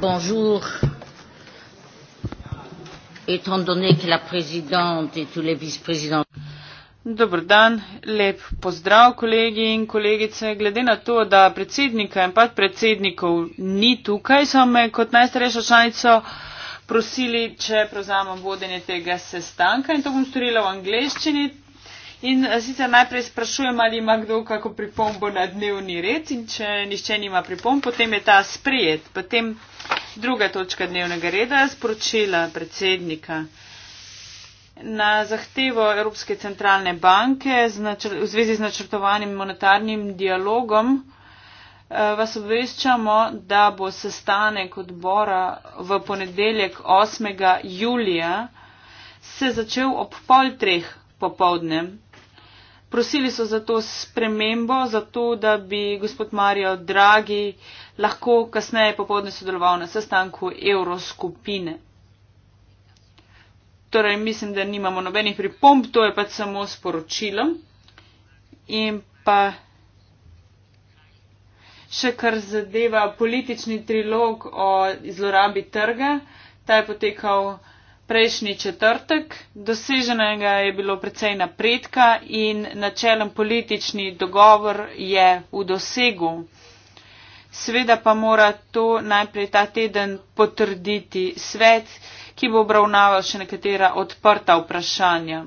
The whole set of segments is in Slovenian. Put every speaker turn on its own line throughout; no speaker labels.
bonjour. Étant donné
que la présidente et tous les vice-présidents. Dobro dan, lep pozdrav kolegi in kolegice. Glede na to, da predsednika in podpredsednikov ni tukaj, so me kot najstarejšo članico prosili, če prevzamem vodenje tega sestanka in to bom storila v angleščini. In eh, sicer najprej sprašujem, ali ima kdo kako pripombo na dnevni red in če nišče nima pripomb, potem je ta sprejet. Potem druga točka dnevnega reda, sporočila predsednika. Na zahtevo Evropske centralne banke v zvezi z načrtovanim monetarnim dialogom eh, vas obveščamo, da bo sestanek odbora v ponedeljek 8. julija se začel ob pol treh popovdne. Prosili so za to spremembo, zato da bi gospod Marijo Dragi eh, lahko kasneje popovdne sodeloval na sestanku evroskupine. Torej, mislim, da nimamo nobenih pripomb, to je pač samo sporočilo. In pa še kar zadeva politični trilog o izlorabi trga, ta je potekal prejšnji četrtek, doseženega je bilo precej napredka in načelen politični dogovor je v dosegu. Seveda pa mora to najprej ta teden potrditi svet, ki bo obravnaval še nekatera odprta vprašanja.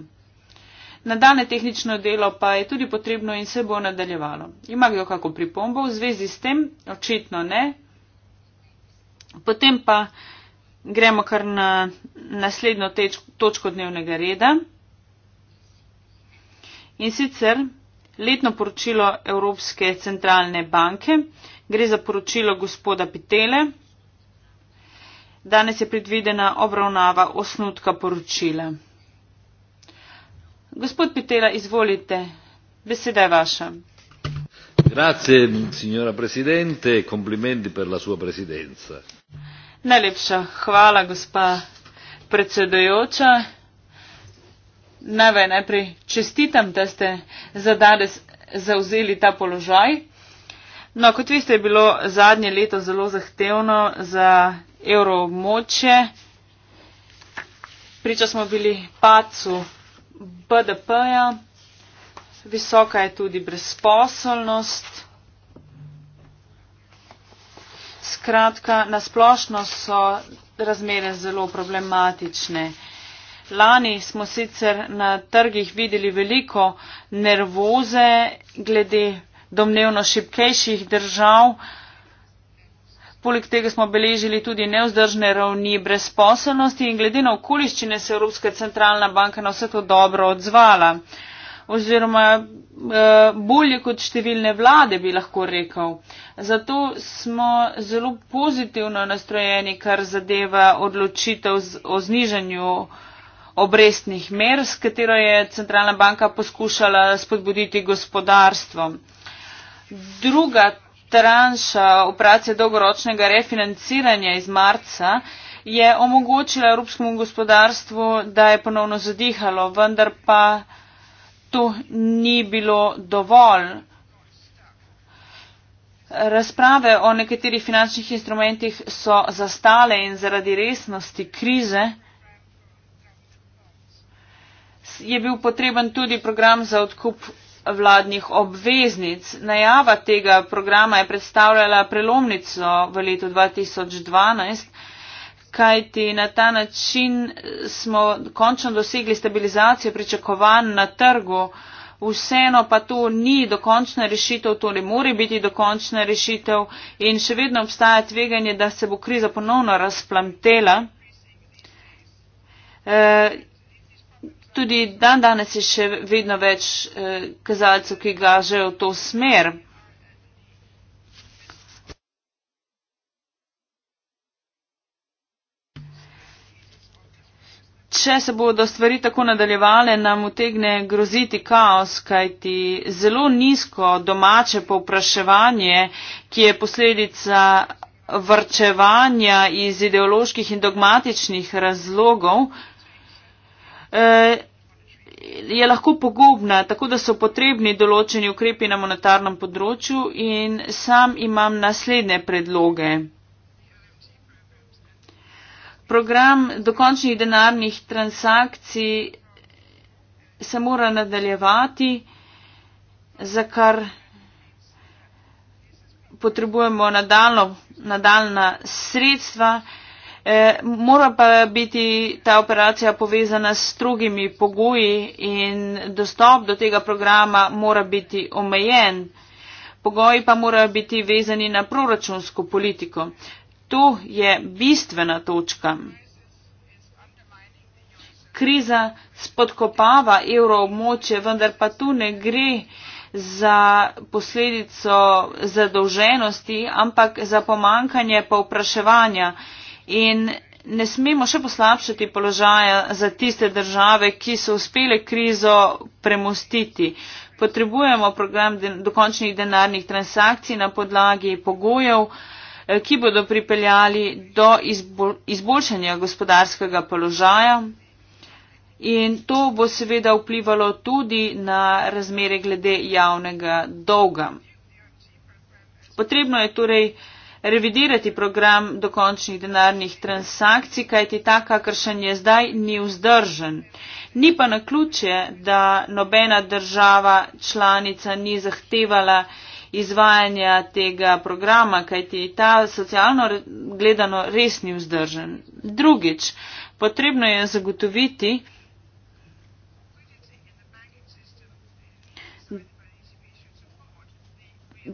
Nadane tehnično delo pa je tudi potrebno in se bo nadaljevalo. Ima kdo kako pripombo v zvezi s tem? Očitno ne. Potem pa gremo kar na naslednjo teč, točko dnevnega reda. In sicer letno poročilo Evropske centralne banke. Gre za poročilo gospoda Pitele. Danes je predvidena obravnava osnutka poročila. Gospod Pitela, izvolite. Beseda je vaša.
Grazie, signora presidente, complimenti per la sua presidenza.
Najlepša hvala, gospa predsedujoča. Najprej, najprej čestitam, da ste za danes zauzeli ta položaj. No, kot veste, je bilo zadnje leto zelo zahtevno za evroobmoče. Priča smo bili pacu BDP-ja, visoka je tudi brezposelnost. Skratka, nasplošno so razmere zelo problematične. Lani smo sicer na trgih videli veliko nervoze glede domnevno šipkejših držav. Poleg tega smo beležili tudi neuzdržne ravni brezposelnosti in glede na okoliščine se Evropska centralna banka na vse to dobro odzvala. Oziroma eh, bolje kot številne vlade, bi lahko rekel. Zato smo zelo pozitivno nastrojeni, kar zadeva odločitev o znižanju obrestnih mer, s katero je centralna banka poskušala spodbuditi gospodarstvo. Druga tranša operacije dolgoročnega refinanciranja iz marca je omogočila evropskemu gospodarstvu, da je ponovno zadihalo, vendar pa to ni bilo dovolj. Razprave o nekaterih finančnih instrumentih so zastale in zaradi resnosti krize je bil potreben tudi program za odkup vladnih obveznic. Najava tega programa je predstavljala prelomnico v letu 2012, kajti na ta način smo končno dosegli stabilizacijo pričakovanj na trgu, vseeno pa to ni dokončna rešitev, to ne more biti dokončna rešitev in še vedno obstaja tveganje, da se bo kriza ponovno razplamtela. Eh, Tudi dan danes je še vedno več eh, kazalcev, ki gažejo v to smer. Če se bodo stvari tako nadaljevale, nam utegne groziti kaos, kajti zelo nizko domače povpraševanje, ki je posledica vrčevanja iz ideoloških in dogmatičnih razlogov, eh, Eh, je lahko pogubna, tako da so potrebni določeni ukrepi na monetarnem področju in sam imam naslednje predloge. Program dokončnih denarnih transakcij se mora nadaljevati, za kar potrebujemo nadaljno, nadaljna sredstva. Eh, mora pa biti ta operacija povezana s drugimi pogoji in dostop do tega programa mora biti omejen. Pogoji pa morajo biti vezani na proračunsko politiko. To je bistvena točka. Kriza spodkopava evroobmoče, vendar pa tu ne gre za posledico zadolženosti, ampak za pomankanje povpraševanja. Pa in ne smemo še poslabšati položaja za tiste države, ki so uspele krizo premostiti. Potrebujemo program dokončnih denarnih transakcij na podlagi pogojev, eh, ki bodo pripeljali do izboljšanja gospodarskega položaja. In to bo seveda vplivalo tudi na razmere glede javnega dolga. Potrebno je torej revidirati program dokončnih denarnih transakcij, kajti ta, kakršen je zdaj, ni vzdržen. Ni pa na ključje, da nobena država članica ni zahtevala izvajanja tega programa, kajti ta socialno gledano res ni vzdržen. Drugič, potrebno je zagotoviti,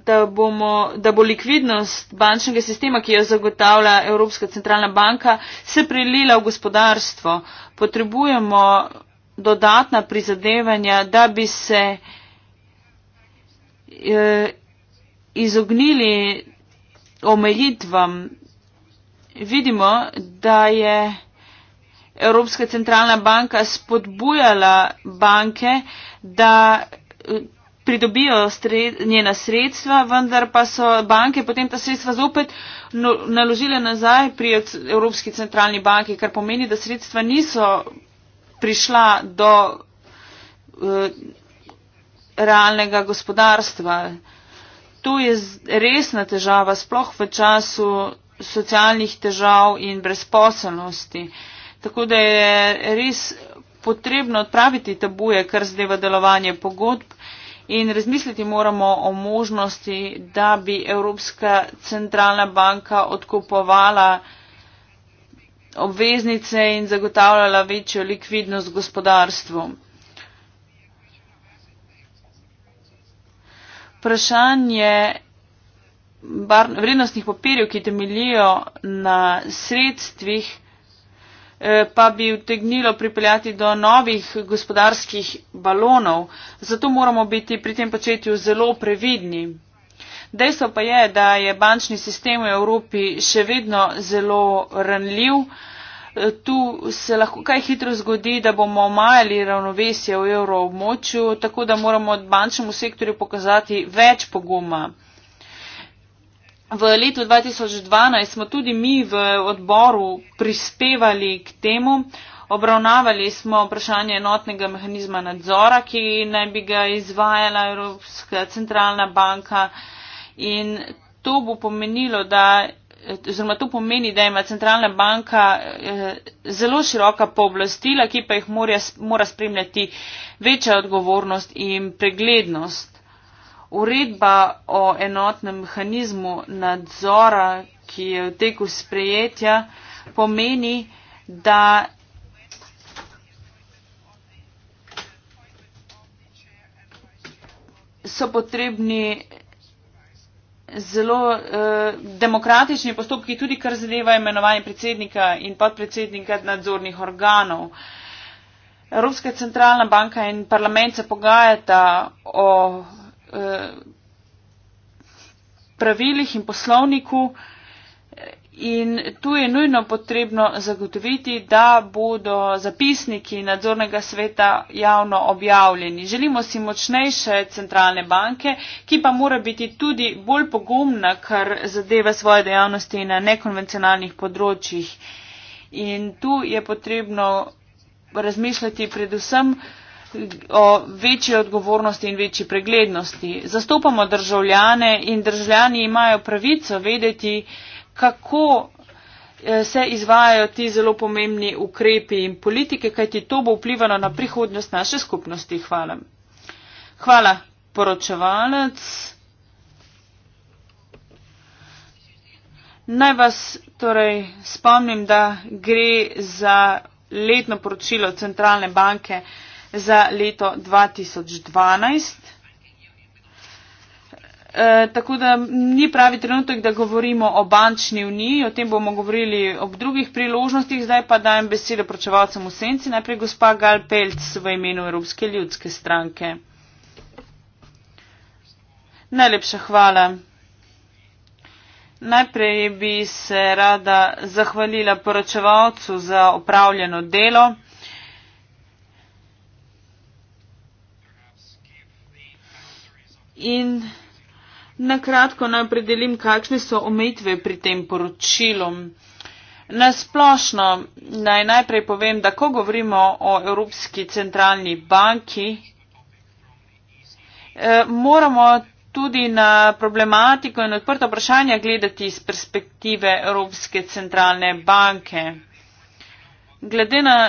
da, bomo, da bo likvidnost bančnega sistema, ki jo zagotavlja Evropska centralna banka, se prilila v gospodarstvo. Potrebujemo dodatna prizadevanja, da bi se eh, izognili omejitvam. Vidimo, da je Evropska centralna banka spodbujala banke, da eh, pridobijo njena sredstva, vendar pa so banke potem ta sredstva zopet no-, naložile nazaj pri Evropski centralni banki, kar pomeni, da sredstva niso prišla do uh, realnega gospodarstva. To je resna težava, sploh v času socialnih težav in brezposelnosti. Tako da je res potrebno odpraviti tabuje, kar zdaj v delovanje pogodb in razmisliti moramo o možnosti, da bi Evropska centralna banka odkupovala obveznice in zagotavljala večjo likvidnost gospodarstvu. Vprašanje bar, vrednostnih papirjev, ki temeljijo na sredstvih, Eh, pa bi utegnilo pripeljati do novih gospodarskih balonov. Zato moramo biti pri tem početju zelo previdni. Dejstvo pa je, da je bančni sistem v Evropi še vedno zelo ranljiv. Eh, tu se lahko kaj hitro zgodi, da bomo omajali ravnovesje v evroobmočju, tako da moramo bančnemu sektorju pokazati več poguma. V letu 2012 smo tudi mi v odboru prispevali k temu, obravnavali smo vprašanje enotnega mehanizma nadzora, ki naj bi ga izvajala Evropska centralna banka in to bo pomenilo, da oziroma to pomeni, da ima centralna banka eh, zelo široka pooblastila, ki pa jih mora spremljati večja odgovornost in preglednost. Uredba o enotnem mehanizmu nadzora, ki je v teku sprejetja, pomeni, da so potrebni zelo eh, demokratični postopki, tudi kar zadeva imenovanje predsednika in podpredsednika nadzornih organov. Evropska centralna banka in parlament se pogajata o Eh, pravilih in poslovniku in tu je nujno potrebno zagotoviti, da bodo zapisniki nadzornega sveta javno objavljeni. Želimo si močnejše centralne banke, ki pa mora biti tudi bolj pogumna, kar zadeva svoje dejavnosti na nekonvencionalnih področjih. In tu je potrebno razmišljati predvsem, o večji odgovornosti in večji preglednosti. Zastopamo državljane in državljani imajo pravico vedeti, kako eh, se izvajajo ti zelo pomembni ukrepi in politike, kajti to bo vplivalo na prihodnost naše skupnosti. Hvala. Hvala, poročevalec. Naj vas torej spomnim, da gre za letno poročilo Centralne banke za leto 2012. E, tako da ni pravi trenutek, da govorimo o bančni uniji, o tem bomo govorili ob drugih priložnostih, zdaj pa dajem besedo pročevalcem v senci, najprej gospa Gal Pelc v imenu Evropske ljudske stranke. Najlepša hvala. Najprej bi se rada zahvalila poročevalcu za opravljeno delo. In na kratko naj predelim, kakšne so omejitve pri tem poročilu. Nasplošno naj najprej povem, da ko govorimo o Evropski centralni banki, eh, moramo tudi na problematiko in odprta vprašanja gledati iz perspektive Evropske centralne banke. Glede na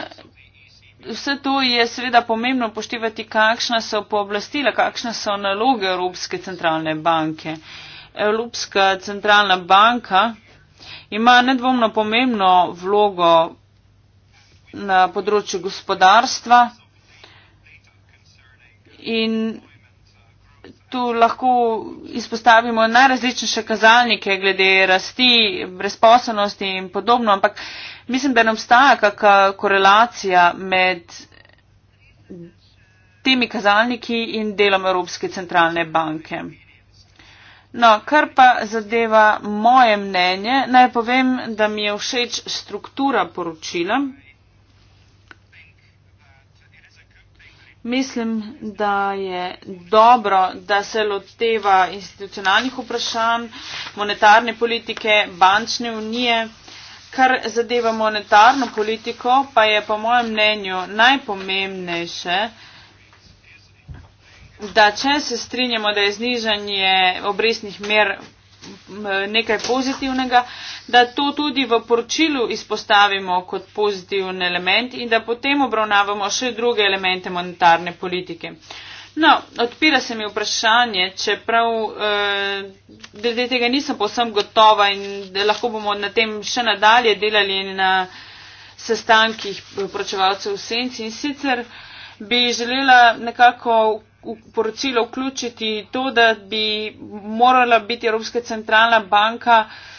Vse to je seveda pomembno poštevati, kakšna so pooblastila, kakšna so naloge Evropske centralne banke. Evropska centralna banka ima nedvomno pomembno vlogo na področju gospodarstva in tu lahko izpostavimo najrazličnejše kazalnike glede rasti, brezposobnosti in podobno, ampak mislim, da ne obstaja kakšna korelacija med temi kazalniki in delom Evropske centralne banke. No, kar pa zadeva moje mnenje, naj povem, da mi je všeč struktura poročila. Mislim, da je dobro, da se loteva institucionalnih vprašanj, monetarne politike, bančne unije. Kar zadeva monetarno politiko, pa je po mojem mnenju najpomembnejše, da če se strinjamo, da je znižanje obresnih mer nekaj pozitivnega, da to tudi v poročilu izpostavimo kot pozitiven element in da potem obravnavamo še druge elemente monetarne politike. No, odpira se mi vprašanje, čeprav eh, glede tega nisem povsem gotova in lahko bomo na tem še nadalje delali na sestankih poročevalcev v senci in sicer bi želela nekako v poročilo vključiti to, da bi morala biti Evropska centralna banka eh,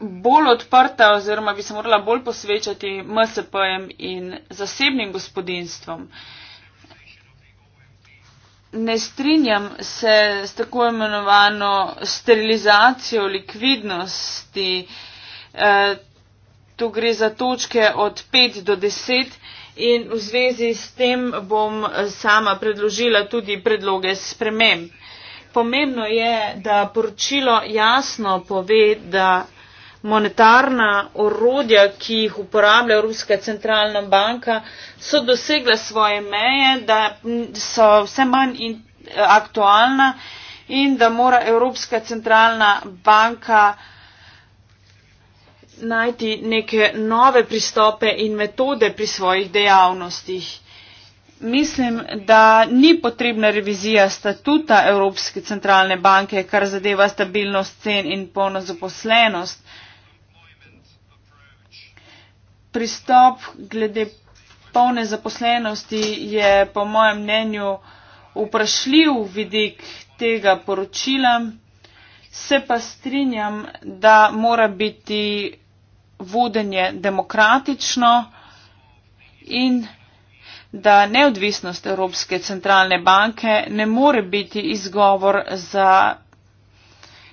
bolj odprta oziroma bi se morala bolj posvečati MSP-jem in zasebnim gospodinstvom. Ne strinjam se s tako imenovano sterilizacijo likvidnosti. E, tu gre za točke od 5 do 10 in v zvezi s tem bom sama predložila tudi predloge sprememb. Pomembno je, da poročilo jasno pove, da monetarna orodja, ki jih uporablja Ruska centralna banka, so dosegla svoje meje, da so vse manj in, eh, aktualna in da mora Evropska centralna banka najti neke nove pristope in metode pri svojih dejavnostih. Mislim, da ni potrebna revizija statuta Evropske centralne banke, kar zadeva stabilnost cen in polno zaposlenost. Pristop glede polne zaposlenosti je po mojem mnenju vprašljiv vidik tega poročila. Se pa strinjam, da mora biti vodenje demokratično in da neodvisnost Evropske centralne banke ne more biti izgovor za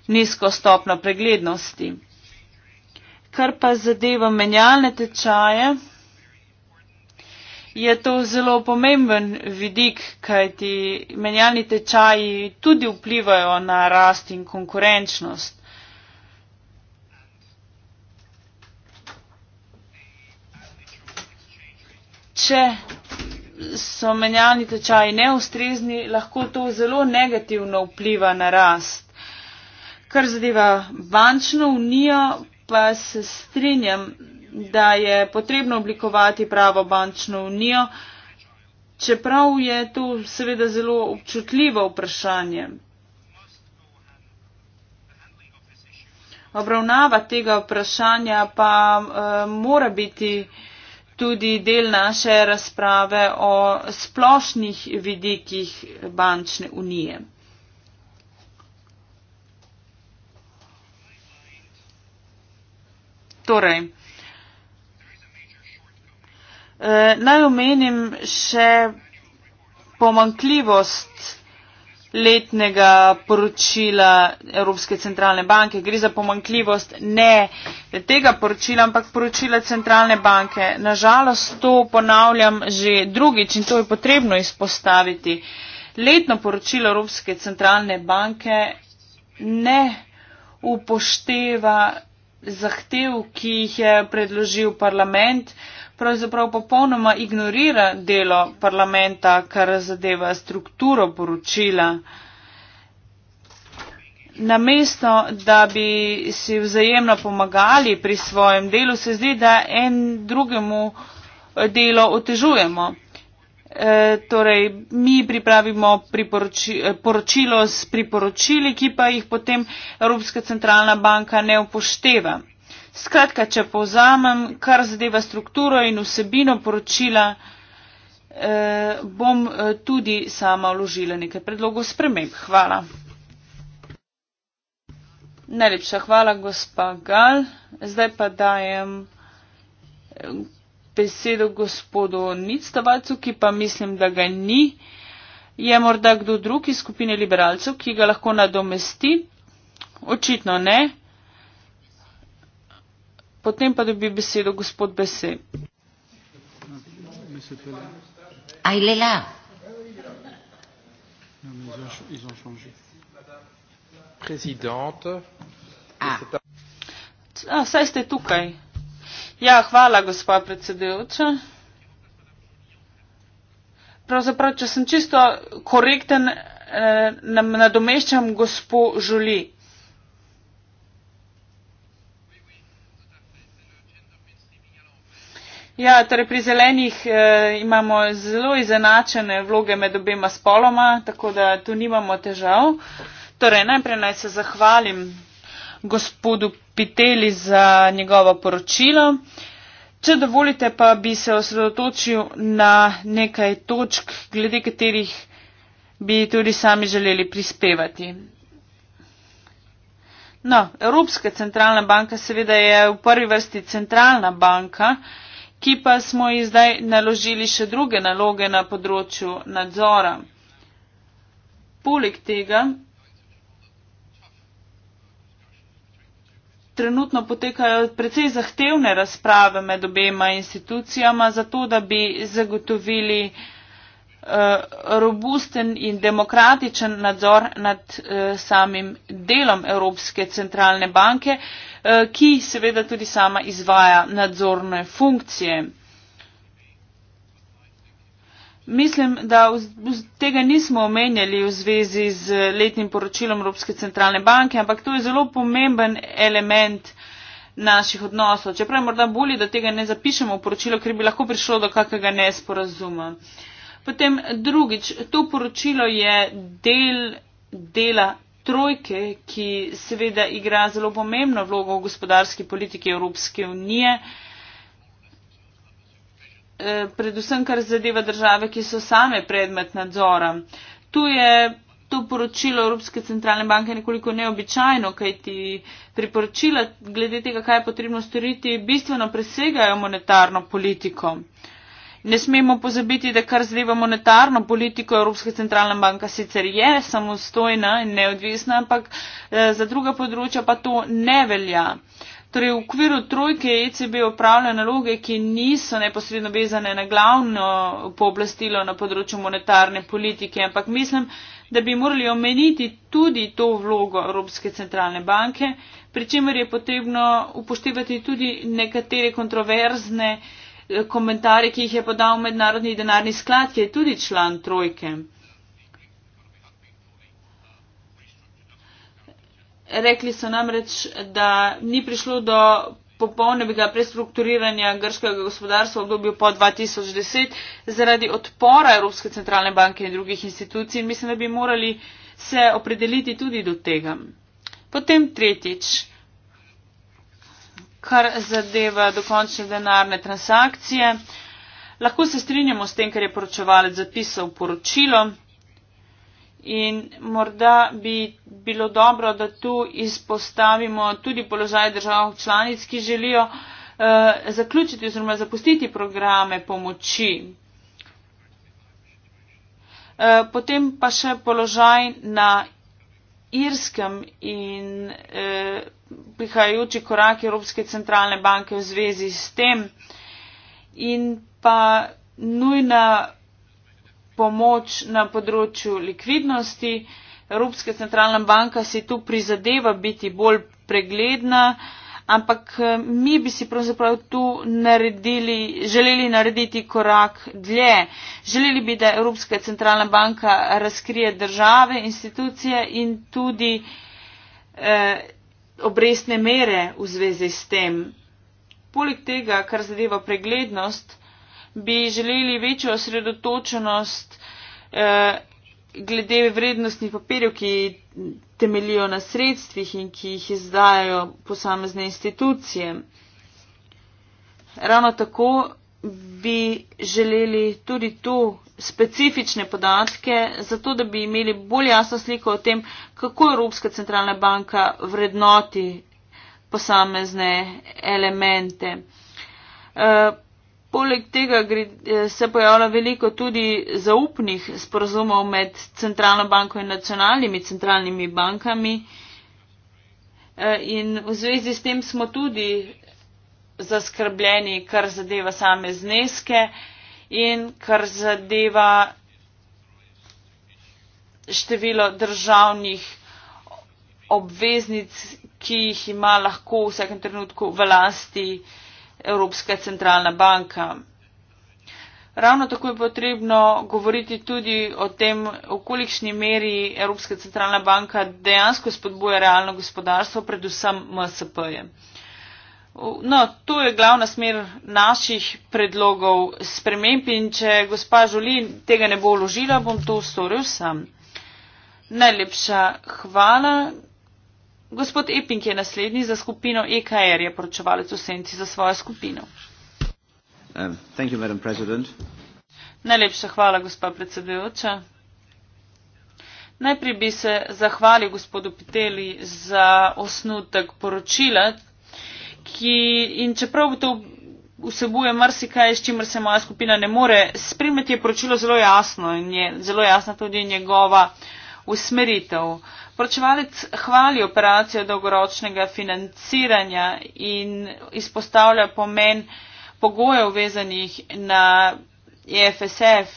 nizko stopno preglednosti. Kar pa zadeva menjalne tečaje, je to zelo pomemben vidik, kajti menjalni tečaji tudi vplivajo na rast in konkurenčnost. če so menjalni tečaji neustrezni, lahko to zelo negativno vpliva na rast. Kar zadeva bančno unijo, pa se strinjam, da je potrebno oblikovati pravo bančno unijo, čeprav je to seveda zelo občutljivo vprašanje. Obravnava tega vprašanja pa uh, mora biti uh, tudi del naše razprave o splošnih vidikih bančne unije. Torej, eh, naj omenim še pomankljivost letnega poročila Evropske centralne banke. Gre za pomankljivost ne tega poročila, ampak poročila centralne banke. Nažalost, to ponavljam že drugič in to je potrebno izpostaviti. Letno poročilo Evropske centralne banke ne upošteva zahtev, ki jih je predložil parlament pravzaprav popolnoma ignorira delo parlamenta, kar zadeva strukturo poročila. Namesto, da bi si vzajemno pomagali pri svojem delu, se zdi, da en drugemu eh, delo otežujemo. E, torej, mi pripravimo priporoči, eh, poročilo s priporočili, ki pa jih potem Evropska centralna banka ne upošteva. Skratka, če povzamem, kar zadeva strukturo in vsebino poročila, eh, bom eh, tudi sama vložila nekaj predlogov sprememb. Hvala. Najlepša hvala, gospa Gal. Zdaj pa dajem eh, besedo gospodu Nictavacu, ki pa mislim, da ga ni. Je morda kdo drug iz skupine liberalcev, ki ga lahko nadomesti? Očitno ne. Potem pa dobi besedo gospod Bese.
Ah, il est là. Non, ils, ont, ils ont changé. Présidente. Ah. Ah, ça c'était tout, quoi.
Ja, hvala, gospa predsedujoča. Pravzaprav, če sem čisto korekten, eh, nadomeščam gospo Žuli. Ja, torej pri zelenih eh, imamo zelo izenačene vloge med obema spoloma, tako da tu nimamo težav. Torej, najprej naj se zahvalim gospodu Piteli za njegovo poročilo. Če dovolite, pa bi se osredotočil na nekaj točk, glede katerih bi tudi sami želeli prispevati. No, Evropska centralna banka seveda je v prvi vrsti centralna banka, ki pa smo ji zdaj naložili še druge naloge na področju nadzora. Poleg tega trenutno potekajo precej zahtevne razprave med obema institucijama, zato da bi zagotovili uh, Eh, robusten in demokratičen nadzor nad eh, samim delom Evropske centralne banke, eh, ki seveda tudi sama izvaja nadzorne funkcije. Mislim, da tega nismo omenjali v zvezi z letnim poročilom Evropske centralne banke, ampak to je zelo pomemben element naših odnosov. Čeprav je morda bolje, da tega ne zapišemo v poročilo, ker bi lahko prišlo do kakega nesporazuma. Uh, Potem drugič, to poročilo je del dela trojke, ki seveda igra zelo pomembno vlogo v gospodarski politiki Evropske unije, e, predvsem kar zadeva države, ki so same predmet nadzora. Tu je to poročilo Evropske centralne banke nekoliko neobičajno, kajti priporočila glede tega, kaj je potrebno storiti, bistveno presegajo monetarno politiko. E, Ne smemo pozabiti, da kar zdaj v monetarno politiko Evropska centralna banka sicer je samostojna in neodvisna, ampak eh, za druga področja pa to ne velja. Torej, v okviru trojke ECB opravlja naloge, ki niso neposredno vezane na glavno pooblastilo na področju monetarne politike, ampak mislim, da bi morali omeniti tudi to vlogo Evropske centralne banke, pri čemer je potrebno upoštevati tudi nekatere kontroverzne eh, Eh, komentarje, ki jih je podal Mednarodni denarni sklad, ki je tudi član trojke. Rekli so namreč, da ni prišlo do popolnega prestrukturiranja grškega gospodarstva v obdobju po 2010 zaradi odpora Evropske centralne banke in drugih institucij in mislim, da bi morali se opredeliti tudi do tega. Potem tretjič kar zadeva dokončne denarne transakcije. Lahko se strinjamo s tem, kar je poročevalec zapisal v poročilo in morda bi bilo dobro, da tu izpostavimo tudi položaj držav članic, ki želijo eh, zaključiti oziroma zapustiti programe pomoči. Eh, potem pa še položaj na irskem in eh, prihajajoči korak Evropske centralne banke v zvezi s tem in pa nujna pomoč na področju likvidnosti. Evropska centralna banka si tu prizadeva biti bolj pregledna. Eh, ampak eh, mi bi si pravzaprav tu naredili, želeli narediti korak dlje. Želeli bi, da Evropska centralna banka razkrije države, institucije in tudi eh, obrestne mere v zvezi s tem. Poleg tega, kar zadeva preglednost, bi želeli večjo osredotočenost eh, glede vrednostnih papirjev, ki temeljijo na sredstvih in ki jih izdajajo posamezne institucije. Ravno tako bi želeli tudi tu specifične podatke, zato da bi imeli bolj jasno sliko o tem, kako Evropska centralna banka vrednoti posamezne elemente. Eh, Poleg tega eh, se pojavlja veliko tudi zaupnih sporozumov med centralno banko in nacionalnimi centralnimi bankami. Eh, in v zvezi s tem smo tudi zaskrbljeni, kar zadeva same zneske in kar zadeva število državnih obveznic, ki jih ima lahko v vsakem trenutku v lasti. Evropska centralna banka. Ravno tako je potrebno govoriti tudi o tem, v kolikšni meri Evropska centralna banka dejansko spodbuja realno gospodarstvo, predvsem MSP-je. No, to je glavna smer naših predlogov sprememb in če gospa Žuli tega ne bo vložila, bom to ustvaril sam. Najlepša hvala. Gospod Epink je naslednji za skupino EKR, je poročevalec v senci za svojo skupino. Um, Najlepša hvala, gospa predsedujoča. Najprej bi se zahvalil gospodu Piteli za osnutek poročila, ki in čeprav to vsebuje marsikaj, s čimer se moja skupina ne more, spremljati je poročilo zelo jasno in je zelo jasna tudi njegova usmeritev. Uh, Poročevalec hvali operacijo dolgoročnega financiranja in izpostavlja pomen pogojev vezanih na EFSF,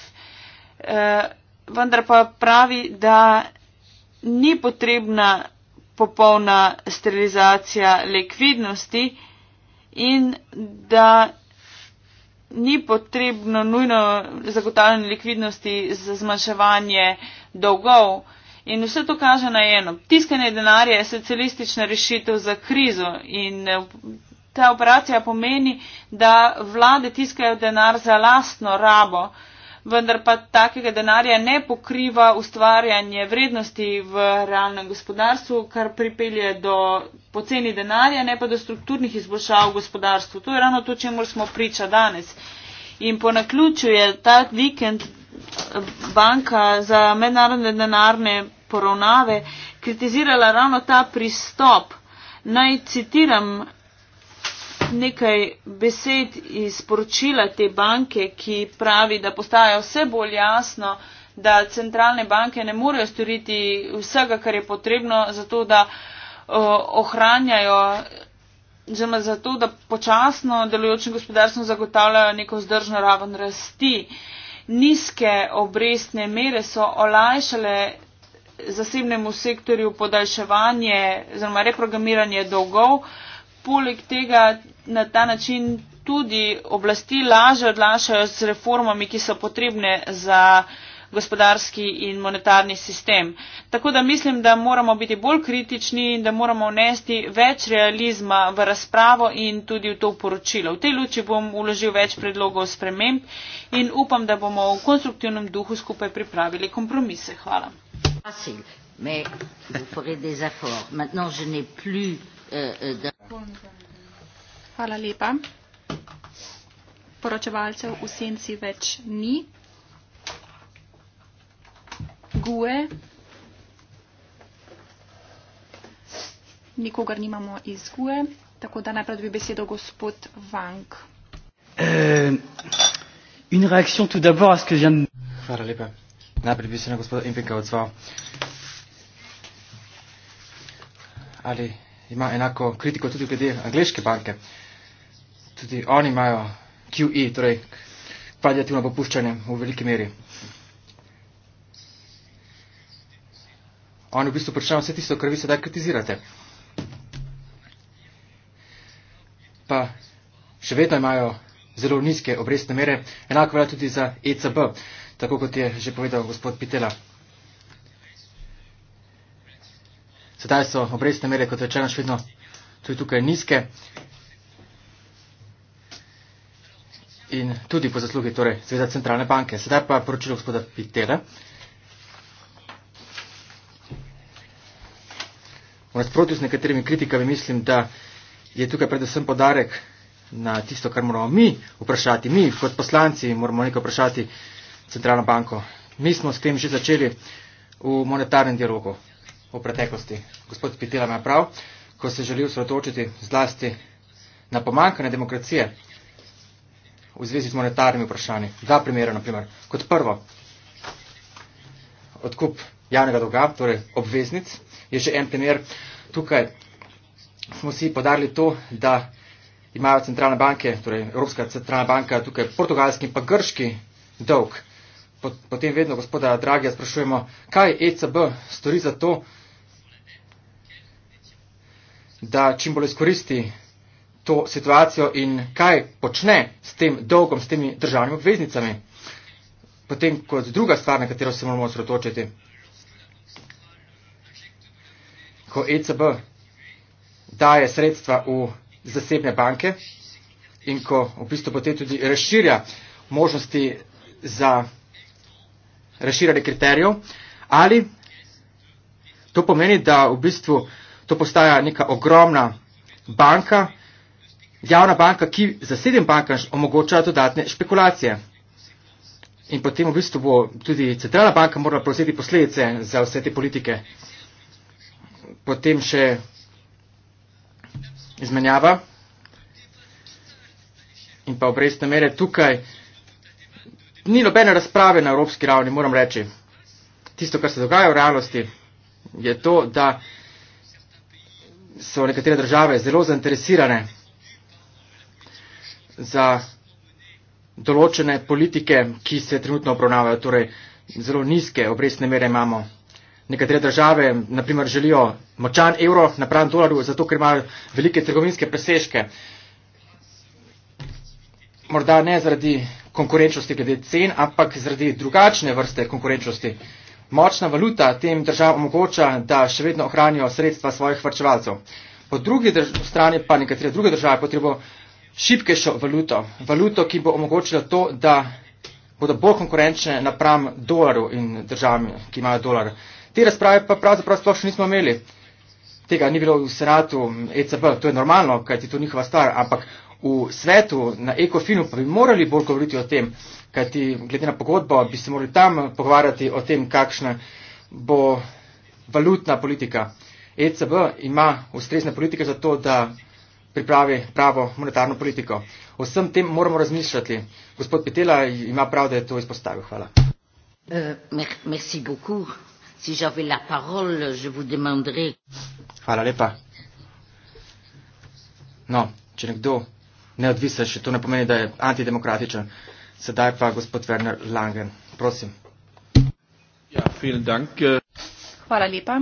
eh, vendar pa pravi, da ni potrebna popolna sterilizacija likvidnosti in da ni potrebno nujno zagotavljanje likvidnosti za zmanjševanje dolgov. In vse to kaže na eno. Tiskanje denarja je socialistična rešitev za krizo in eh, ta operacija pomeni, da vlade tiskajo denar za lastno rabo, vendar pa takega denarja ne pokriva ustvarjanje vrednosti v realnem gospodarstvu, kar pripelje do poceni denarja, ne pa do strukturnih izboljšav v gospodarstvu. To je ravno to, čemu smo priča danes. In po naključju je ta vikend eh, banka za mednarodne denarne poravnave kritizirala ravno ta pristop. Naj citiram nekaj besed iz poročila te banke, ki pravi, da postaja vse bolj jasno, da centralne banke ne morejo storiti vsega, kar je potrebno, zato da eh, ohranjajo, oziroma zato, da počasno delujočim gospodarstvom zagotavljajo neko vzdržno raven rasti. Nizke obrestne mere so olajšale zasebnemu sektorju podaljševanje oziroma reprogramiranje dolgov. Poleg tega na ta način tudi oblasti laže odlašajo z reformami, ki so potrebne za gospodarski in monetarni sistem. Tako da mislim, da moramo biti bolj kritični in da moramo vnesti več realizma v razpravo in tudi v to poročilo. V tej luči bom uložil več predlogov sprememb in upam, da bomo v konstruktivnem duhu skupaj pripravili kompromise. Hvala.
Euh, euh, Hvala lepa. Poročevalcev
v senci več ni. GUE. Nikogar nimamo iz GUE, tako da najprej bi besedo gospod Vank.
Eh, une réaction tout d'abord à ce que je viens de... Hvala lepa. Najprej bi se na gospoda Impinka odzval. Ali ima enako kritiko tudi glede angliške banke. Tudi oni imajo QE, torej kvalitativno popuščanje v veliki meri. On je v bistvu počel vse tisto, kar vi sedaj kritizirate. Pa še vedno imajo zelo nizke obrestne mere, enako velja tudi za ECB, tako kot je že povedal gospod Pitela. Sedaj so obrestne mere, kot rečeno, še vedno tudi tukaj nizke. In tudi po zaslugi torej, Zveza centralne banke. Sedaj pa poročilo gospoda Pitela. V nasprotju s nekaterimi kritikami mislim, da je tukaj predvsem podarek na tisto, kar moramo mi vprašati. Mi kot poslanci moramo nekaj vprašati centralno banko. Mi smo s tem že začeli v monetarnem dialogu v preteklosti. Gospod Pitela ima prav, ko se želi usredotočiti zlasti na pomankanje demokracije v zvezi z monetarnimi vprašanji. Dva primera, na primer. Kot prvo, odkup javnega dolga, torej obveznic, je še en primer. Tukaj smo si podarili to, da imajo centralne banke, torej Evropska centralna banka, tukaj portugalski in pa grški dolg. Potem vedno, gospoda Dragija, sprašujemo, kaj ECB stori za to, da čim bolj izkoristi to situacijo in kaj počne s tem dolgom, s temi državnimi obveznicami. Potem kot druga stvar, na katero se moramo osredotočiti, ko ECB daje sredstva v zasebne banke in ko v bistvu potem tudi razširja možnosti za razširjanje kriterijev, ali to pomeni, da v bistvu to postaja neka ogromna banka, javna banka, ki zasebnim bankam omogoča dodatne špekulacije. In potem v bistvu bo tudi centralna banka morala prevzeti posledice za vse te politike potem še izmenjava in pa obrestne mere tukaj. Ni nobene razprave na evropski ravni, moram reči. Tisto, kar se dogaja v realnosti, je to, da so nekatere države zelo zainteresirane za določene politike, ki se trenutno obravnavajo. Torej, zelo nizke obrestne mere imamo nekatere države naprimer želijo močan evro napravljen dolaru, zato ker imajo velike trgovinske presežke. Morda ne zaradi konkurenčnosti glede cen, ampak zaradi drugačne vrste konkurenčnosti. Močna valuta tem državam omogoča, da še vedno ohranijo sredstva svojih vrčevalcev. Po drugi strani pa nekatere druge države potrebujo šipkejšo valuto. Valuto, ki bo omogočila to, da bodo bolj konkurenčne napram dolaru in državam, ki imajo dolar. Te razprave pa pravzaprav sploh še nismo imeli. Tega ni bilo v senatu ECB, to je normalno, kajti to je njihova stvar, ampak v svetu na ECOFINU pa bi morali bolj govoriti o tem, kajti glede na pogodbo bi se morali tam pogovarjati o tem, kakšna bo valutna politika. ECB ima ustrezne politike za to, da pripravi pravo monetarno politiko. O vsem tem moramo razmišljati. Gospod Petela ima prav, da je to izpostavil. Hvala.
Uh, merci beaucoup. Si j'avais la parole, je vous demanderais.
Hvala lepa. No, če nekdo neodvisen, še to ne pomeni, da je antidemokratičen. Sedaj pa gospod Werner Langen, prosim. Ja, dank. Eh.
Hvala lepa.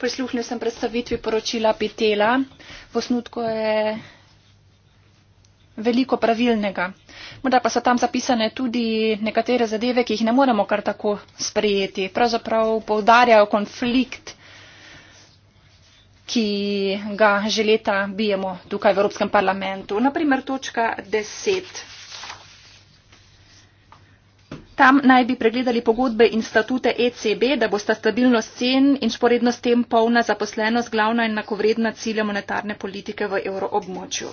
Prisluhnil sem predstavitvi poročila Petela. V osnutku je veliko pravilnega. Morda pa so tam zapisane tudi nekatere zadeve, ki jih ne moremo kar tako sprejeti. Pravzaprav povdarjajo konflikt, ki ga že leta bijemo tukaj v Evropskem parlamentu. Naprimer točka 10. Tam naj bi pregledali pogodbe in statute ECB, da bosta stabilnost cen in sporednost tem polna zaposlenost glavna in enakovredna cilja monetarne politike v evroobmočju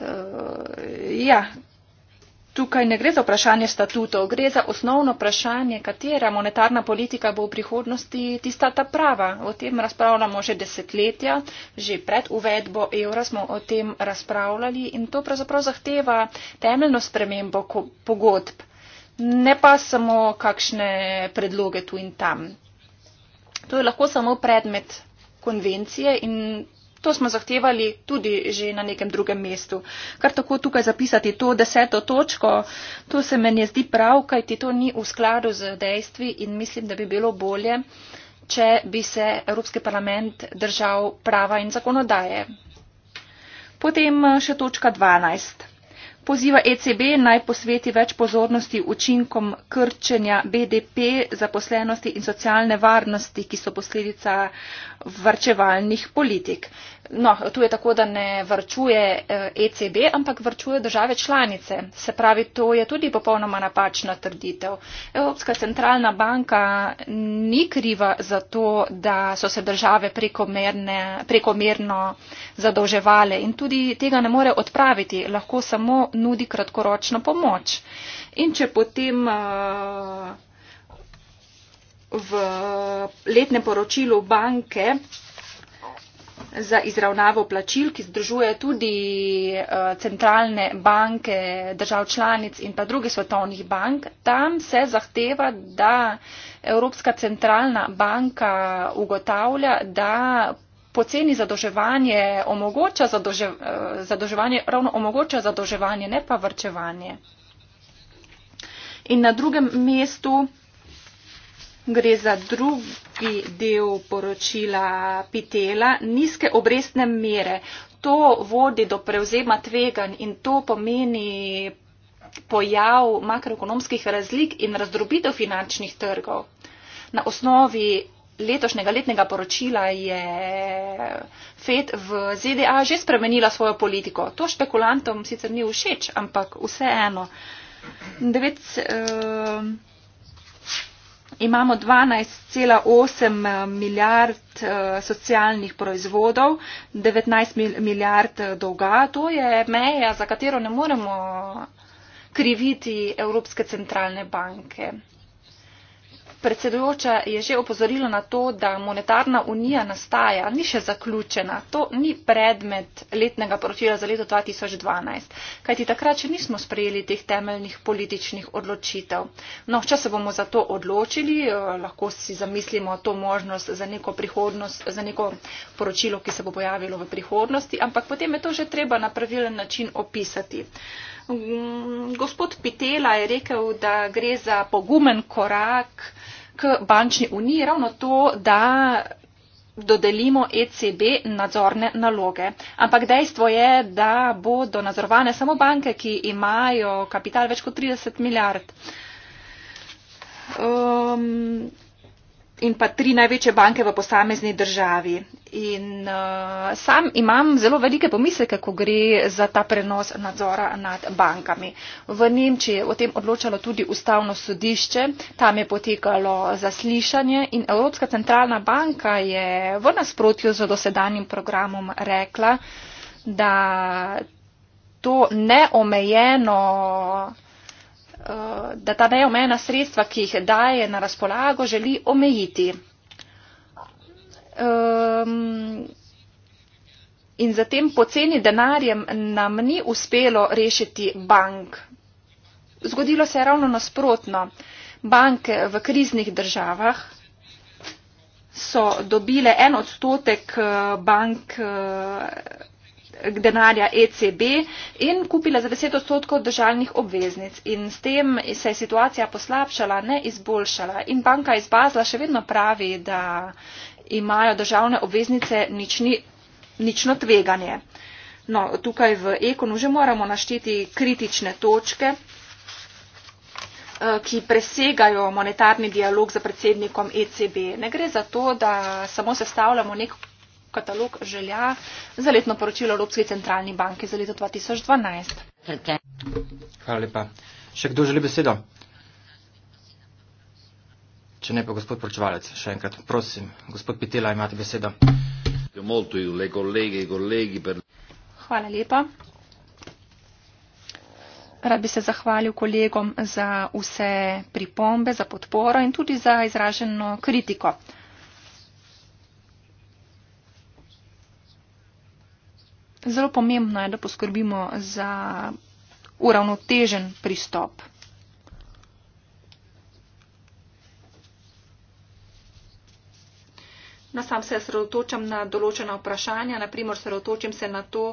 uh, ja, tukaj ne gre za vprašanje statutov, gre za osnovno vprašanje, katera monetarna politika bo v prihodnosti tista ta prava. O tem razpravljamo že desetletja, že pred uvedbo evra smo o tem razpravljali in to pravzaprav zahteva temeljno spremembo pogodb, ne pa samo kakšne predloge tu in tam. To je lahko samo predmet konvencije in To smo zahtevali tudi že na nekem drugem mestu. Kar tako tukaj zapisati to deseto točko, to se meni zdi prav, kajti to ni v skladu z dejstvi in mislim, da bi bilo bolje, če bi se Evropski parlament držal prava in zakonodaje. Potem še točka 12. Poziva ECB naj posveti več pozornosti učinkom krčenja BDP, zaposlenosti in socialne varnosti, ki so posledica uh, varčevalnih politik. No, tu je tako, da ne varčuje ECB, eh, e ampak varčuje države članice. Se pravi, to je tudi popolnoma napačna trditev. Evropska centralna banka ni kriva za to, da so se države prekomerne, prekomerno zadolževale in tudi tega ne more odpraviti, lahko samo nudi kratkoročno pomoč. In če potem. Uh, v letnem poročilu banke za izravnavo plačil, ki združuje tudi eh, centralne banke držav članic in pa drugih svetovnih bank. Tam se zahteva, da Evropska centralna banka ugotavlja, da poceni zadoževanje omogoča zadoževanje, eh, zadoževanje, ravno omogoča zadoževanje, ne pa vrčevanje. In na drugem mestu Gre za drugi del poročila Pitela, nizke obrestne mere. To vodi do prevzema tvegan in to pomeni pojav makroekonomskih razlik in razdrobitev finančnih trgov. Na osnovi letošnjega letnega poročila je FED v ZDA že spremenila svojo politiko. To špekulantom sicer ni všeč, ampak vseeno. 9, uh, eh, imamo 12,8 eh, milijard eh, socialnih proizvodov, 19 milijard eh, dolga. To je meja, za katero ne moremo kriviti Evropske centralne banke predsedujoča je že opozorila na to, da monetarna unija nastaja, ni še zaključena. To ni predmet letnega poročila za leto 2012, kajti takrat še nismo sprejeli teh temeljnih političnih odločitev. No, če se bomo za to odločili, eh, lahko si zamislimo to možnost za neko, za neko poročilo, ki se bo pojavilo v prihodnosti, ampak potem je to že treba na pravilen način opisati. Gospod Pitela je rekel, da gre za pogumen korak k bančni uniji, ravno to, da dodelimo ECB nadzorne naloge. Ampak dejstvo je, da bodo nadzorovane samo banke, ki imajo kapital več kot 30 milijard. Um, in pa tri največje banke v posamezni državi. In uh, sam imam zelo velike pomisleke, ko gre za ta prenos nadzora nad bankami. V Nemčiji je o tem odločalo tudi ustavno sodišče, tam je potekalo zaslišanje in Evropska centralna banka je v nasprotju z dosedanjim programom rekla, da to neomejeno. Eh, da ta neomejena sredstva, ki jih daje na razpolago, želi omejiti. Um, in zatem poceni denarjem nam ni uspelo rešiti bank. Zgodilo se je ravno nasprotno. Banke v kriznih državah so dobile en odstotek eh, bank. Uh, denarja ECB in kupila za 10 odstotkov državnih obveznic. In s tem se je situacija poslabšala, ne izboljšala. In banka iz Bazla še vedno pravi, da imajo državne obveznice nični, nično tveganje. No, tukaj v Ekonu že moramo našteti kritične točke eh, ki presegajo monetarni dialog za predsednikom ECB. Ne gre za to, da samo sestavljamo nek katalog želja za letno poročilo Evropske centralne banke za leto 2012.
Hvala lepa. Še kdo želi besedo? Če ne pa gospod poročevalec, še enkrat prosim, gospod Pitela, imate besedo. E
Hvala lepa. Rad bi se zahvalil kolegom za vse pripombe, za podporo in tudi za izraženo kritiko. zelo pomembno je, da poskrbimo za uravnotežen pristop. No, sam se sredotočam na določena vprašanja, naprimer sredotočim se na to,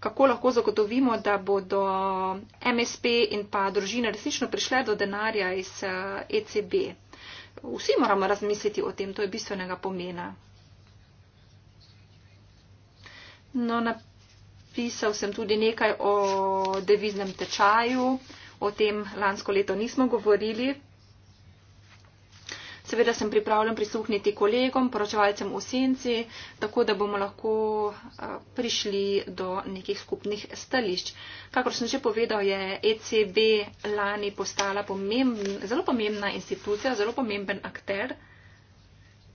kako lahko zagotovimo, da bodo MSP in pa družine resnično prišle do denarja iz ECB. Eh, e Vsi moramo razmisliti o tem, to je bistvenega pomena. No, napisal sem tudi nekaj o deviznem tečaju, o tem lansko leto nismo govorili. Seveda sem pripravljen prisluhniti kolegom, poročevalcem v senci, tako da bomo lahko prišli do nekih skupnih stališč. Kakor sem že povedal, je ECB lani postala pomembn, zelo pomembna institucija, zelo pomemben akter.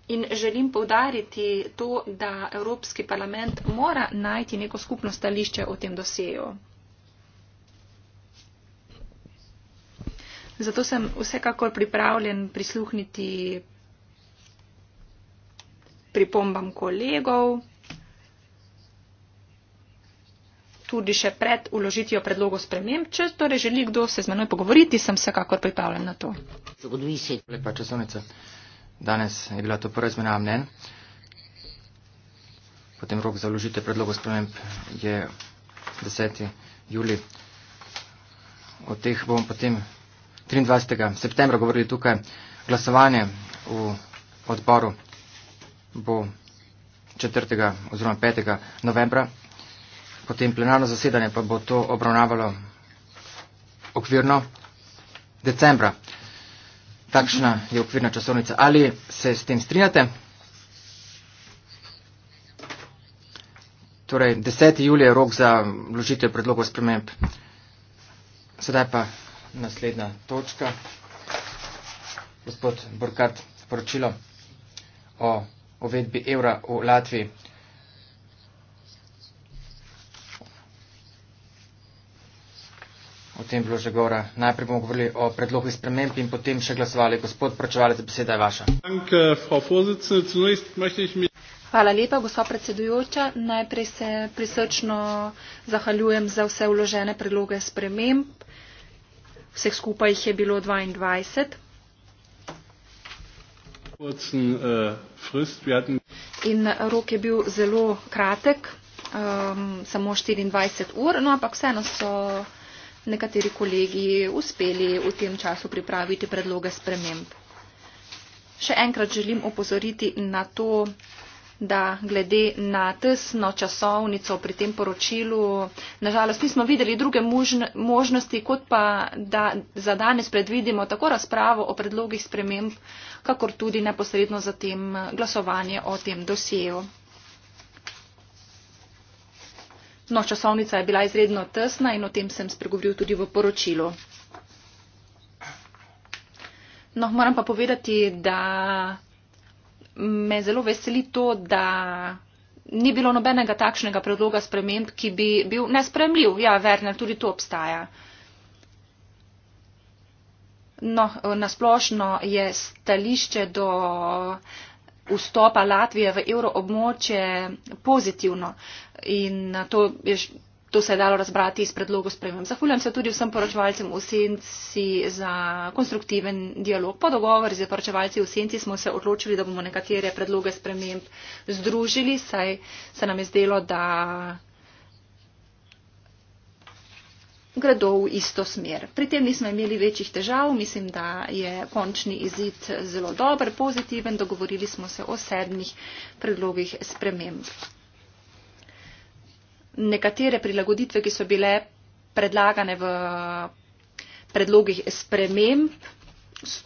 In želim povdariti to, da Evropski parlament mora najti neko skupno stališče o tem doseju. Zato sem vsekakor pripravljen prisluhniti pripombam kolegov, tudi še pred uložitijo predlogo sprememb. Če torej želi kdo se z menoj pogovoriti, sem vsekakor pripravljen na to.
Lepa časovnica. Danes je bila to prva izmena mnen. Potem rok za vložitev predlogov sprememb je 10. juli. O teh bomo potem 23. septembra govorili tukaj. Glasovanje v odboru bo 4. oziroma 5. novembra. Potem plenarno zasedanje pa bo to obravnavalo okvirno decembra. Takšna je okvirna časovnica. Ali se s tem strinjate? Torej, 10. julija je rok za vložitev predlogov sprememb. Sedaj pa naslednja točka. Gospod Burkart, poročilo o uvedbi evra v Latviji. O tem bilo že govora. Najprej bomo govorili o predlogih sprememb in potem še glasovali. Gospod Pročevalec, beseda je vaša.
Hvala lepa, gospod predsedujoča. Najprej se prisrčno zahvaljujem za vse uložene predloge sprememb. Vseh skupaj jih je bilo 22.
Äh,
in rok je bil zelo kratek, um, samo 24 ur, no, ampak vseeno so nekateri kolegi uspeli v tem času pripraviti predloge sprememb. Še enkrat želim opozoriti na to, da glede na tesno časovnico pri tem poročilu, nažalost nismo videli druge možnosti, kot pa da za danes predvidimo tako razpravo o predlogih sprememb, kakor tudi neposredno zatem glasovanje o tem dosjeju. No, časovnica je bila izredno tesna in o tem sem spregovoril tudi v poročilu. No, moram pa povedati, da me zelo veseli to, da ni bilo nobenega takšnega predloga sprememb, ki bi bil nespremljiv. Ja, Werner, tudi to obstaja. No, nasplošno je stališče do vstopa Latvije v euroobmočje pozitivno in to, je, to se je dalo razbrati iz predlogov spremem. Zahvaljujem se tudi vsem poročevalcem v Senci za konstruktiven dialog. Po dogovor z poročevalci v Senci smo se odločili, da bomo nekatere predloge sprememb združili, saj se nam je zdelo, da gredo v isto smer. Pri tem nismo imeli večjih težav, mislim, da je končni izid zelo dober, pozitiven, dogovorili smo se o sedmih predlogih sprememb. Nekatere prilagoditve, ki so bile predlagane v predlogih sprememb,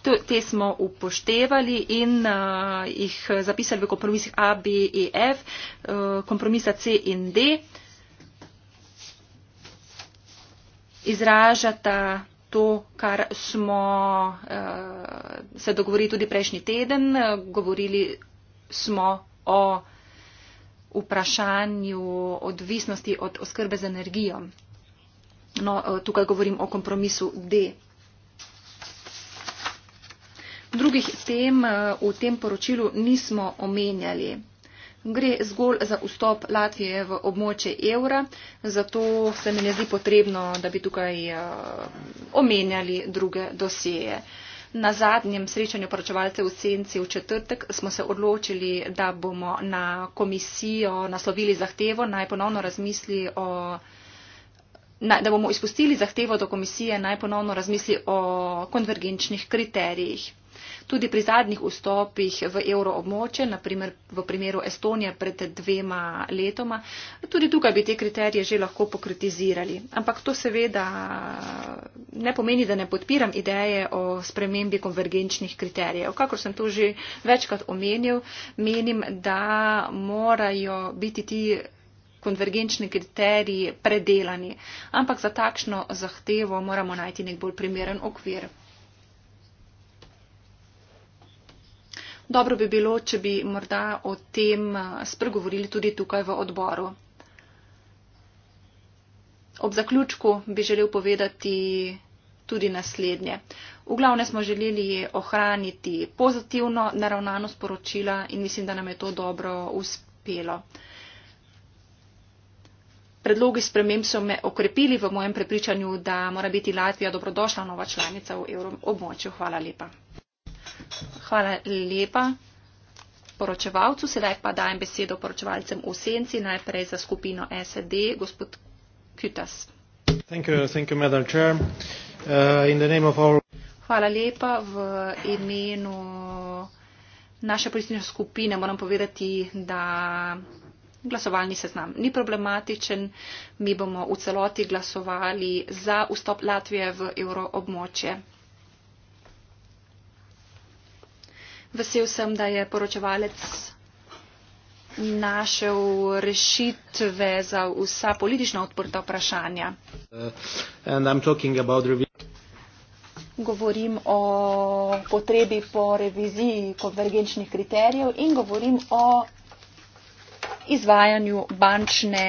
te smo upoštevali in uh, jih zapisali v kompromisih A, B, E, F, uh, kompromisa C in D. Uh, izražata to, kar smo eh, se dogovorili tudi prejšnji teden. Govorili smo o vprašanju odvisnosti od oskrbe z energijo. No, eh, tukaj govorim o kompromisu D. Drugih tem eh, v tem poročilu nismo omenjali gre zgolj za vstop Latvije v območje evra, zato se mi ne zdi potrebno, da bi tukaj eh, omenjali druge dosije. Na zadnjem srečanju poročevalcev v Senci v četrtek smo se odločili, da bomo na komisijo naslovili zahtevo, naj ponovno razmisli o da bomo izpustili zahtevo do komisije, naj ponovno razmisli o konvergenčnih kriterijih. Tudi pri zadnjih vstopih v euroobmoče, naprimer v primeru Estonije pred dvema letoma, tudi tukaj bi te kriterije že lahko pokritizirali. Ampak to seveda ne pomeni, da ne podpiram ideje o spremembi konvergenčnih kriterijev. Kakor sem to že večkrat omenil, menim, da morajo biti ti konvergenčni kriteriji predelani. Ampak za takšno zahtevo moramo najti nek bolj primeren okvir. Dobro bi bilo, če bi morda o tem eh, spregovorili tudi tukaj v odboru. Ob zaključku bi želel povedati tudi naslednje. V glavne smo želeli ohraniti pozitivno naravnano sporočila in mislim, da nam je to dobro uspelo. Predlogi sprememb so me okrepili v mojem prepričanju, da mora biti Latvija dobrodošla nova članica v evrom območju. Hvala lepa. Hvala lepa poročevalcu. Sedaj pa dajem besedo poročevalcem v senci, najprej za skupino SED, gospod Kutas.
Thank you, thank you, uh, all...
Hvala lepa v imenu naše politične skupine. Moram povedati, da. Glasovalni seznam ni problematičen. Mi bomo v celoti glasovali za vstop Latvije v evroobmočje. Vesel sem, da je poročevalec našel rešitve za vsa politična odprta vprašanja.
Uh,
govorim o potrebi po reviziji konvergenčnih kriterijev in govorim o izvajanju bančne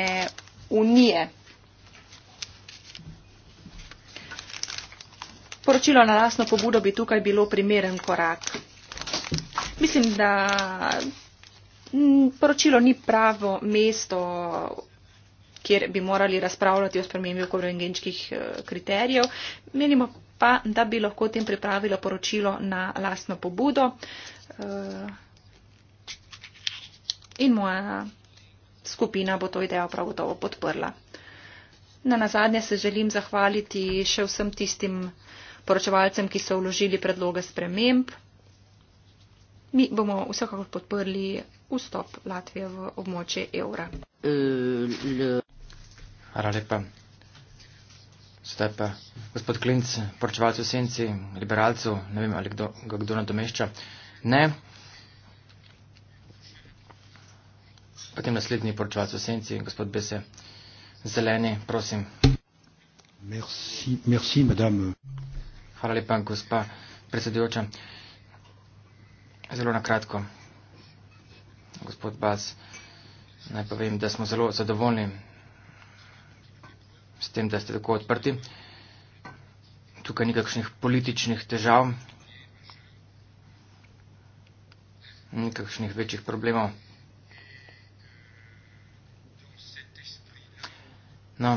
unije. Poročilo na lasno pobudo bi tukaj bilo primeren korak mislim, da poročilo ni pravo mesto, kjer bi morali razpravljati o spremembi okoljengenčkih eh, kriterijev. Menimo pa, da bi lahko tem pripravilo poročilo na lastno pobudo. Eh, in moja skupina bo to idejo prav gotovo podprla. No, na nazadnje se želim zahvaliti še vsem tistim poročevalcem, ki so vložili predloge sprememb mi bomo vsekakor podprli vstop Latvije v območje evra.
Hvala lepa. Zdaj pa gospod Klinc, poročevalcu senci, liberalcu, ne vem, ali kdo, ga kdo nadomešča. Ne. Potem naslednji poročevalc v senci, gospod Bese, zeleni, prosim. Merci, merci, madame. Hvala lepa, gospa predsedujoča. Zelo na kratko, gospod Bas, naj povem, da smo zelo zadovoljni s tem, da ste tako odprti. Tukaj ni kakšnih političnih težav, ni kakšnih večjih problemov. No,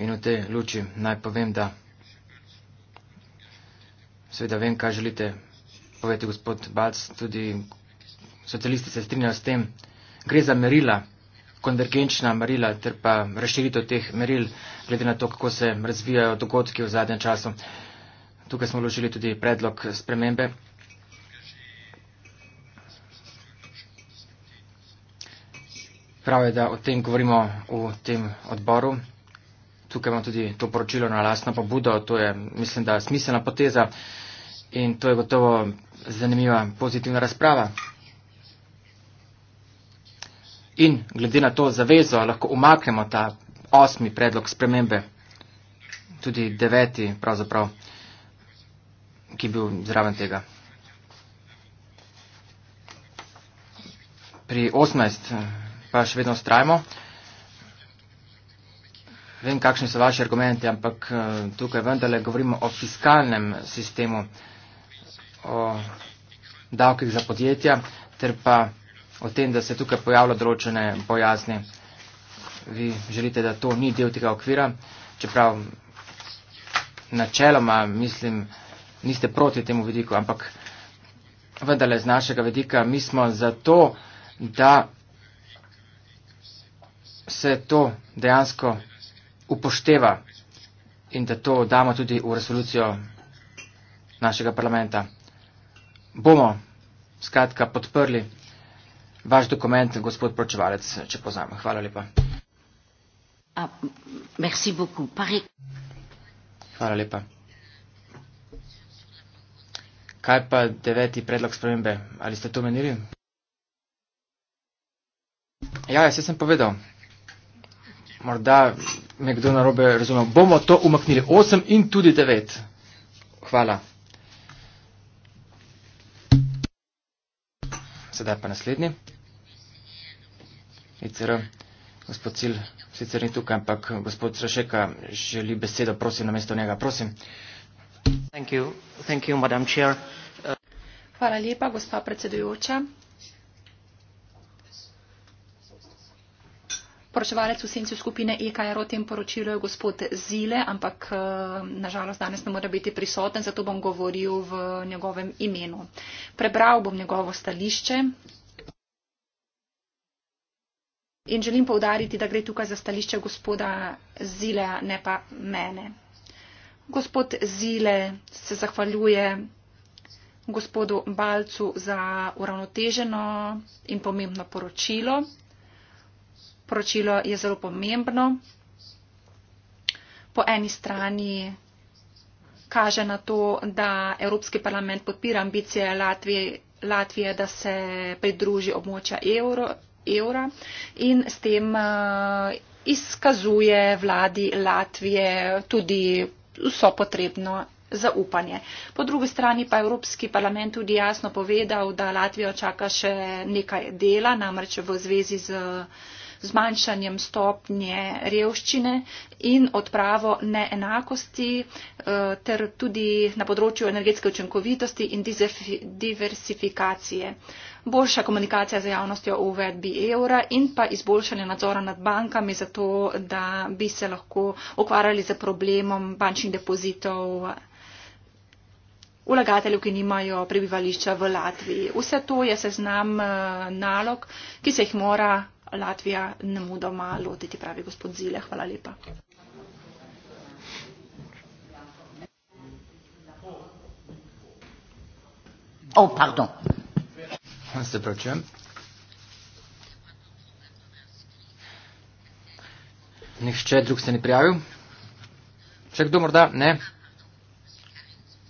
in v tej luči naj povem, da seveda vem, kaj želite povedati, gospod Bac, tudi socialisti se strinjajo s tem, gre za merila, konvergenčna merila ter pa razširitev teh meril, glede na to, kako se razvijajo dogodki v zadnjem času. Tukaj smo vložili tudi predlog spremembe. Prav je, da o tem govorimo v tem odboru. Tukaj imamo tudi to poročilo na lastno pobudo. To je, mislim, da smiselna poteza in to je gotovo zanimiva, pozitivna razprava. In glede na to zavezo lahko umaknemo ta osmi predlog spremembe, tudi deveti pravzaprav, ki je bil zraven tega. Pri 18 eh, pa še vedno strajmo. Vem, kakšni so vaši argumenti, ampak eh, tukaj vendarle govorimo o fiskalnem sistemu o davkih za podjetja ter pa o tem, da se tukaj pojavlja določene bojazne. Vi želite, da to ni del tega okvira, čeprav načeloma, mislim, niste proti temu vidiku, ampak vendarle z našega vidika mi smo za to, da se to dejansko upošteva in da to damo tudi v resolucijo našega parlamenta bomo skratka podprli vaš dokument, gospod pročevalec, če poznam. Hvala lepa. Ah, Hvala lepa. Kaj pa deveti predlog spremembe? Ali ste to menili? Ja, jaz sem povedal. Morda me kdo narobe razumel. Bomo to umaknili. Osem in tudi devet. Hvala. Sedaj pa naslednji. ICR, gospod Cilj, sicer ni tukaj, ampak gospod Srašeka želi besedo, prosim, na mesto njega, prosim. Thank you. Thank you,
Hvala lepa, gospa predsedujoča. poročevalec v sencu skupine EKR o tem poročilu je gospod Zile, ampak eh, nažalost danes ne more biti prisoten, zato bom govoril v njegovem imenu. Prebral bom njegovo stališče. In želim povdariti, da gre tukaj za stališče gospoda Zile, ne pa mene. Gospod Zile se zahvaljuje gospodu Balcu za uravnoteženo in pomembno poročilo poročilo je zelo pomembno. Po eni strani kaže na to, da Evropski parlament podpira ambicije Latvije, Latvije da se pridruži območja evro, evra in s tem eh, izkazuje vladi Latvije tudi vso potrebno zaupanje. Po drugi strani pa Evropski parlament tudi jasno povedal, da Latvijo čaka še nekaj dela, namreč v zvezi z zmanjšanjem stopnje revščine in odpravo neenakosti eh, ter tudi na področju energetske učinkovitosti in diversifikacije. Boljša komunikacija z javnostjo o uvedbi evra in pa izboljšanje nadzora nad bankami, zato da bi se lahko ukvarjali z problemom bančnih depozitov vlagateljev, ki nimajo prebivališča v Latviji. Vse to je seznam eh, nalog, ki se jih mora Latvija ne mudoma lotiti, pravi gospod Zile. Hvala lepa.
Oh, pardon.
Se pravčujem. Nihče drug se ni prijavil? Še kdo morda? Ne.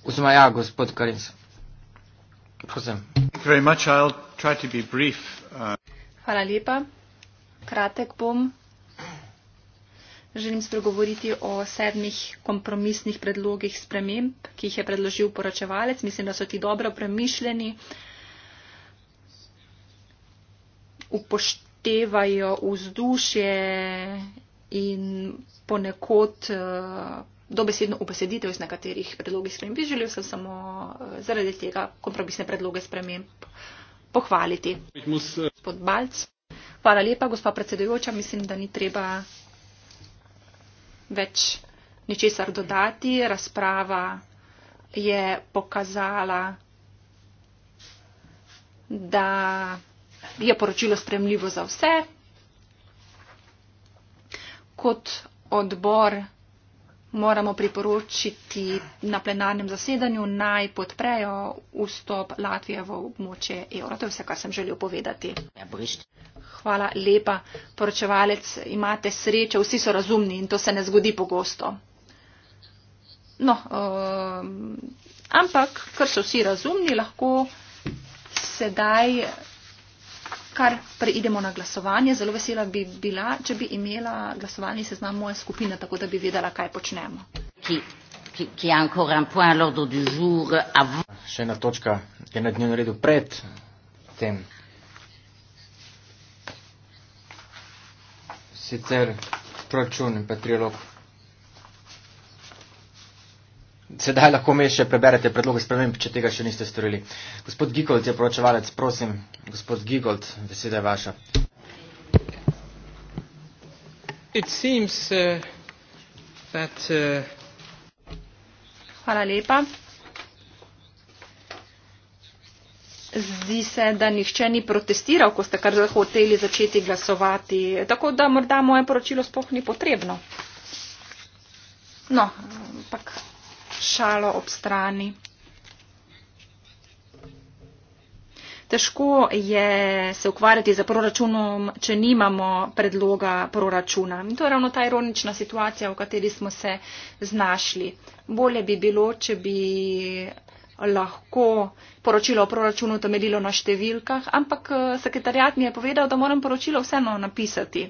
Vzma ja, gospod Karins. Prosim. Uh,
Hvala lepa kratek bom. Želim spregovoriti o sedmih kompromisnih predlogih sprememb, ki jih je predložil poročevalec. Mislim, da so ti dobro premišljeni, upoštevajo vzdušje in ponekod eh, dobesedno uposeditev, iz nekaterih predlogih sprememb. Želel sem samo eh, zaradi tega kompromisne predloge sprememb pohvaliti. Eh, Gospod Balc. Hvala lepa, gospa predsedujoča. Mislim, da ni treba več ničesar dodati. Razprava je pokazala, da je poročilo spremljivo za vse. Kot odbor moramo priporočiti na plenarnem zasedanju, naj podprejo vstop Latvije v območje evra. To je vse, kar sem želel povedati. Hvala lepa, poročevalec. Imate srečo, vsi so razumni in to se ne zgodi pogosto. No, um, ampak, ker so vsi razumni, lahko sedaj kar preidemo na glasovanje. Zelo vesela bi bila, če bi imela glasovalni seznam moje skupine, tako da bi vedela, kaj počnemo.
Ki, ki, ki jour, av... Še ena točka je na dnevnem redu pred tem. Sicer proračun in patriolog sedaj lahko me še preberete predloge sprememb, če tega še niste storili. Gospod Gigold je poročevalec, prosim, gospod Gigold, beseda je vaša. It seems, uh, that, uh... Hvala lepa. Zdi
se, da nihče ni protestiral, ko ste kar hoteli začeti glasovati, tako da morda moje poročilo spohni potrebno. No, ampak. Pak šalo ob strani. Težko je se ukvarjati za proračunom, če nimamo predloga proračuna. In to je ravno ta ironična situacija, v kateri smo se znašli. Bolje bi bilo, če bi lahko poročilo o proračunu temeljilo na številkah, ampak eh, sekretarjat mi je povedal, da moram poročilo vseeno napisati.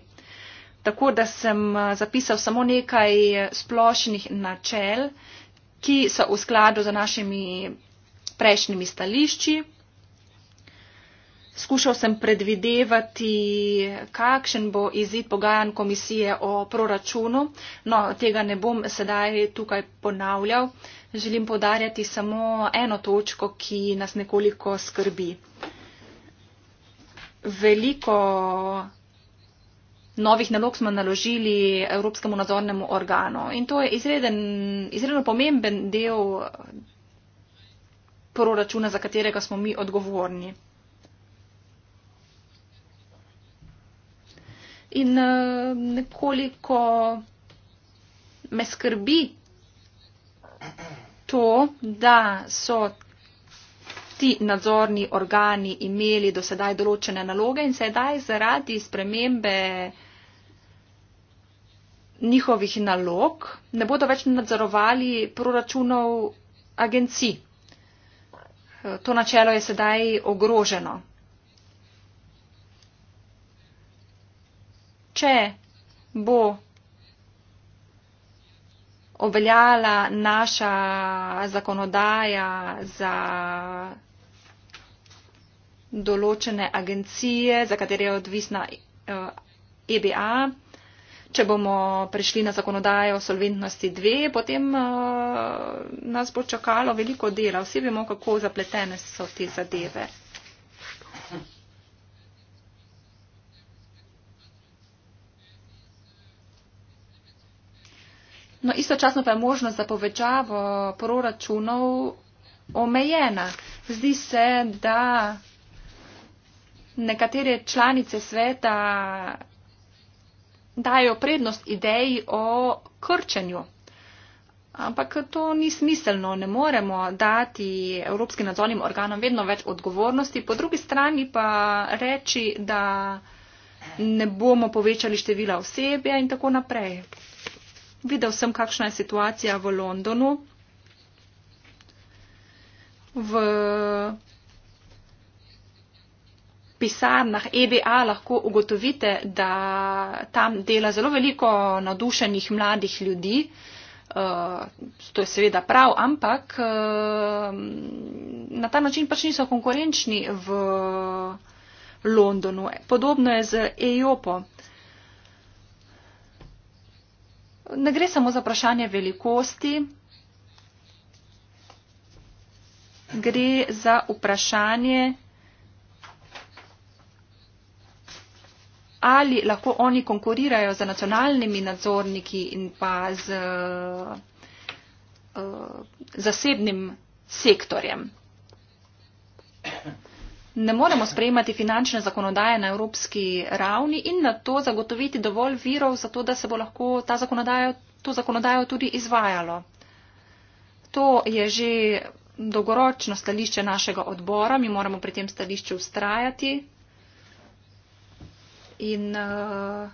Tako da sem eh, zapisal samo nekaj eh, splošnih načel, ki so v skladu z našimi prejšnjimi stališči. Skušal sem predvidevati, kakšen bo izid pogajanj komisije o proračunu, no tega ne bom sedaj tukaj ponavljal. Želim podarjati samo eno točko, ki nas nekoliko skrbi. Veliko novih nalog smo naložili Evropskemu nadzornemu organu. In to je izreden, izredno pomemben del proračuna, za katerega smo mi odgovorni. In eh, nekoliko me skrbi to, da so ti nadzorni organi imeli do sedaj določene naloge in sedaj zaradi spremembe njihovih nalog, ne bodo več nadzorovali proračunov agencij. Eh, to načelo je sedaj ogroženo. Če bo obveljala naša zakonodaja za določene agencije, za katere je odvisna EBA, eh, e če bomo prišli na zakonodajo o solventnosti dve, potem uh, nas bo čakalo veliko dela. Vsi vemo, kako zapletene so te zadeve. No, istočasno pa je možnost za povečavo proračunov omejena. Zdi se, da nekatere članice sveta dajo prednost ideji o krčenju. Ampak to ni smiselno, ne moremo dati evropskim nadzornim organom vedno več odgovornosti, po drugi strani pa reči, da ne bomo povečali števila osebja in tako naprej. Videl sem, kakšna je situacija v Londonu. V pisarnah EBA lahko ugotovite, da tam dela zelo veliko nadušenih mladih ljudi. Uh, to je seveda prav, ampak uh, na ta način pač niso konkurenčni v Londonu. Podobno je z EIOPO. Ne gre samo za vprašanje velikosti, gre za vprašanje ali lahko oni konkurirajo z nacionalnimi nadzorniki in pa z uh, zasebnim sektorjem. Ne moremo sprejemati finančne zakonodaje na evropski ravni in na to zagotoviti dovolj virov, zato da se bo lahko ta zakonodajo, to zakonodajo tudi izvajalo. To je že dolgoročno stališče našega odbora, mi moramo pri tem stališču ustrajati. In uh,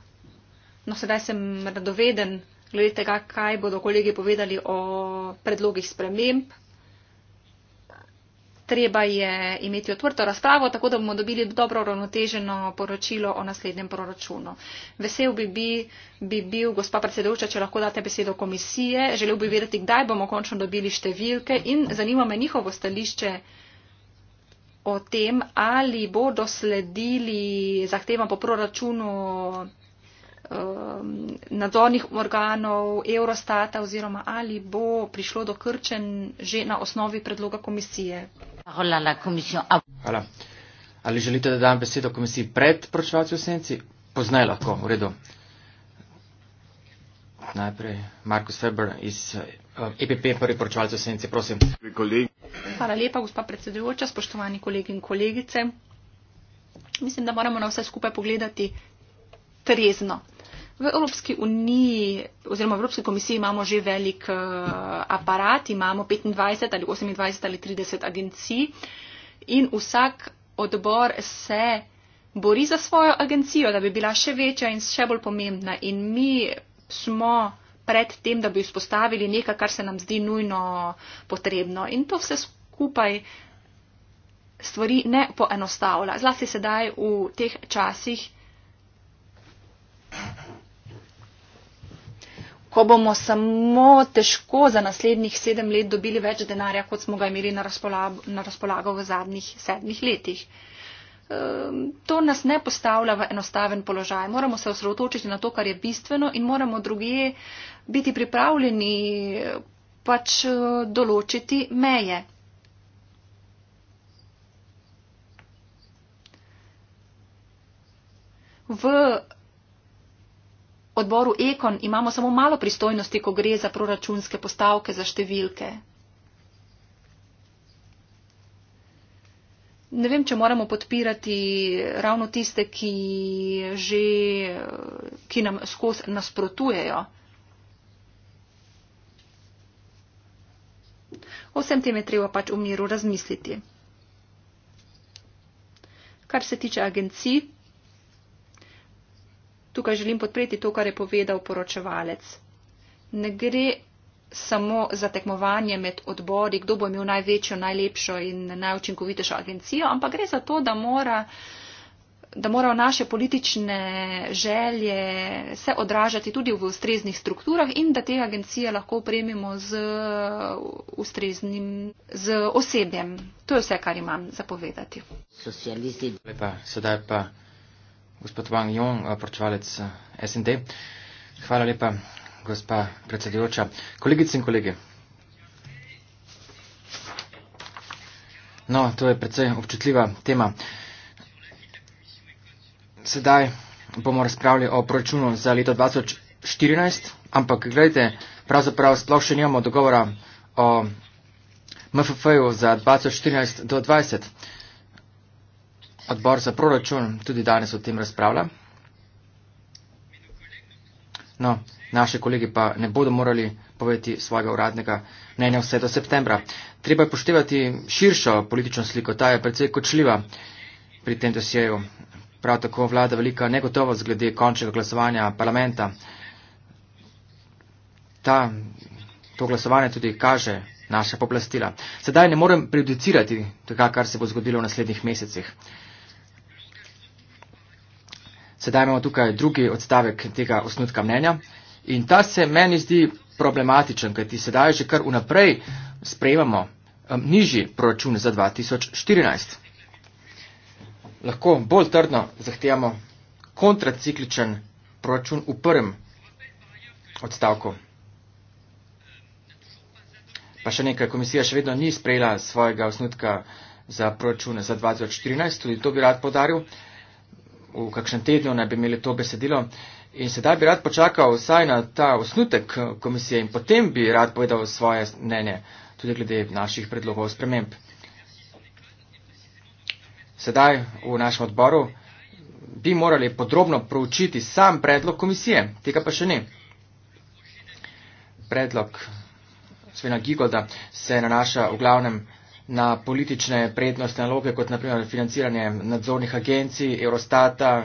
no, sedaj sem radoveden glede tega, kaj bodo kolegi povedali o predlogih sprememb. Treba je imeti otvrto razpravo, tako da bomo dobili dobro ravnoteženo poročilo o naslednjem proračunu. Vesel bi, bi, bi bil, gospa predsedovča, če lahko date besedo komisije. Želel bi vedeti, kdaj bomo končno dobili številke in zanima me njihovo stališče. Uh, o tem, ali bodo sledili zahtevam po proračunu um, nadzornih organov Eurostata oziroma ali bo prišlo do krčen že na osnovi predloga komisije.
Hvala. Hvala. Ali želite, da dam besedo komisiji pred pročevalci v senci? Poznaj lahko, v redu. Najprej Markus Feber iz EPP, eh, e prvi pročevalci v senci, prosim. Kolegi.
Hvala lepa, gospa predsedujoča, spoštovani kolegi in kolegice. Mislim, da moramo na vse skupaj pogledati trezno. V Evropski uniji oziroma v Evropski komisiji imamo že velik eh, aparat, imamo 25 ali 28 ali 30 agencij in vsak odbor se bori za svojo agencijo, da bi bila še večja in še bolj pomembna. In mi smo pred tem, da bi vzpostavili nekaj, kar se nam zdi nujno potrebno. In to vse skupaj stvari ne poenostavlja. Zlasti sedaj v teh časih, ko bomo samo težko za naslednjih sedem let dobili več denarja, kot smo ga imeli na razpolago, na razpolago v zadnjih sedmih letih. Ehm, to nas ne postavlja v enostaven položaj. Moramo se osredotočiti na to, kar je bistveno in moramo druge biti pripravljeni eh, pač eh, določiti meje. V odboru Ekon imamo samo malo pristojnosti, ko gre za proračunske postavke, za številke. ne vem, če moramo podpirati ravno tiste, ki, že, ki nam skozi nasprotujejo. Vsem tem je treba pač v miru razmisliti. Kar se tiče agencij, tukaj želim podpreti to, kar je povedal poročevalec. Ne gre samo za tekmovanje med odbori, kdo bo imel največjo, najlepšo in najučinkovitejšo agencijo, ampak gre za to, da, mora, da morajo naše politične želje se odražati tudi v ustreznih strukturah in da te agencije lahko opremimo z, ustreznim, z osebjem. To je vse, kar imam zapovedati.
Socialisti. Lepa, sedaj pa gospod Wang Jong, poročevalec SND. Hvala lepa gospa predsedujoča. Kolegice in kolege. No, to je predvsej občutljiva tema. Sedaj bomo razpravljali o proračunu za leto 2014, ampak gledajte, pravzaprav sploh še nimamo dogovora o MFF-ju za 2014 do 2020. Odbor za proračun tudi danes o tem razpravlja. No, naši kolegi pa ne bodo morali povedati svojega uradnega mnenja vse do septembra. Treba je poštevati širšo politično sliko, ta je predvsej kočljiva pri tem dosjeju. Prav tako vlada velika negotovost glede končnega glasovanja parlamenta. Ta, to glasovanje tudi kaže naša poplastila. Sedaj ne morem prejudicirati tega, kar se bo zgodilo v naslednjih mesecih. Sedaj imamo tukaj drugi odstavek tega osnutka mnenja. In ta se meni zdi problematičen, kajti sedaj že kar unaprej sprejemamo um, nižji proračun za 2014. Lahko bolj trdno zahtevamo kontracikličen proračun v prvem odstavku. Pa še nekaj, komisija še vedno ni sprejela svojega osnutka za proračun za 2014, tudi to bi rad podaril. V kakšnem tednu naj bi imeli to besedilo. Uh, In sedaj bi rad počakal vsaj na ta osnutek eh, komisije in potem bi rad povedal svoje mnenje tudi glede naših predlogov sprememb. Sedaj v našem odboru bi morali podrobno proučiti sam predlog komisije, tega pa še ne. Predlog Svena Gigolda se nanaša v glavnem na politične prednostne naloge, kot naprimer financiranje nadzornih agencij, Eurostata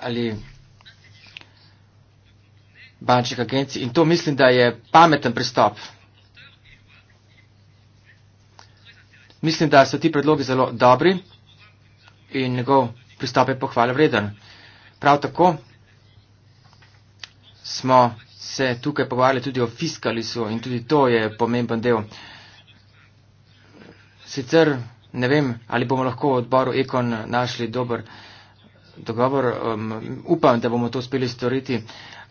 ali bančnih agencij in to mislim, da je pameten pristop. Mislim, da so ti predlogi zelo dobri in njegov pristop je pohvala vreden. Prav tako smo se tukaj pogovarjali tudi o fiskalisu in tudi to je pomemben del. Sicer ne vem, ali bomo lahko v odboru Ekon našli dober dogovor. Um, upam, da bomo to uspeli storiti.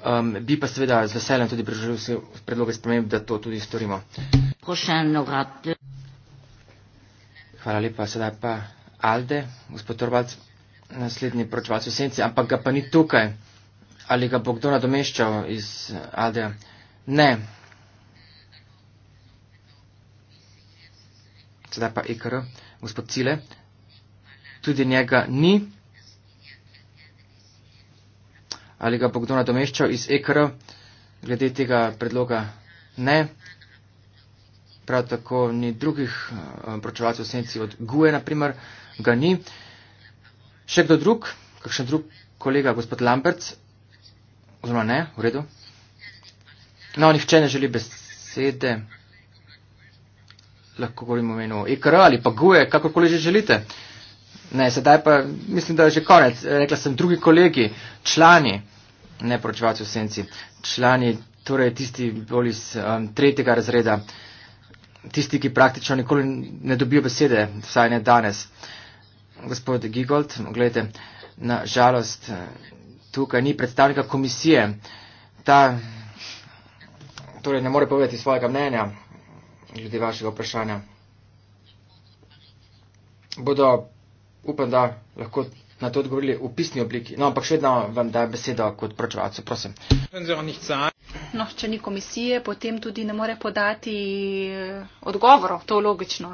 Um, bi pa seveda z veseljem tudi prižil vse predloge sprememb, da to tudi storimo. Hvala lepa. Sedaj pa Alde, gospod Torvalc, naslednji pročevalc v senci, ampak ga pa ni tukaj. Ali ga bo kdo nadomeščal iz Aldeja? Ne. Sedaj pa IKR, e gospod Cile, tudi njega ni ali ga bo kdo nadomeščal iz EKR, glede tega predloga ne. Prav tako ni drugih eh, pročevalcev senci od GUE, naprimer, ga ni. Še kdo drug, kakšen drug kolega, gospod Lambert, oziroma ne, v redu. No, nihče ne želi besede, lahko govorimo o imenu EKR ali pa GUE, kakorkoli že želite. Ne, sedaj pa mislim, da je že konec. Eh, rekla sem drugi kolegi, člani ne poročevalci v senci, člani, torej tisti bolj iz um, tretjega razreda, tisti, ki praktično nikoli ne dobijo besede, vsaj ne danes. Gospod Gigold, gledajte, na žalost eh, tukaj ni predstavnika komisije, ta torej ne more povedati svojega mnenja glede vašega vprašanja. Bodo, upam, da lahko na to odgovorili v pisni obliki. No, ampak še vedno vam dajem besedo kot pročevalcu, prosim.
No, če ni komisije, potem tudi ne more podati eh, odgovorov, to je logično.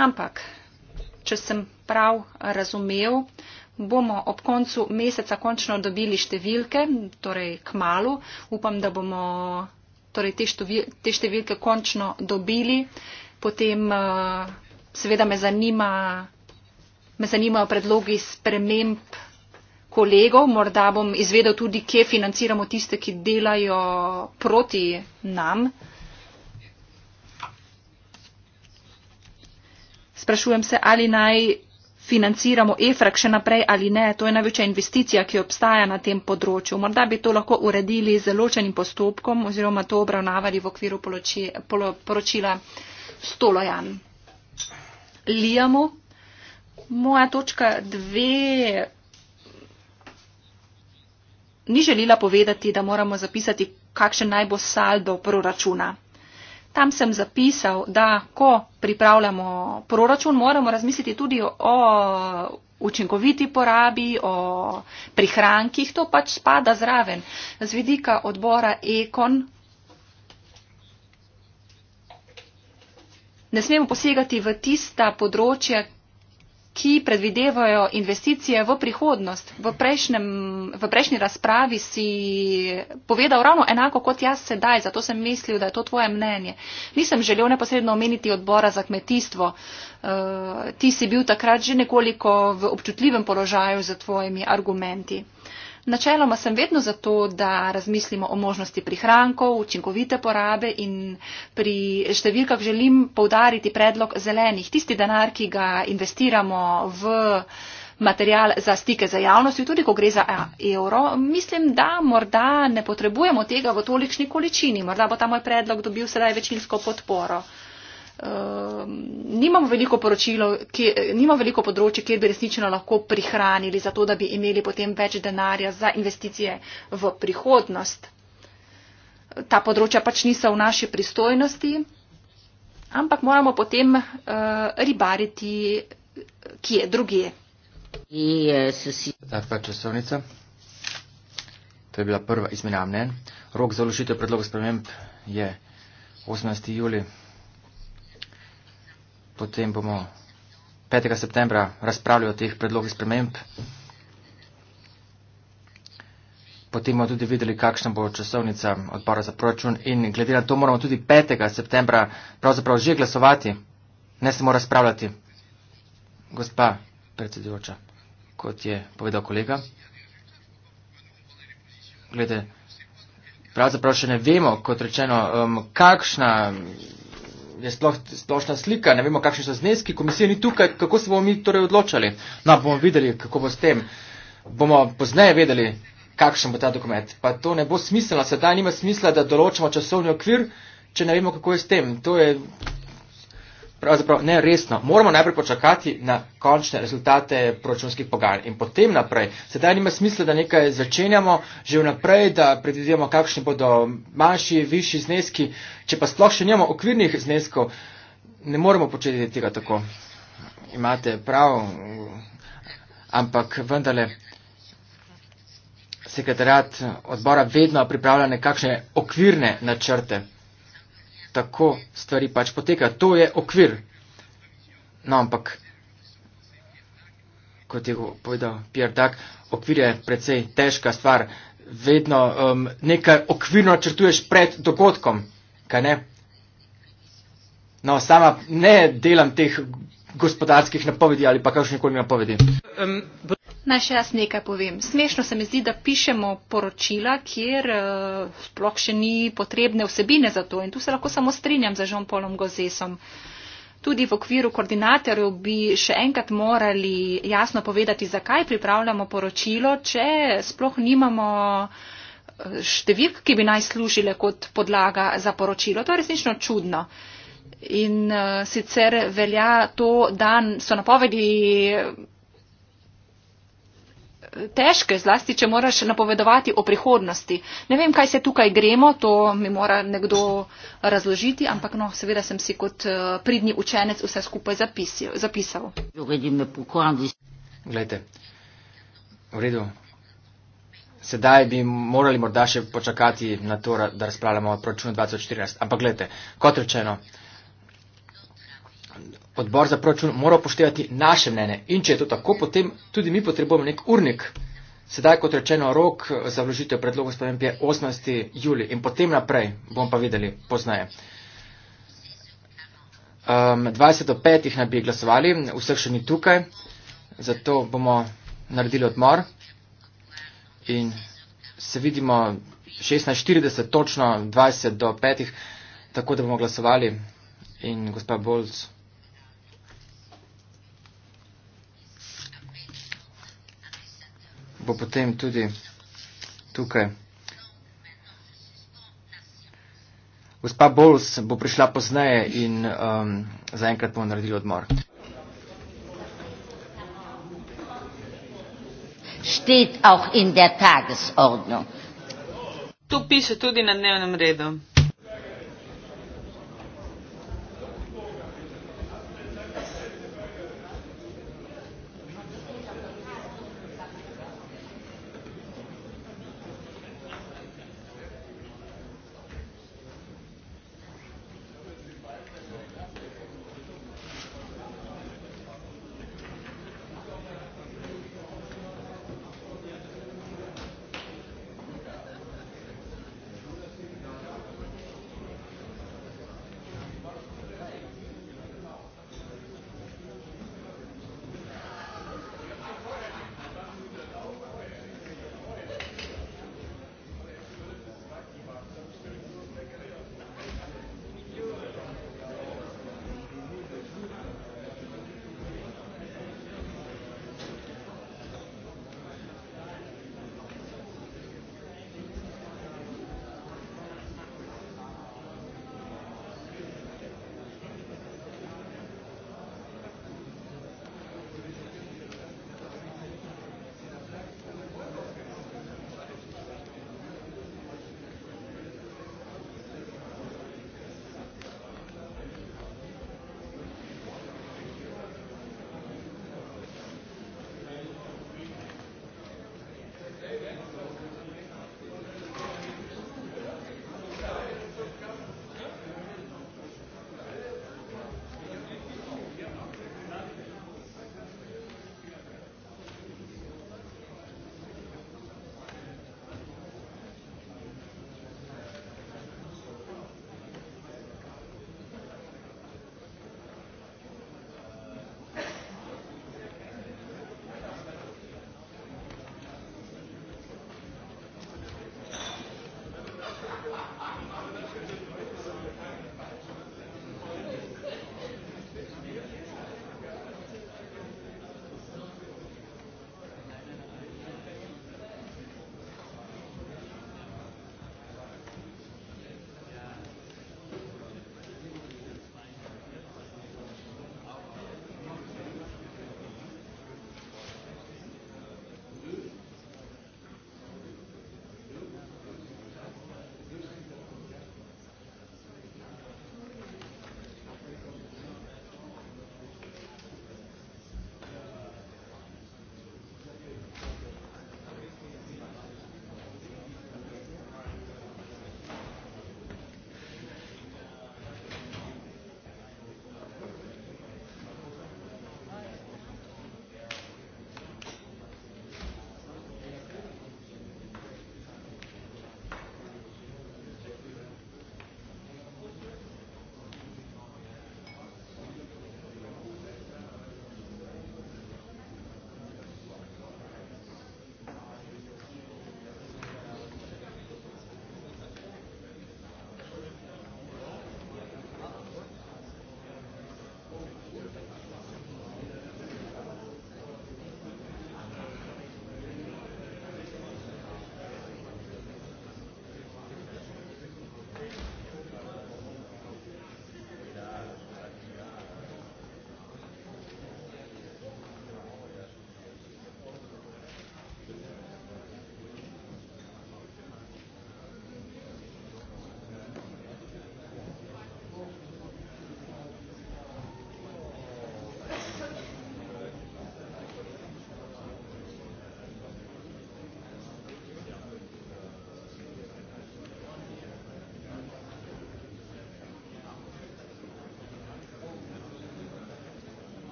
Ampak, če sem prav razumev, bomo ob koncu meseca končno dobili številke, torej k malu. Upam, da bomo torej te, števil, te številke končno dobili. Potem eh, seveda me zanima me zanimajo predlogi sprememb kolegov, morda bom izvedel tudi, kje financiramo tiste, ki delajo proti nam. Sprašujem se, ali naj financiramo EFRAK še naprej ali ne. To je največja investicija, ki obstaja na tem področju. Morda bi to lahko uredili z ločenim postopkom oziroma to obravnavali v okviru poročila Stolojan. Lijamo moja točka dve ni želela povedati, da moramo zapisati, kakšen naj bo saldo proračuna. Tam sem zapisal, da ko pripravljamo proračun, moramo razmisliti tudi o učinkoviti porabi, o prihrankih, to pač spada zraven. Z vidika odbora Ekon ne smemo posegati v tista področja, ki predvidevajo investicije v prihodnost. V, prejšnjem, v prejšnji razpravi si povedal ravno enako kot jaz sedaj, zato sem mislil, da je to tvoje mnenje. Nisem želel neposredno omeniti odbora za kmetijstvo. Eh, ti si bil takrat že nekoliko v občutljivem položaju z tvojimi argumenti. Načeloma sem vedno za to, da razmislimo o možnosti prihrankov, učinkovite porabe in pri številkah želim povdariti predlog zelenih. Tisti denar, ki ga investiramo v material za stike za javnostjo, tudi ko gre za evro, mislim, da morda ne potrebujemo tega v tolikšni količini. Morda bo ta moj predlog dobil sedaj večinsko podporo. Ehm, nimamo veliko poročilo, ki, nimamo veliko področje, kjer bi resnično lahko prihranili, zato da bi imeli potem več denarja za investicije v prihodnost. Ta področja pač niso v naši pristojnosti, ampak moramo potem uh, ribariti, eh, kje drugje.
Takva časovnica. To je bila prva izmenjavne. Rok za vložitev predloga sprememb je 18. julija potem bomo 5. septembra razpravljali o teh predlogih sprememb. Potem bomo tudi videli, kakšna bo časovnica odbora za proračun in glede na to moramo tudi 5. septembra pravzaprav že glasovati, ne samo razpravljati. Gospa predsedujoča, kot je povedal kolega, glede, pravzaprav še ne vemo, kot rečeno, um, kakšna je sploh splošna slika, ne vemo, kakšni so zneski, komisija ni tukaj, kako se bomo mi torej odločali. No, bomo videli, kako bo s tem. Bomo pozneje vedeli, kakšen bo ta dokument. Pa to ne bo smiselno, sedaj nima smisla, da določamo časovni okvir, če ne vemo, kako je s tem. To je pravzaprav ne resno. Moramo najprej počakati na končne rezultate proračunskih pogajanj in potem naprej. Sedaj nima smisla, da nekaj začenjamo že vnaprej, da predvidimo, kakšni bodo manjši, višji zneski. Če pa sploh še nimamo okvirnih zneskov, ne moremo početi tega tako. Imate prav, ampak vendarle. Sekretariat odbora vedno pripravlja nekakšne okvirne načrte tako stvari pač potekajo. To je okvir. No, ampak, kot je povedal Pierre Dac, okvir je precej težka stvar. Vedno um, nekaj okvirno črtuješ pred dogodkom, kaj ne? No, sama ne delam teh gospodarskih napovedi ali pa kakšnih koli napovedi.
Um,
Naj še jaz nekaj povem. Smešno se mi zdi, da pišemo poročila, kjer uh, sploh še ni potrebne vsebine za to in tu se lahko samo strinjam za Žonpolom Gozesom. Tudi v okviru koordinatorjev bi še enkrat morali jasno povedati, zakaj pripravljamo poročilo, če sploh nimamo eh, številk, ki bi naj služile kot podlaga za poročilo. To je resnično čudno. In uh, sicer velja to, da so napovedi težke zlasti če moraš napovedovati o prihodnosti. Ne vem, kaj se tukaj gremo, to mi mora nekdo razložiti, ampak no, seveda sem si kot eh, pridni učenec vse skupaj zapisal.
Glejte, v redu. Sedaj bi morali morda še počakati na to, da razpravljamo o proračunu 2014. Ampak gledajte, kot rečeno, odbor za proračun mora poštevati naše mnenje. In če je to tako, potem tudi mi potrebujemo nek urnik. Sedaj, kot rečeno, rok za vložitev predlogov spremembe je 18. juli in potem naprej, bom pa videli poznaje. Um, ehm, 20 do 5 jih naj bi glasovali, vseh še ni tukaj, zato bomo naredili odmor in se vidimo 16.40, točno 20 do 5, tako da bomo glasovali in gospod Bolc. bo potem tudi tukaj. Gospa Bowles bo prišla pozneje in um, zaenkrat bo naredila odmor.
Steht auch in der Tagesordnung.
Tu piše tudi na dnevnem redu.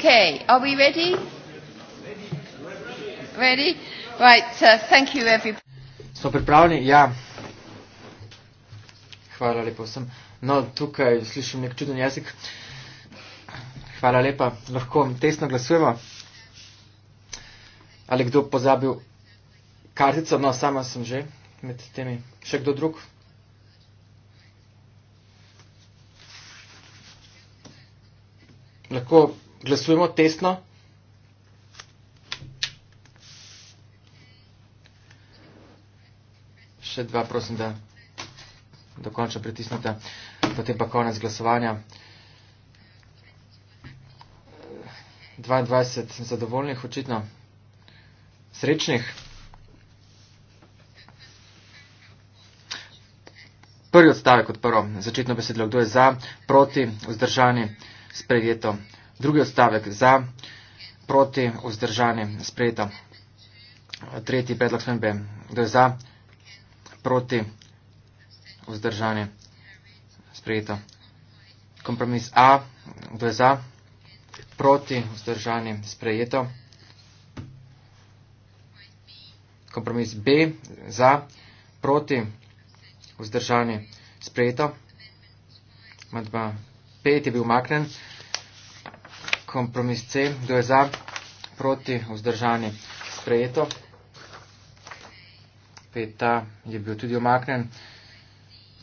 Okay, are we ready?
Ready? Right, uh, thank you everybody.
Smo pripravljeni? Ja. Hvala lepo vsem. No, tukaj slišim nek čuden jezik. Hvala lepa. Lahko tesno glasujemo. Ali kdo pozabil kartico? No, sama sem že med temi. Še kdo drug? Lahko glasujemo testno. Še dva, prosim, da dokončno pritisnete, potem pa konec glasovanja. 22 zadovoljnih, očitno srečnih. Prvi odstavek kot prvo, začetno besedilo, kdo je za, proti, vzdržani, sprejeto drugi odstavek za, proti, vzdržani, sprejeta. Tretji predlog smembe, da je za, proti, vzdržani, sprejeta. Kompromis A, da je za, proti, vzdržani, sprejeta. Kompromis B, za, proti, vzdržani, sprejeta. Med dva, pet je bil umaknen kompromis C, kdo je za, proti, vzdržani, sprejeto. Peta je bil tudi omaknen.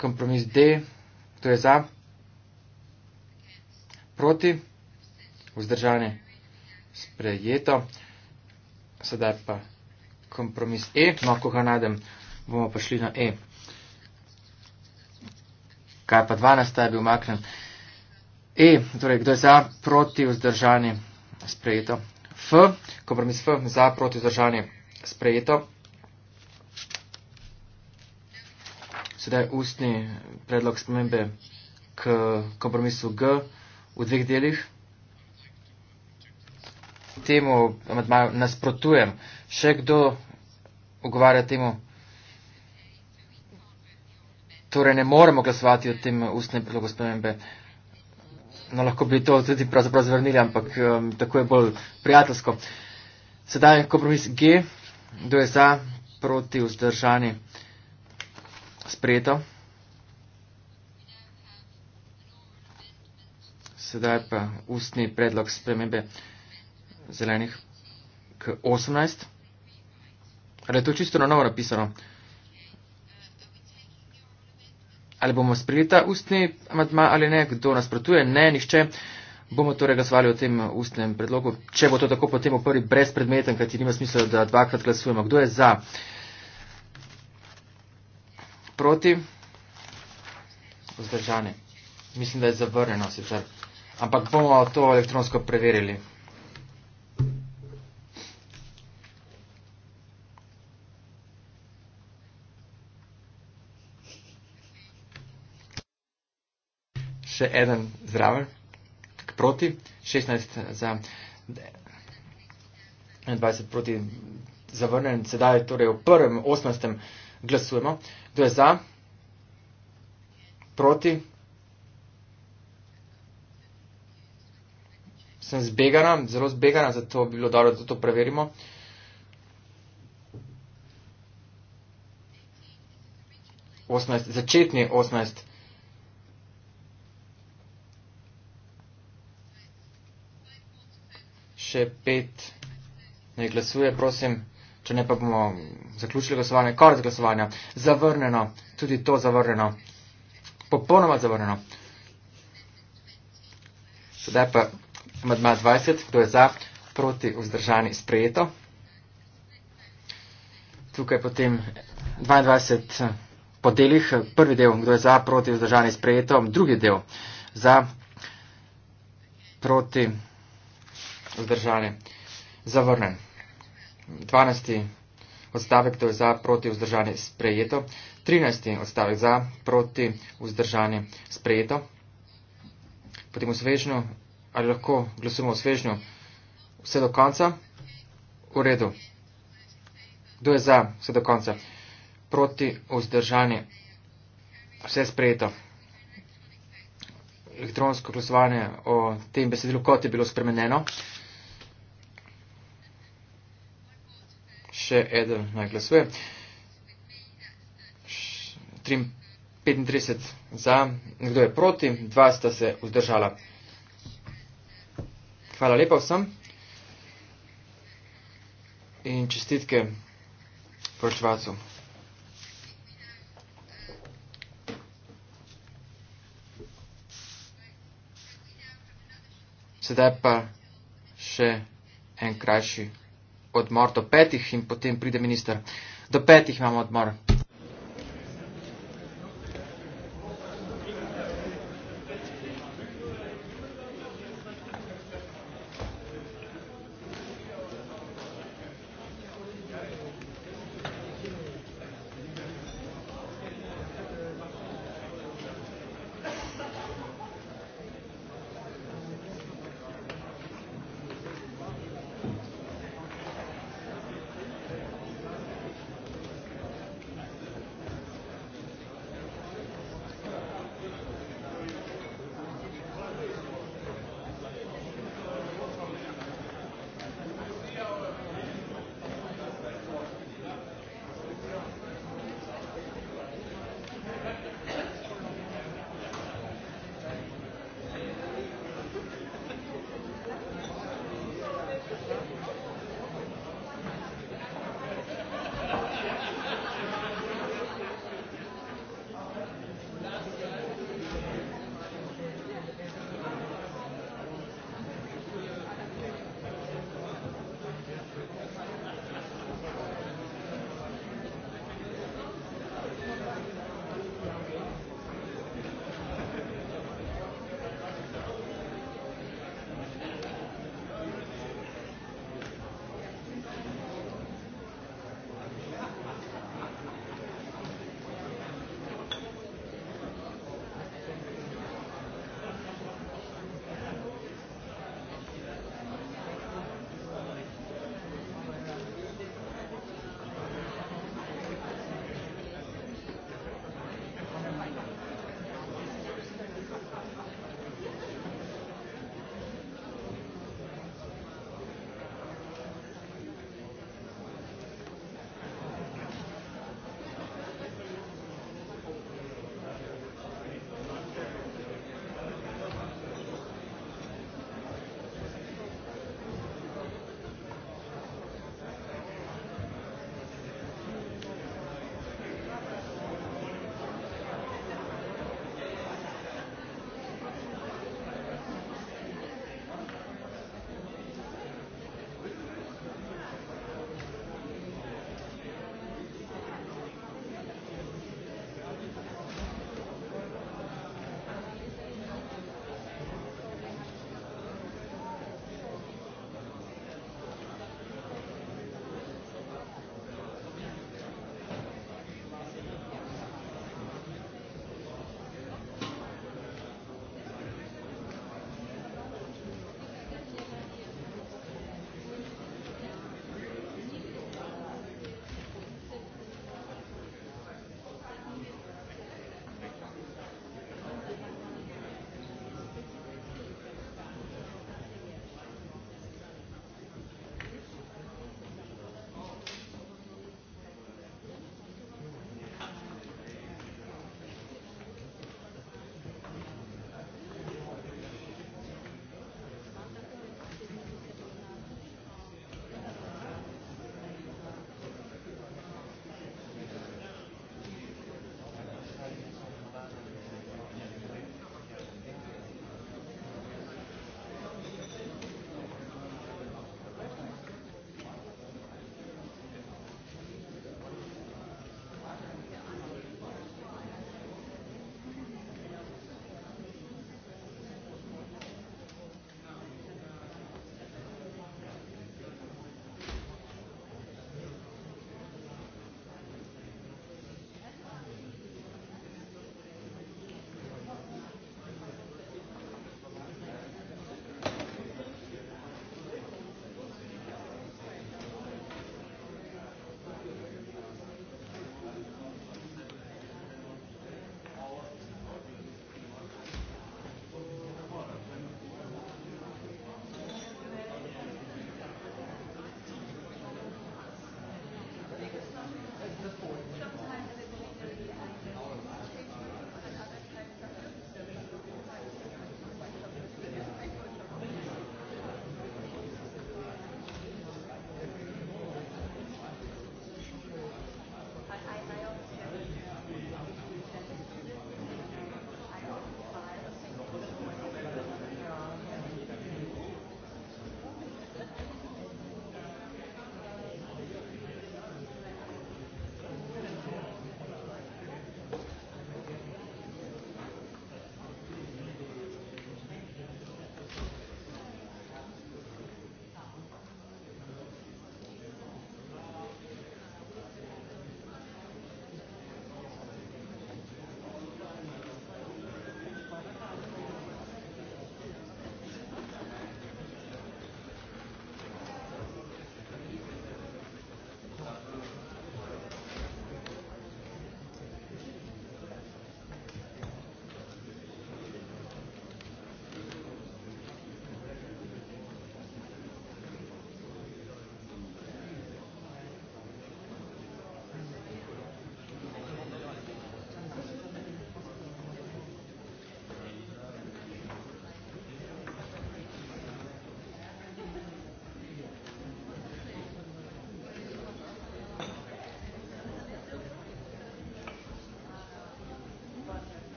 Kompromis D, kdo je za, proti, vzdržani, sprejeto. Sedaj pa kompromis E, no, ko ga najdem, bomo pa šli na E. Kaj pa 12 je bil omaknen? E, torej, kdo je za, proti vzdržanje, sprejeto. F, kompromis F, za, proti vzdržanje, sprejeto. Sedaj ustni predlog spremembe k kompromisu G v dveh delih. Temu nasprotujem. Še kdo ogovarja temu? Torej, ne moremo glasovati o tem ustnem predlogu spremembe no, lahko bi to tudi pravzaprav zvrnili, ampak um, tako je bolj prijateljsko. Sedaj kompromis G, kdo je za, proti vzdržani, sprejeto. Sedaj pa ustni predlog spremembe zelenih k 18. Ali je to čisto na novo napisano? ali bomo sprejeli ta ustni amadma ali ne, kdo nasprotuje, ne, nišče, bomo torej glasovali o tem ustnem predlogu. Če bo to tako, potem v prvi brezpredmeten, kajti nima smisla, da dvakrat glasujemo. Kdo je za? Proti? Vzdržane. Mislim, da je zavrnjeno sicer. Ampak bomo to elektronsko preverili. še eden zdravelj proti, 16 za 20 proti zavrnen. Sedaj torej v prvem 18. glasujemo. Kdo je za? Proti? Sem zbegana, zelo zbegana, zato bi bilo dobro, da to preverimo. Osnaest, začetni 18. še pet ne glasuje, prosim, če ne pa bomo zaključili glasovanje, konec glasovanja, zavrnjeno, tudi to zavrnjeno, popolnoma zavrnjeno. Sedaj pa amadma 20, kdo je za, proti, vzdržani, sprejeto. Tukaj potem 22 eh, podelih, prvi del, kdo je za, proti, vzdržani, sprejeto, drugi del, za, proti, vzdržani, sprejeto vzdržane. Zavrnen. 12. odstavek, to je za proti vzdržane sprejeto. 13. odstavek za proti vzdržane sprejeto. Potem v svežnju, ali lahko glasujemo v svežnju vse do konca? V redu. Kdo je za vse do konca? Proti vzdržane vse sprejeto. Elektronsko glasovanje o tem besedilu, kot je bilo spremenjeno. še eden naj glasuje. 35 za, nekdo je proti, dva sta se vzdržala. Hvala lepa vsem in čestitke poročevalcu. Sedaj pa še en krajši odmor do petih in potem pride minister. Do petih imamo odmor.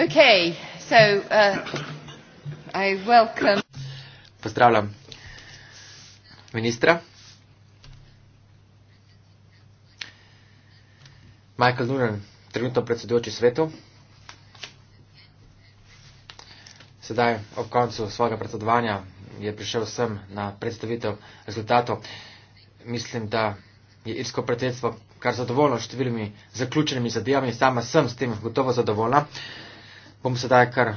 Okay, so, uh, I welcome...
Pozdravljam ministra. Michael Nunan, trenutno predsedujoči svetu. Sedaj, ob koncu svojega predsedovanja, je prišel sem na predstavitev rezultatov. Mislim, da je irsko predsedstvo kar zadovoljno številimi zaključenimi zadevami. Sama sem s tem gotovo zadovoljna. Uh, bom sedaj kar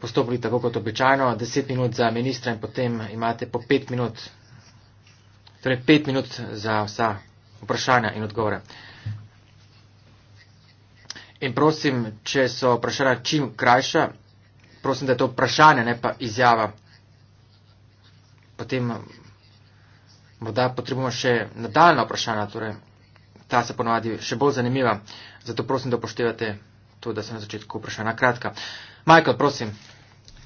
postopili tako kot običajno, 10 minut za ministra in potem imate po 5 minut, torej 5 minut za vsa vprašanja in odgovore. In prosim, če so vprašanja čim krajša, prosim, da je to vprašanje, ne pa izjava. Potem eh, morda potrebujemo še nadaljna vprašanja, torej ta se ponovadi še bolj zanimiva. Zato prosim, da upoštevate to, da sem na začetku vprašal na kratka. Michael, prosim.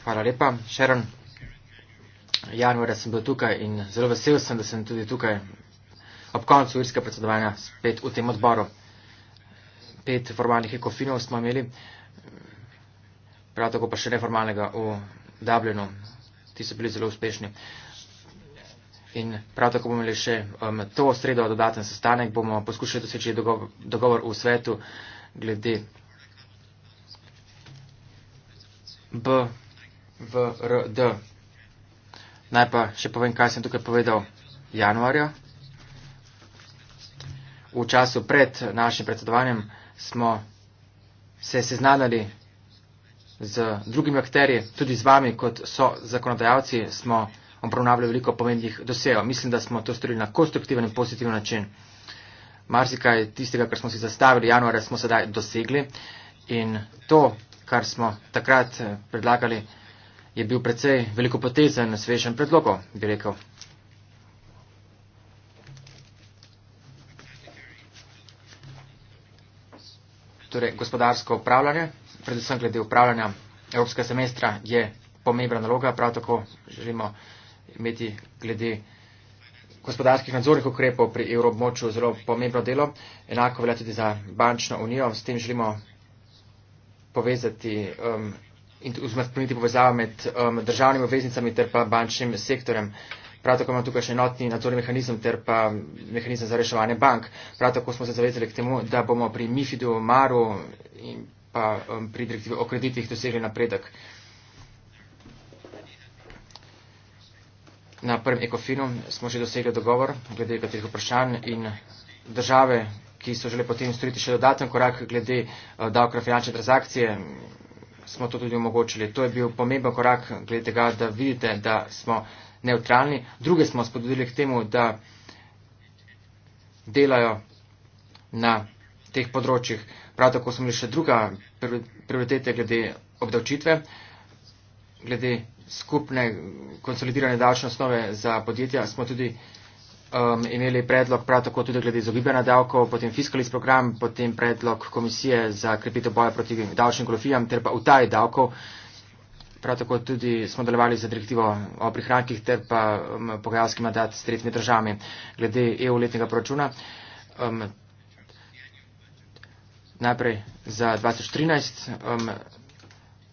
Hvala lepa. Sharon, januarja sem bil tukaj in zelo vesel sem, da sem tudi tukaj ob koncu irskega predsedovanja spet v tem odboru. Pet formalnih ekofinov smo imeli, prav tako pa še neformalnega v Dublinu. Ti so bili zelo uspešni. In prav tako bomo imeli še um, to sredo dodaten sestanek, bomo poskušali doseči dogovor, dogovor v svetu glede B, V, R, D. Naj pa še povem, kaj sem tukaj povedal januarja. V času pred našim predsedovanjem smo se seznanjali z drugimi akterji, tudi z vami, kot so zakonodajalci, smo obravnavali veliko pomembnih dosejev. Mislim, da smo to storili na konstruktiven in pozitiven način. Marsikaj tistega, kar smo si zastavili januarja, smo sedaj dosegli in to kar smo takrat eh, predlagali, je bil precej veliko poteza in svežen predlogov, bi rekel. Torej, gospodarsko upravljanje, predvsem glede upravljanja evropskega semestra, je pomembna naloga, prav tako želimo imeti glede gospodarskih nadzornih ukrepov pri evrobmoču zelo pomembno delo, enako velja tudi za bančno unijo, s tem želimo povezati um, in usmrtniti povezavo med um, državnimi obveznicami ter pa bančnim sektorjem. Prav tako imamo tukaj še enotni nadzorni mehanizem ter pa mehanizem za reševanje bank. Prav tako smo se zavezali k temu, da bomo pri MIFID-u, MARU in pa um, pri direktivi o kreditih dosegli napredek. Na prvem ekofinu smo že dosegli dogovor glede katerih vprašanj in države ki so želeli potem storiti še dodaten korak glede eh, davka finančne transakcije, smo to tudi omogočili. To je bil pomemben korak glede tega, da vidite, da smo neutralni. Druge smo spodbudili k temu, da delajo na teh področjih. Prav tako smo imeli še druga prioritete glede obdavčitve, glede skupne konsolidirane davčne osnove za podjetja. Smo tudi um, imeli predlog prav tako tudi glede izogibanja davkov, potem fiskalis program, potem predlog komisije za krepitev boja proti davčnim golofijam ter pa utaji davkov. Prav tako tudi smo delovali za direktivo o prihrankih ter pa um, pogajalski mandat s tretjimi državami glede EU letnega proračuna. Um, najprej za 2013. Um,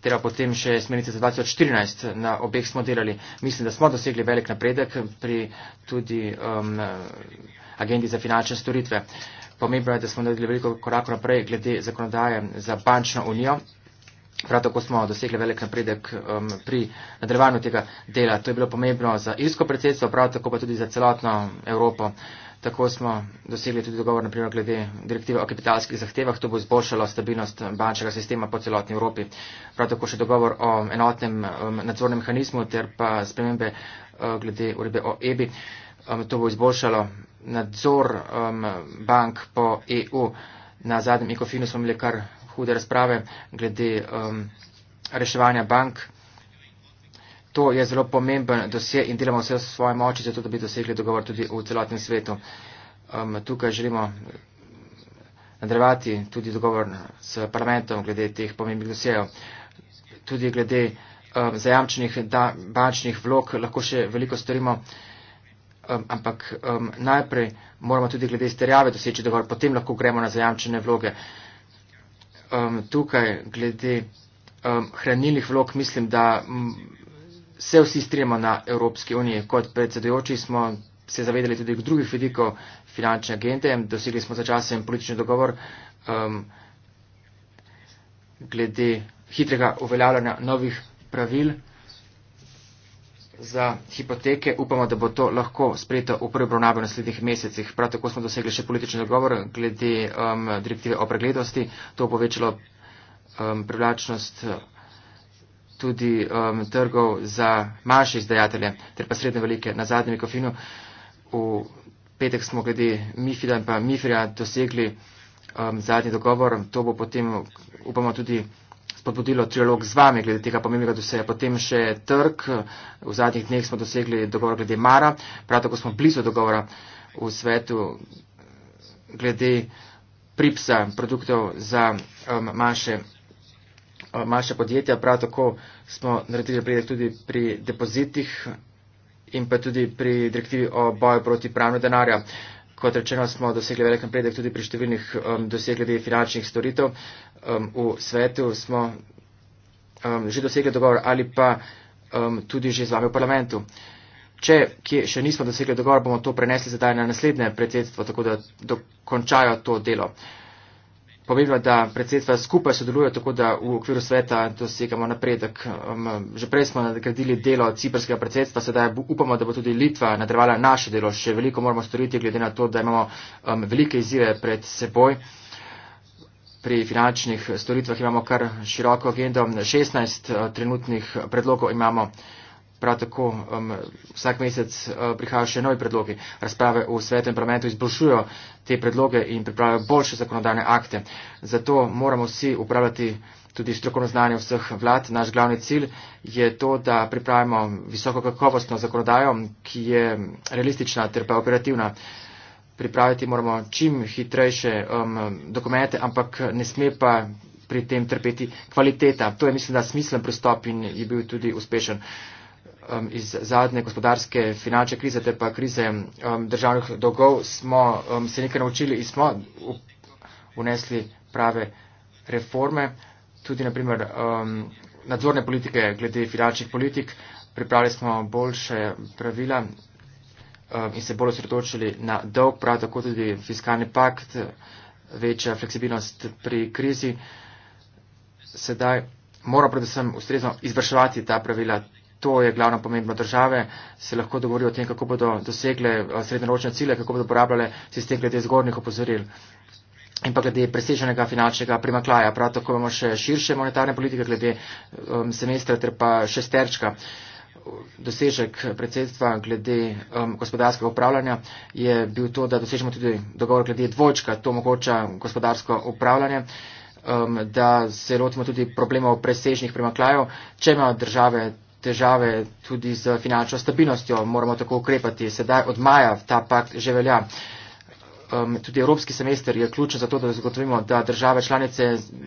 Teda potem še smernice za 2014 na obeh smo delali. Mislim, da smo dosegli velik napredek pri tudi um, agendi za finančne storitve. Pomembno je, da smo naredili veliko korakov naprej glede zakonodaje za bančno unijo. Prav tako smo dosegli velik napredek um, pri nadaljevanju tega dela. To je bilo pomembno za irsko predsedstvo, prav tako pa tudi za celotno Evropo. Uh, Tako smo dosegli tudi dogovor, naprimer, glede direktive o kapitalskih zahtevah. To bo izboljšalo stabilnost bančnega sistema po celotni Evropi. Prav tako še dogovor o enotnem um, nadzornem mehanizmu ter pa spremembe uh, glede uredbe o EBI. Um, to bo izboljšalo nadzor um, bank po EU. Na zadnjem ECOFIN-u smo imeli kar hude razprave glede reševanja bank. To je zelo pomemben dosje in delamo vse v svoje moči, zato da bi dosegli dogovor tudi v celotnem svetu. Um, tukaj želimo eh, nadrevati tudi dogovor s parlamentom glede teh pomembnih dosejev. Tudi glede um, zajamčenih bančnih vlog lahko še veliko storimo, um, ampak um, najprej moramo tudi glede izterjave doseči dogovor, potem lahko gremo na zajamčene vloge. Um, tukaj glede um, hranilnih vlog mislim, da. M, se vsi strijemo na Evropski uniji. Kot predsedujoči smo se zavedali tudi drugih vidikov finančne agente, dosegli smo začasen politični dogovor um, glede hitrega uveljavljanja novih pravil za hipoteke. Upamo, da bo to lahko sprejeto v prvi obravnavi v naslednjih mesecih. Prav tako smo dosegli še politični dogovor glede um, direktive o preglednosti. To bo povečalo um, privlačnost. Um, tudi um, trgov za manjše izdajatelje ter pa srednje velike. Na zadnjem mikrofinu v petek smo glede Mifida in pa Mifrija dosegli um, zadnji dogovor. To bo potem, upamo, tudi spodbudilo trilog z vami glede tega pomembnega doseja. Potem še trg. V zadnjih dneh smo dosegli dogovor glede Mara. Prav tako smo blizu dogovora v svetu glede pripsa produktov za um, manjše izdajatelje. Eh, manjše podjetja. Prav tako smo naredili napredek tudi pri depozitih in pa tudi pri direktivi o boju proti pranju denarja. Kot rečeno, smo dosegli velik napredek tudi pri številnih um, dosegledi finančnih storitev. Um, v svetu smo um, že dosegli dogovor ali pa um, tudi že z vami v parlamentu. Če kje, še nismo dosegli dogovor, bomo to prenesli zadaj na naslednje predsedstvo, tako da dokončajo to delo pomembno, da predsedstva skupaj sodelujo, tako da v okviru sveta dosegamo napredek. Um, že prej smo nadgradili delo ciprskega predsedstva, sedaj upamo, da bo tudi Litva nadrevala naše delo. Še veliko moramo storiti, glede na to, da imamo um, velike izzive pred seboj. Pri finančnih storitvah imamo kar široko agendo. 16 uh, trenutnih predlogov imamo. Prav tako um, vsak mesec uh, prihajajo še novi predlogi. Razprave v svetu in parlamentu izboljšujo te predloge in pripravljajo boljše zakonodajne akte. Zato moramo vsi upravljati tudi strokovno znanje vseh vlad. Naš glavni cilj je to, da pripravimo visoko kakovostno zakonodajo, ki je realistična ter pa operativna. Pripraviti moramo čim hitrejše um, dokumente, ampak ne sme pa pri tem trpeti kvaliteta. To je, mislim, da smislen pristop in je bil tudi uspešen um, iz zadnje gospodarske finančne krize, te pa krize um, državnih dolgov, smo um, se nekaj naučili in smo unesli prave reforme, tudi naprimer um, nadzorne politike glede finančnih politik, pripravili smo boljše pravila um, in se bolj osredotočili na dolg, prav tako tudi fiskalni pakt, večja fleksibilnost pri krizi. Sedaj moramo predvsem ustrezno izvrševati ta pravila, to je glavno pomembno. Države se lahko dogovorijo o tem, kako bodo dosegle eh, srednjeročne cilje, kako bodo uporabljale sistem glede zgornjih opozoril. In pa glede preseženega finančnega primaklaja. Prav tako imamo še širše monetarne politike glede um, semestra ter pa šesterčka. Dosežek predsedstva glede um, gospodarskega upravljanja je bil to, da dosežemo tudi dogovor glede dvojčka. To omogoča gospodarsko upravljanje, um, da se lotimo tudi problemov presežnih primaklajev. Če imajo države težave tudi z finančno stabilnostjo. Moramo tako ukrepati. Sedaj od maja ta pakt že velja. Um, tudi evropski semester je ključen za to, da zagotovimo, da države članice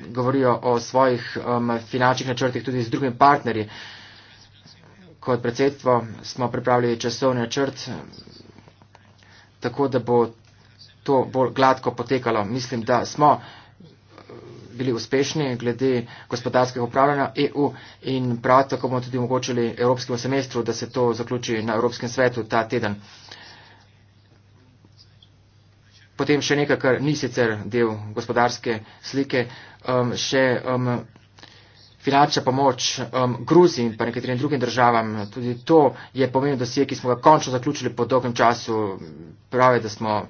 govorijo o svojih um, finančnih načrtih tudi z drugimi partnerji. Kot predsedstvo smo pripravili časovni načrt, tako da bo to bolj gladko potekalo. Mislim, da smo bili uspešni glede gospodarskega upravljanja EU in prav tako bomo tudi omogočili Evropskemu semestru, da se to zaključi na Evropskem svetu ta teden. Potem še nekaj, kar ni sicer del gospodarske slike, um, še um, finančna pomoč um, Gruziji in pa nekaterim drugim državam. Tudi to je pomembno dosje, ki smo ga končno zaključili po dolgem času. Prave, da smo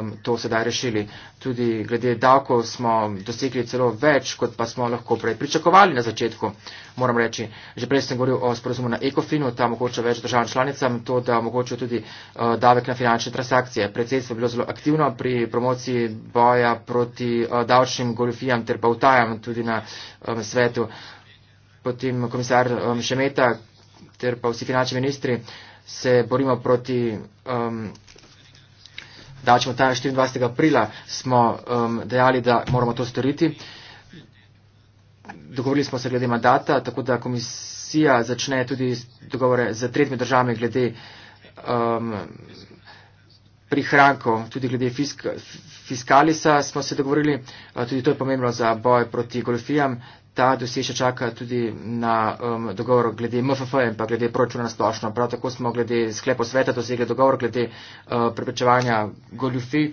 um, to sedaj rešili. Tudi glede davkov smo dosegli celo več, kot pa smo lahko prej pričakovali na začetku. Moram reči, že prej sem govoril o sporozumu na ECOFIN-u, ta omogoča več državam članicam to, da omogoča tudi uh, davek na finančne transakcije. Predsedstvo je bilo zelo aktivno pri promociji boja proti uh, davčnim goljofijam ter pa vtajam tudi na um, svetu. Potem komisar um, Šemeta ter pa vsi finančni ministri se borimo proti um, da ćemo ta 24. aprila smo um, dejali, da moramo to storiti. Dogovorili smo se glede mandata, tako da komisija začne tudi dogovore z tretjimi državami glede um, prihrankov, tudi glede fisk, fiskalisa smo se dogovorili, uh, tudi to je pomembno za boj proti golfijam, ta dosežek čaka tudi na um, dogovor glede MFF in pa glede proračuna splošno. Prav tako smo glede sklepo sveta dosegli dogovor glede uh, preprečevanja goljufi.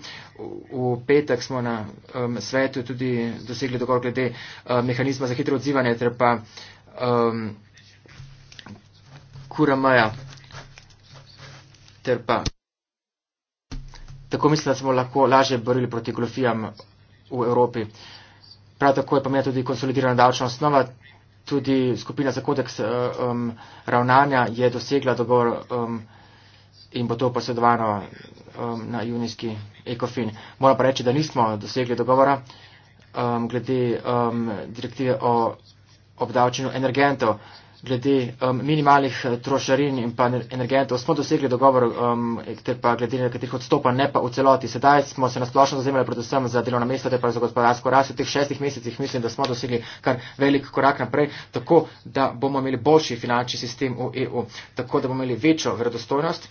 V petek smo na um, svetu tudi dosegli dogovor glede uh, mehanizma za hitro odzivanje ter pa um, kura maja. Ter pa. Tako mislim, da smo lahko lažje borili proti goljufijam v Evropi. Uh, Prav tako je pomembna tudi konsolidirana davčna osnova. Tudi skupina za kodeks um, ravnanja je dosegla dogovor um, in bo to posedovano um, na junijski ekofin. Moram pa reči, da nismo dosegli dogovora um, glede um, direktive o obdavčenju energentov glede um, minimalnih eh, trošarin in pa energentov smo dosegli dogovor, um, ter pa glede nekaterih odstopa, ne pa v celoti. Sedaj smo se nasplošno zazemali predvsem za delovna mesta, ter pa za gospodarsko rast. V teh šestih mesecih mislim, da smo dosegli kar velik korak naprej, tako da bomo imeli boljši finančni sistem v EU, tako da bomo imeli večjo verodostojnost.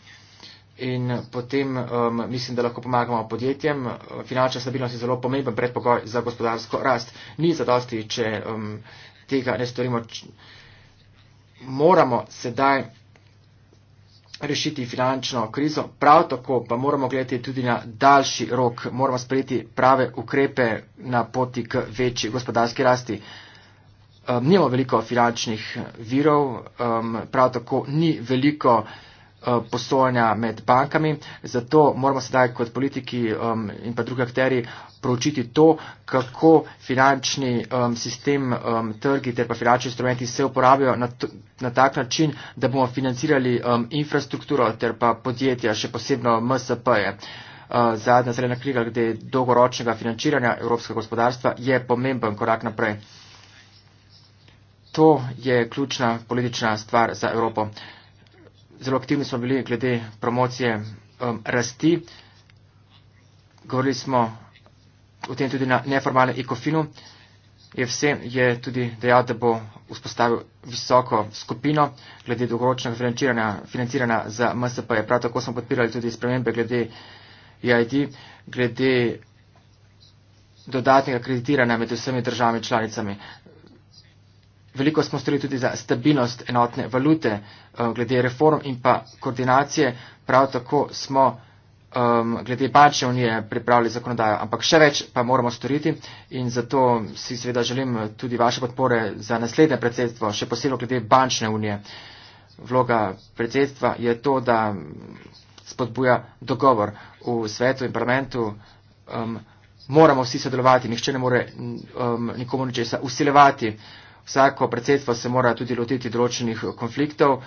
In eh, potem um, mislim, da lahko pomagamo podjetjem. Finančna stabilnost je zelo pomemben predpogoj za gospodarsko rast. Ni zadosti, če um, tega ne storimo. Če, moramo sedaj rešiti finančno krizo, prav tako pa moramo gledati tudi na daljši rok, moramo sprejeti prave ukrepe na poti k večji gospodarski rasti. Um, nimamo veliko finančnih virov, um, prav tako ni veliko uh, Eh, posojanja med bankami. Zato moramo sedaj kot politiki um, in pa drugi akteri proučiti to, kako finančni um, sistem, um, trgi ter pa finančni instrumenti se uporabljajo na, na tak način, da bomo financirali um, infrastrukturo ter pa podjetja, še posebno MSP-je. Uh, eh, zadnja zelena knjiga glede dolgoročnega financiranja evropskega gospodarstva je pomemben korak naprej. To je ključna politična stvar za Evropo zelo aktivni smo bili glede promocije um, rasti. Govorili smo o tem tudi na neformalnem ekofinu. Je vse, je tudi dejal, da bo vzpostavil visoko skupino glede dolgoročnega financiranja, financiranja za MSP. -je. Prav tako smo podpirali tudi spremembe glede EID, glede dodatnega kreditiranja med vsemi državami članicami. Veliko smo storili tudi za stabilnost enotne valute, eh, glede reform in pa koordinacije. Prav tako smo um, glede bančne unije pripravili zakonodajo, ampak še več pa moramo storiti in zato si seveda želim tudi vaše podpore za naslednje predsedstvo, še posebej glede bančne unije. Vloga predsedstva je to, da spodbuja dogovor v svetu in parlamentu. Um, moramo vsi sodelovati, nihče ne more um, nikomu ničesa usilevati vsako predsedstvo se mora tudi lotiti določenih konfliktov,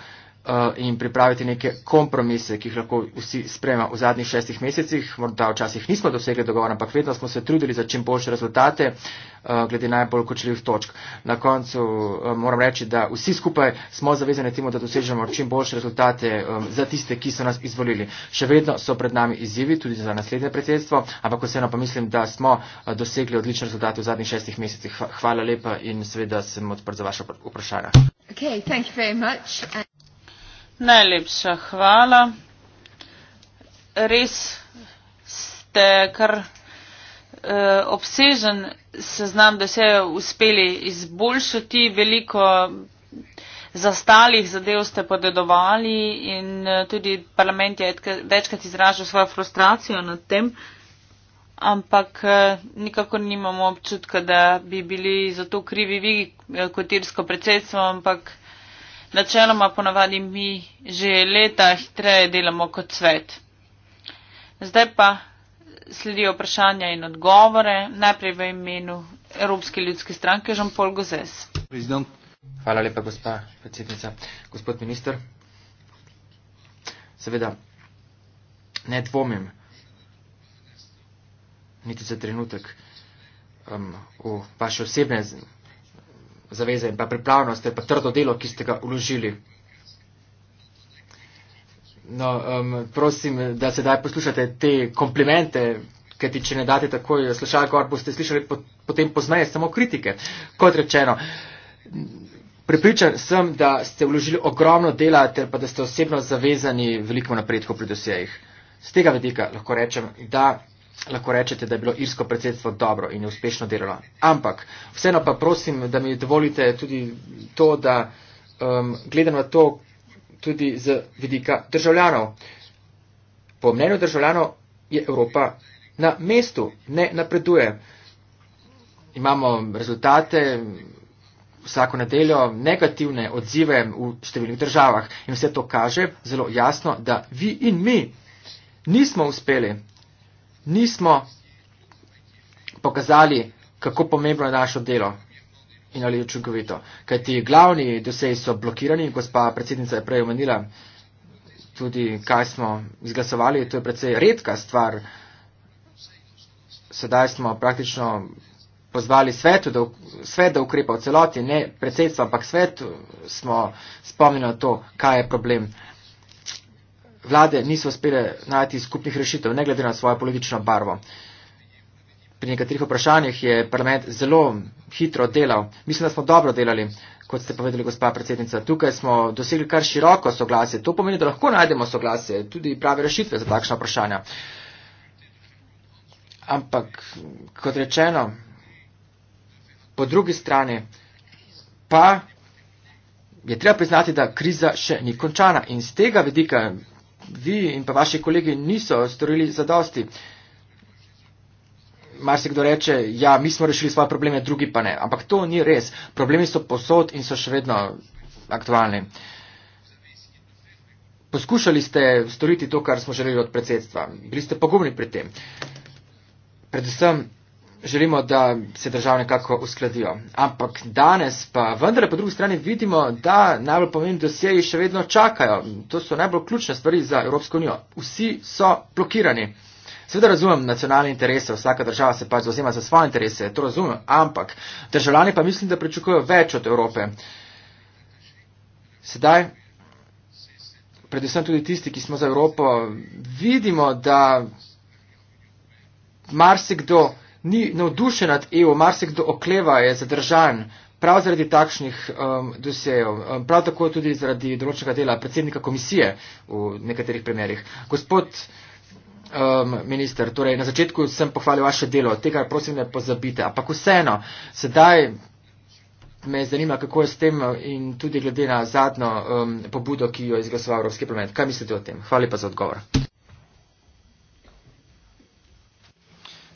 Eh, in pripraviti neke kompromise, ki jih lahko vsi sprema v zadnjih šestih mesecih. Morda včasih nismo dosegli dogovora, ampak vedno smo se trudili za čim boljše rezultate, eh, glede najbolj kočljivih točk. Na koncu eh, moram reči, da vsi skupaj smo zavezani temu, da dosežemo čim boljše rezultate za tiste, ki so nas izvolili. Še vedno so pred nami izzivi, tudi za naslednje predsedstvo, ampak vseeno pa mislim, da smo dosegli odlične rezultate v zadnjih šestih mesecih. Hvala lepa in seveda sem odprt za vaše vprašanje.
Okay,
Najlepša hvala. Res ste kar eh, obsežen seznam, da se je uspeli izboljšati. Veliko zastalih zadev ste podedovali in eh, tudi parlament je večkrat izražal svojo frustracijo nad tem, ampak eh, nikako nimamo občutka, da bi bili za to krivi vi eh, kot irsko predsedstvo, ampak načeloma ponavadi mi že leta hitreje delamo kot svet. Zdaj pa sledijo vprašanja in odgovore, najprej v imenu Evropske ljudske stranke Žan-Paul Gozes.
Hvala lepa, gospa predsednica. Gospod minister, seveda ne dvomim, niti za trenutek, um, v vaše osebne zaveze in pa pripravnost in pa trdo delo, ki ste ga uložili. No, um, prosim, da sedaj poslušate te komplimente, kajti če ne date takoj slušalko, boste slišali po, potem poznaje samo kritike. Kot rečeno, pripričan sem, da ste vložili ogromno dela ter pa da ste osebno zavezani velikemu napredku pri dosejih. Z tega vedika lahko rečem, da lahko rečete, da je bilo irsko predsedstvo dobro in je uspešno delalo. Ampak vseeno pa prosim, da mi dovolite tudi to, da um, gledam na to tudi z vidika državljanov. Po mnenju državljanov je Evropa na mestu, ne napreduje. Imamo rezultate vsako nedeljo, negativne odzive v številnih državah in vse to kaže zelo jasno, da vi in mi nismo uspeli nismo pokazali, kako pomembno je našo delo in ali učinkovito. Kaj ti glavni doseji so blokirani, gospa predsednica je prej omenila tudi, kaj smo izglasovali, to je predvsej redka stvar. Sedaj smo praktično pozvali svetu, da, svet, da ukrepa v celoti, ne predsedstvo, ampak svetu smo spomnili na to, kaj je problem. Uh, vlade niso uspele najti skupnih rešitev, ne glede na svojo politično barvo. Pri nekaterih vprašanjih je parlament zelo hitro delal. Mislim, da smo dobro delali, kot ste povedali, gospa predsednica. Tukaj smo dosegli kar široko soglasje. To pomeni, da lahko najdemo soglasje, tudi prave rešitve za takšna vprašanja. Ampak, kot rečeno, po drugi strani pa je treba priznati, da kriza še ni končana. In z tega vidika vi in pa vaši kolegi niso storili zadosti. Mar se kdo reče, ja, mi smo rešili svoje probleme, drugi pa ne. Ampak to ni res. Problemi so posod in so še vedno aktualni. Poskušali ste storiti to, kar smo želeli od predsedstva. Bili ste pogumni pri tem. Predvsem želimo, da se države nekako uskladijo. Ampak danes pa vendar po drugi strani vidimo, da najbolj pomembni dosjeji še vedno čakajo. To so najbolj ključne stvari za Evropsko unijo. Vsi so blokirani. Seveda razumem nacionalne interese, vsaka država se pač zauzema za svoje interese, to razumem, ampak državljani pa mislim, da pričakujejo več od Evrope. Sedaj, predvsem tudi tisti, ki smo za Evropo, vidimo, da marsikdo ni navdušen nad EU, marsikdo okleva, je zadržan prav zaradi takšnih um, dosejev, um, prav tako tudi zaradi določnega dela predsednika komisije v nekaterih primerjih. Gospod um, minister, torej na začetku sem pohvalil vaše delo, tega prosim ne pozabite, ampak vseeno, sedaj me zanima, kako je s tem in tudi glede na zadnjo um, pobudo, ki jo je izglasoval Evropski parlament. Kaj mislite o tem? Hvala lepa za odgovor.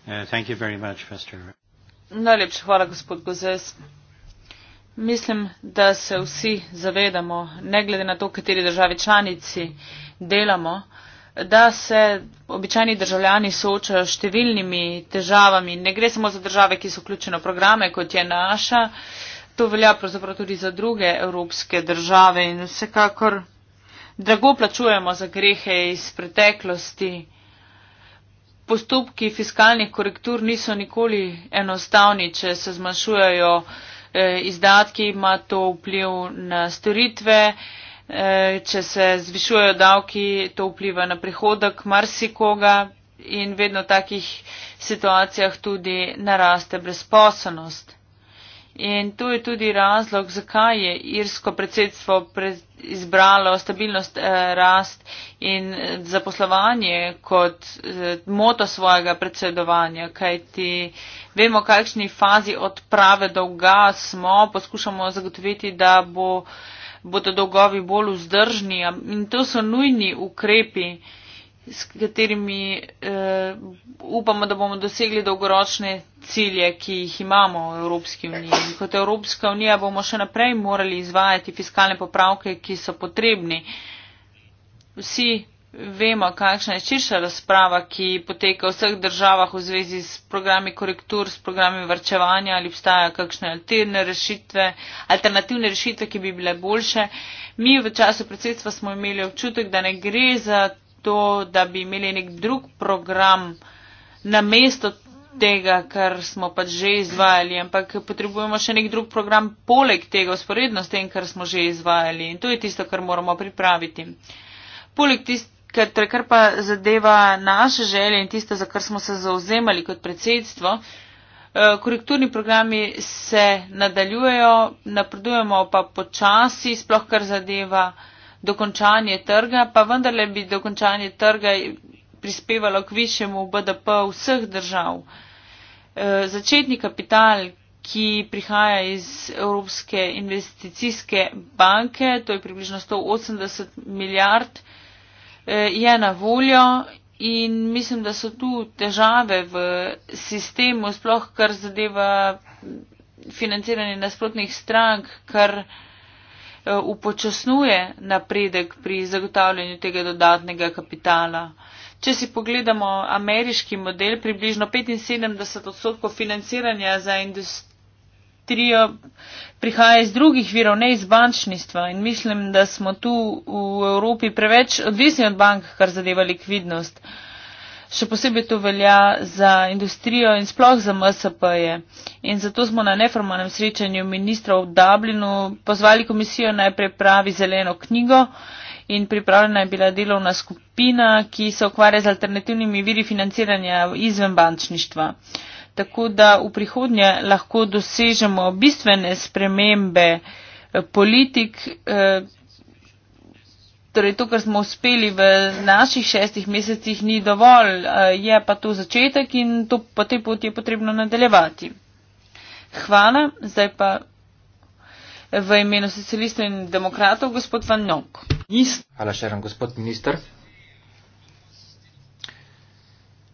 Uh,
Najlepša hvala, gospod Gozes. Mislim, da se vsi zavedamo, ne glede na to, kateri državi članici delamo, da se običajni državljani soočajo s številnimi težavami. Ne gre samo za države, ki so vključene v programe, kot je naša. To velja pravzaprav tudi za druge evropske države in vsekakor drago plačujemo za grehe iz preteklosti postopki fiskalnih korektur niso nikoli enostavni, če se zmanjšujejo eh, izdatki, ima to vpliv na storitve, eh, če se zvišujejo davki, to vpliva na prihodek marsikoga in vedno v takih situacijah tudi naraste brezposobnost. In to je tudi razlog, zakaj je irsko predsedstvo izbralo stabilnost, eh, rast in eh, zaposlovanje kot eh, moto svojega predsedovanja, kajti vemo, kakšni fazi odprave dolga smo, poskušamo zagotoviti, da bo, bodo dolgovi bolj vzdržni in to so nujni ukrepi s katerimi uh, upamo, da bomo dosegli dolgoročne cilje, ki jih imamo v Evropski uniji. Kot Evropska unija bomo še naprej morali izvajati fiskalne popravke, ki so potrebni. Vsi vemo, kakšna je širša razprava, ki poteka v vseh državah v zvezi s programi korektur, s programi vrčevanja, ali obstajajo kakšne alternativne rešitve, alternativne rešitve, ki bi bile boljše. Mi v času predsedstva smo imeli občutek, da ne gre za to, da bi imeli nek drug program na mesto tega, kar smo pač že izvajali, ampak potrebujemo še nek drug program poleg tega, usporedno s tem, kar smo že izvajali in to je tisto, kar moramo pripraviti. Poleg tistega, kar pa zadeva naše želje in tisto, za kar smo se zauzemali kot predsedstvo, eh, korekturni programi se nadaljujejo, napredujemo pa počasi, sploh kar zadeva dokončanje trga, pa vendarle bi dokončanje trga prispevalo k višjemu BDP vseh držav. E, začetni kapital, ki prihaja iz Evropske investicijske banke, to je približno 180 milijard, e, je na voljo in mislim, da so tu težave v sistemu, sploh kar zadeva financiranje nasprotnih strank, kar eh, Eh, upočasnuje napredek pri zagotavljanju tega dodatnega kapitala. Če si pogledamo ameriški model, približno 75 odstotkov financiranja za industrijo prihaja iz drugih virov, ne iz bančništva. In mislim, da smo tu v Evropi preveč odvisni od bank, kar zadeva likvidnost. Uh, še posebej to velja za industrijo in sploh za MSP-je. In zato smo na neformalnem srečanju ministrov v Dublinu pozvali komisijo naj pripravi zeleno knjigo in pripravljena je bila delovna skupina, ki se ukvarja z alternativnimi viri financiranja izven bančništva. Tako da v prihodnje lahko dosežemo bistvene spremembe eh, politik, eh, Torej, to, kar smo uspeli v naših šestih mesecih, ni dovolj, eh, je pa to začetek in to po tej poti je potrebno nadaljevati. Hvala, zdaj pa v imenu socialistov in
demokratov, gospod Van Njok. Hvala še enkrat, gospod minister.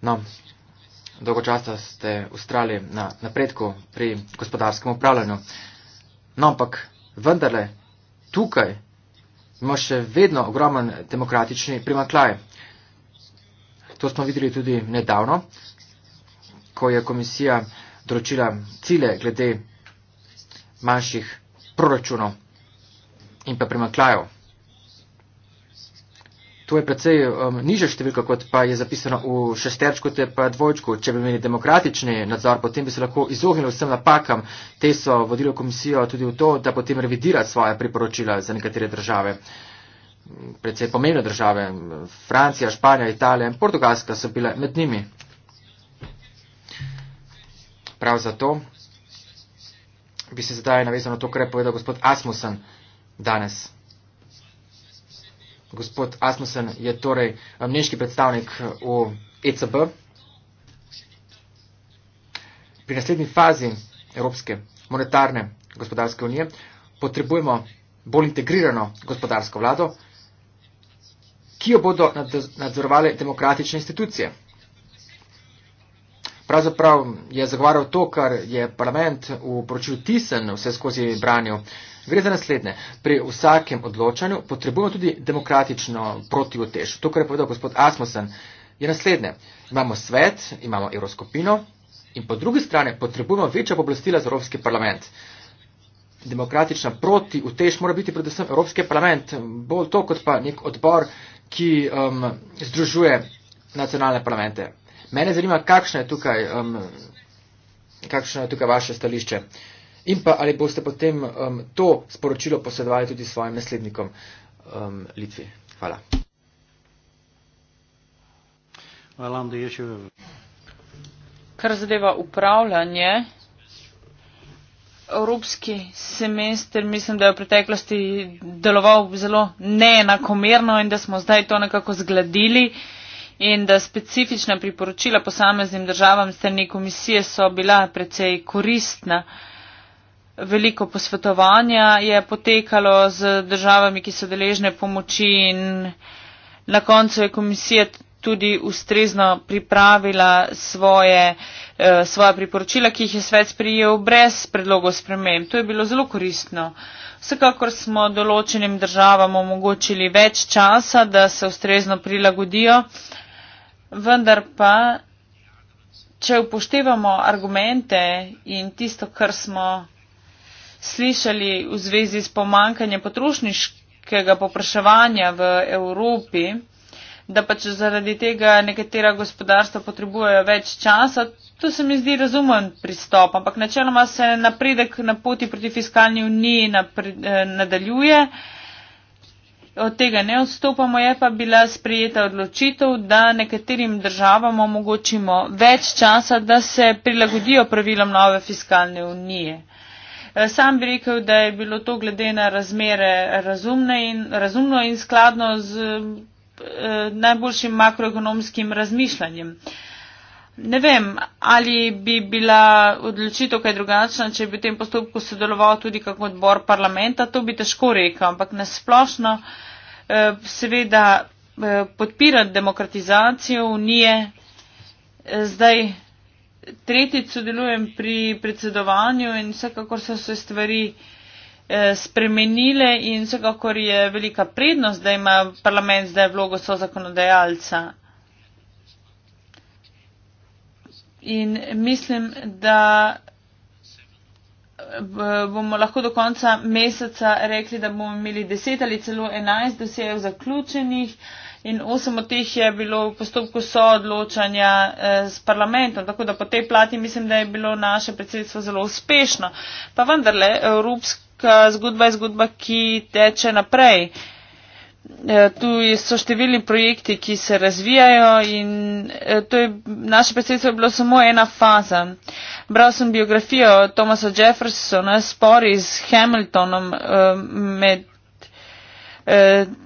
No, dolgo časa ste ustrali na napredku pri gospodarskem upravljanju. No, ampak vendarle, tukaj ima še vedno ogromen demokratični primatlaj. To smo videli tudi nedavno, ko je komisija določila cilje glede manjših proračunov in pa primatlajev. To je precej um, niža številka, kot pa je zapisano v šesterčku, te pa dvojčku. Če bi imeli demokratični nadzor, potem bi se lahko izognili vsem napakam. Te so vodili komisijo tudi v to, da potem revidira svoje priporočila za nekatere države. Predvsej pomembne države, Francija, Španija, Italija in Portugalska so bile med njimi. Prav zato bi se zdaj navezano to, kar je povedal gospod Asmussen danes. Gospod Asmussen je torej eh, nemški predstavnik eh, v ECB. Pri naslednji fazi Evropske monetarne gospodarske unije potrebujemo bolj integrirano gospodarsko vlado, ki jo bodo nadzorovali demokratične institucije. Pravzaprav je zagovarjal to, kar je parlament v poročilu Tisen vse skozi branil, Gre za naslednje. Pri vsakem odločanju potrebujemo tudi demokratično protivotež. To, kar je povedal gospod Asmussen, je naslednje. Imamo svet, imamo evroskopino in po drugi strani potrebujemo večja poblastila za Evropski parlament. Demokratična protivotež mora biti predvsem Evropski parlament, bolj to kot pa nek odbor, ki um, združuje nacionalne parlamente. Mene zanima, kakšno je, um, je tukaj vaše stališče. In pa ali boste potem um, to sporočilo posedovali tudi svojim naslednikom um, Litvi. Hvala. Hvala, da je še.
Kar zadeva upravljanje, evropski semester mislim, da je v preteklosti deloval zelo neenakomerno in da smo zdaj to nekako zgladili in da specifična priporočila posameznim državam strani komisije so bila precej koristna veliko posvetovanja je potekalo z državami, ki so deležne pomoči in na koncu je komisija tudi ustrezno pripravila svoje, eh, svoje priporočila, ki jih je svet sprijel brez predlogov sprememb. To je bilo zelo koristno. Vsekakor smo določenim državam omogočili več časa, da se ustrezno prilagodijo, vendar pa, če upoštevamo argumente in tisto, kar smo slišali v zvezi s pomankanjem potrošniškega popraševanja v Evropi, da pač zaradi tega nekatera gospodarstva potrebujejo več časa, to se mi zdi razumen pristop, ampak načeloma se napredek na poti proti fiskalni uniji eh, nadaljuje. Od tega ne odstopamo, je pa bila sprejeta odločitev, da nekaterim državam omogočimo več časa, da se prilagodijo pravilom nove fiskalne unije. Eh, sam bi rekel, da je bilo to glede na razmere in, razumno in skladno z eh, najboljšim makroekonomskim razmišljanjem. Ne vem, ali bi bila odločitev kaj drugačna, če bi v tem postopku sodeloval tudi kak odbor parlamenta, to bi težko rekel, ampak nasplošno eh, seveda podpirati demokratizacijo unije zdaj tretjič sodelujem pri predsedovanju in vsekakor so se stvari eh, spremenile in vsekakor je velika prednost, da ima parlament zdaj vlogo so zakonodajalca. In mislim, da eh, bomo lahko do konca meseca rekli, da bomo imeli deset ali celo enajst dosejev zaključenih in osem od teh je bilo v postopku soodločanja eh, s parlamentom, tako da po tej plati mislim, da je bilo naše predsedstvo zelo uspešno. Pa vendarle, evropska zgodba je zgodba, ki teče naprej. Eh, tu so številni projekti, ki se razvijajo in eh, to je, naše predsedstvo je bilo samo ena faza. Bral sem biografijo Thomasa Jeffersona, spori s Hamiltonom eh, med, med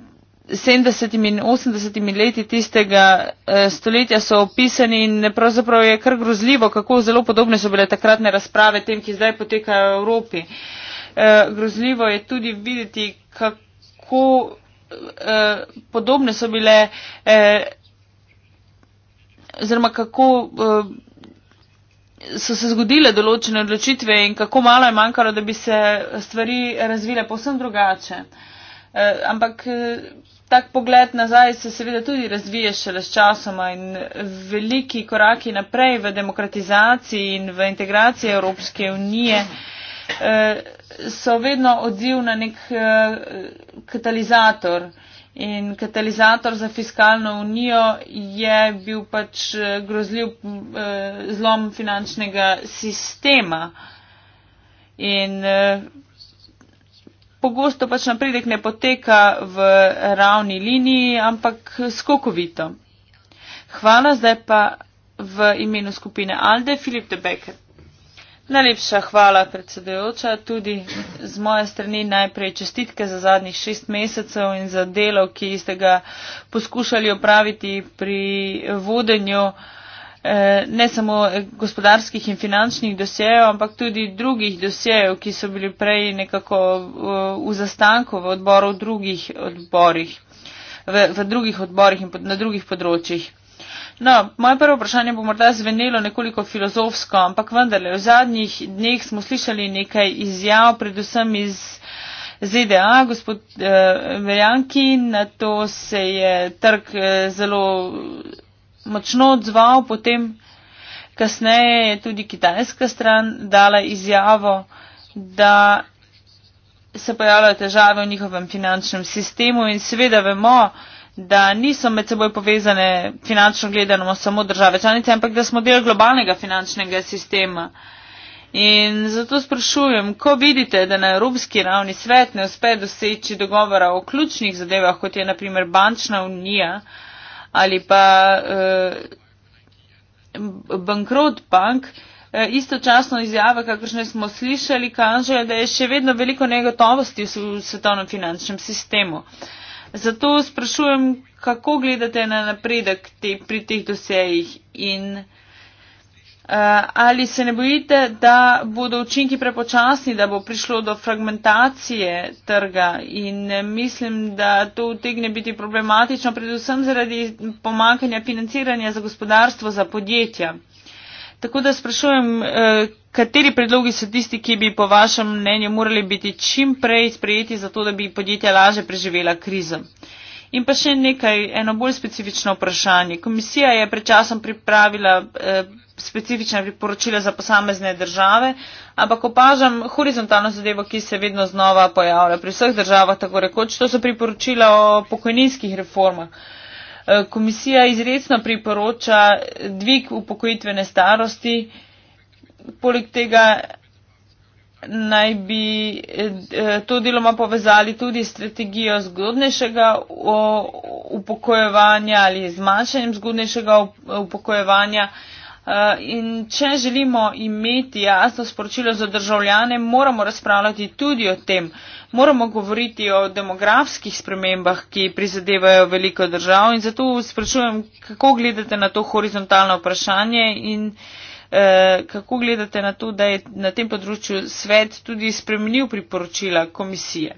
sedemdeset in osemdeset leti tistega eh, stoletja so opisani in pravzaprav je kar grozljivo, kako zelo podobne so bile takratne razprave tem, ki zdaj potekajo v Evropi. Eh, grozljivo je tudi videti, kako eh, podobne so bile, oziroma kako so se zgodile določene odločitve in kako malo je manjkalo, da bi se stvari razvile posebno drugače. Ampak tak pogled nazaj se seveda tudi razvije šele s časoma in veliki koraki naprej v demokratizaciji in v integraciji Evropske unije eh, so vedno odziv na nek eh, katalizator. In katalizator za fiskalno unijo je bil pač eh, grozljiv zlom finančnega sistema. In pogosto pač napredek ne poteka v ravni liniji, ampak skokovito. Hvala zdaj pa v imenu skupine Alde, Filip de Becker. Najlepša hvala, predsedujoča, tudi z moje strani najprej čestitke za zadnjih šest mesecev in za delo, ki ste ga poskušali opraviti pri vodenju. Eh, ne samo gospodarskih in finančnih dosjejev, ampak tudi drugih dosjejev, ki so bili prej nekako eh, v zastanku v odboru v drugih odborih, v, v drugih odborih in na drugih področjih. No, moje prvo vprašanje bo morda zvenelo nekoliko filozofsko, ampak vendarle, v zadnjih dneh smo slišali nekaj izjav, predvsem iz ZDA, gospod eh, Merjanki, na to se je trg eh, zelo močno odzval, potem kasneje je tudi kitajska stran dala izjavo, da se pojavljajo težave v njihovem finančnem sistemu in seveda vemo, da niso med seboj povezane finančno gledano samo države članice, ampak da smo del globalnega finančnega sistema. In zato sprašujem, ko vidite, da na Evropski ravni svet ne uspe doseči dogovora o ključnih zadevah, kot je naprimer bančna unija, ali pa eh, bankrot bank. Eh, istočasno izjave, kakršne smo slišali, kažejo, da je še vedno veliko negotovosti v svetovnem finančnem sistemu. Zato sprašujem, kako gledate na napredek te, pri teh dosejih in Eh, ali se ne bojite, da bodo učinki prepočasni, da bo prišlo do fragmentacije trga in eh, mislim, da to utegne biti problematično, predvsem zaradi pomankanja financiranja za gospodarstvo, za podjetja. Tako da sprašujem, eh, kateri predlogi so tisti, ki bi po vašem mnenju morali biti čim prej sprejeti, zato da bi podjetja laže preživela krizo. In pa še nekaj, eno bolj specifično vprašanje. Komisija je pred časom pripravila eh, specifična priporočila za posamezne države, ampak opažam horizontalno zadevo, ki se vedno znova pojavlja pri vseh državah, tako rekoč, to so priporočila o pokojninskih reformah. E, komisija izredno priporoča dvig upokojitvene starosti, poleg tega naj bi e, to deloma povezali tudi s strategijo zgodnejšega upokojevanja ali zmanjšanjem zgodnejšega upokojevanja. Eh, in če želimo imeti jasno sporočilo za državljane, moramo razpravljati tudi o tem. Moramo govoriti o demografskih spremembah, ki prizadevajo veliko držav in zato sprašujem, kako gledate na to horizontalno vprašanje in eh, kako gledate na to, da je na tem področju svet tudi spremenil priporočila komisije.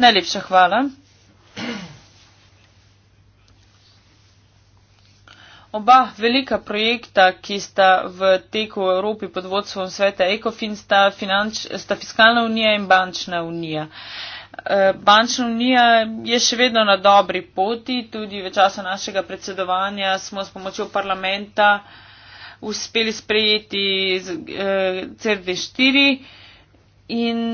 Najlepša hvala. Oba velika projekta, ki sta v teku v Evropi pod vodstvom sveta ECOFIN, sta, finanč, sta fiskalna unija in bančna unija. E, bančna unija je še vedno na dobri poti, tudi v času našega predsedovanja smo s pomočjo parlamenta uspeli sprejeti e, CRD4 in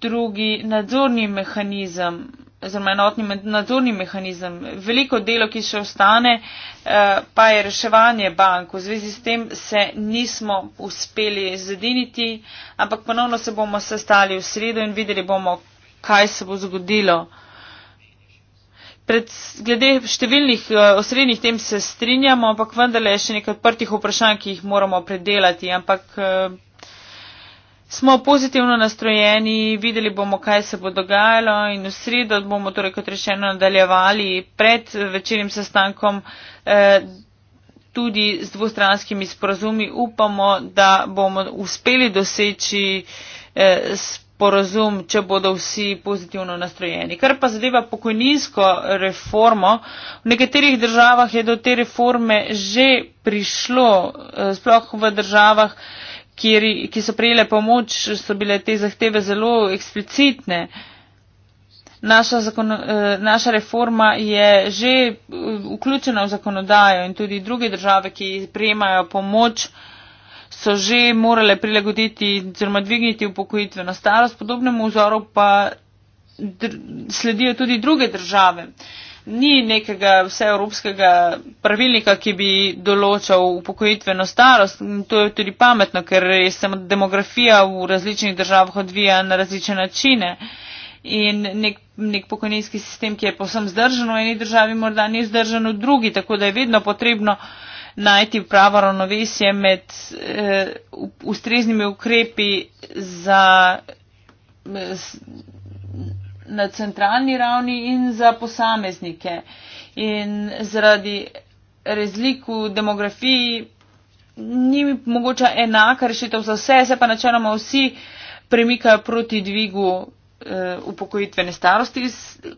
drugi nadzorni mehanizem oziroma enotni nadzorni mehanizem. Veliko delo, ki še ostane, eh, pa je reševanje bank. V zvezi s tem se nismo uspeli zediniti, ampak ponovno se bomo sestali v sredo in videli bomo, kaj se bo zgodilo. Pred, glede številnih eh, osrednjih tem se strinjamo, ampak vendarle je še nekaj prtih vprašanj, ki jih moramo predelati. Ampak, eh, smo pozitivno nastrojeni, videli bomo, kaj se bo dogajalo in v sredo bomo torej, kot rečeno, nadaljevali pred večerjim sestankom eh, tudi z dvostranskimi sporazumi. Upamo, da bomo uspeli doseči eh, sporazum, če bodo vsi pozitivno nastrojeni. Kar pa zadeva pokojninsko reformo, v nekaterih državah je do te reforme že prišlo, eh, sploh v državah, kjer, ki so prejele pomoč, so bile te zahteve zelo eksplicitne. Naša, zakon, eh, naša reforma je že eh, vključena v zakonodajo in tudi druge države, ki prejemajo pomoč, so že morale prilagoditi oziroma dvigniti upokojitveno starost. Podobnemu vzoru pa sledijo tudi druge države ni nekega vseevropskega pravilnika, ki bi določal upokojitveno starost. To je tudi pametno, ker se demografija v različnih državah odvija na različne načine. In nek, nek pokojninski sistem, ki je povsem zdržen v eni državi, morda ni zdržen v drugi, tako da je vedno potrebno najti pravo ravnovesje med eh, ustreznimi ukrepi za. Eh, na centralni ravni in za posameznike. In zaradi razlik v demografiji ni mogoče enaka rešitev za vse, se pa načeloma vsi premikajo proti dvigu eh, upokojitvene starosti,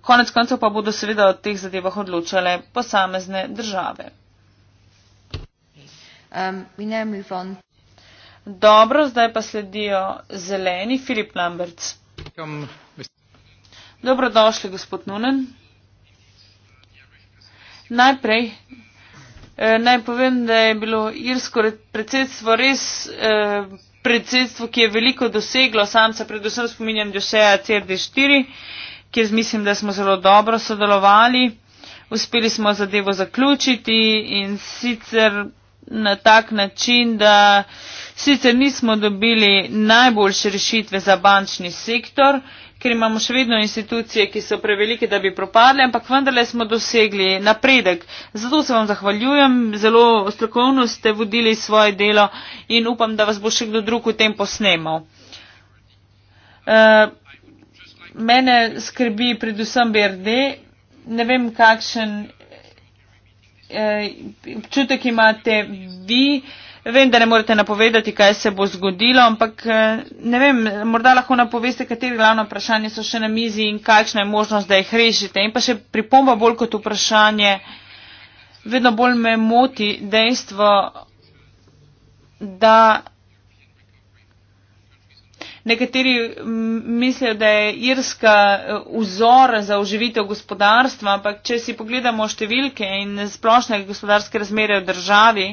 konec koncev pa bodo seveda o teh zadevah odločale posamezne države. Um, Dobro, zdaj pa sledijo zeleni Filip Lamberts. Dobrodošli, gospod Nunen. Najprej eh, naj povem, da je bilo irsko predsedstvo res eh, predsedstvo, ki je veliko doseglo. Sam se predvsem spominjam Joseja CRD4, kjer mislim, da smo zelo dobro sodelovali. Uspeli smo zadevo zaključiti in sicer na tak način, da sicer nismo dobili najboljše rešitve za bančni sektor, ker imamo še vedno institucije, ki so prevelike, da bi propadle, ampak vendarle smo dosegli napredek. Zato se vam zahvaljujem, zelo strokovno ste vodili svoje delo in upam, da vas bo še kdo drug v tem posnemal. E, mene skrbi predvsem BRD. Ne vem, kakšen e, občutek imate vi. Vem, da ne morete napovedati, kaj se bo zgodilo, ampak eh, ne vem, morda lahko napoveste, kateri glavno vprašanje so še na mizi in kakšna je možnost, da jih rešite. In pa še pripomba bolj kot vprašanje, vedno bolj me moti dejstvo, da nekateri mislijo, da je Irska eh, vzor za oživitev gospodarstva, ampak če si pogledamo številke in splošne gospodarske razmere v državi,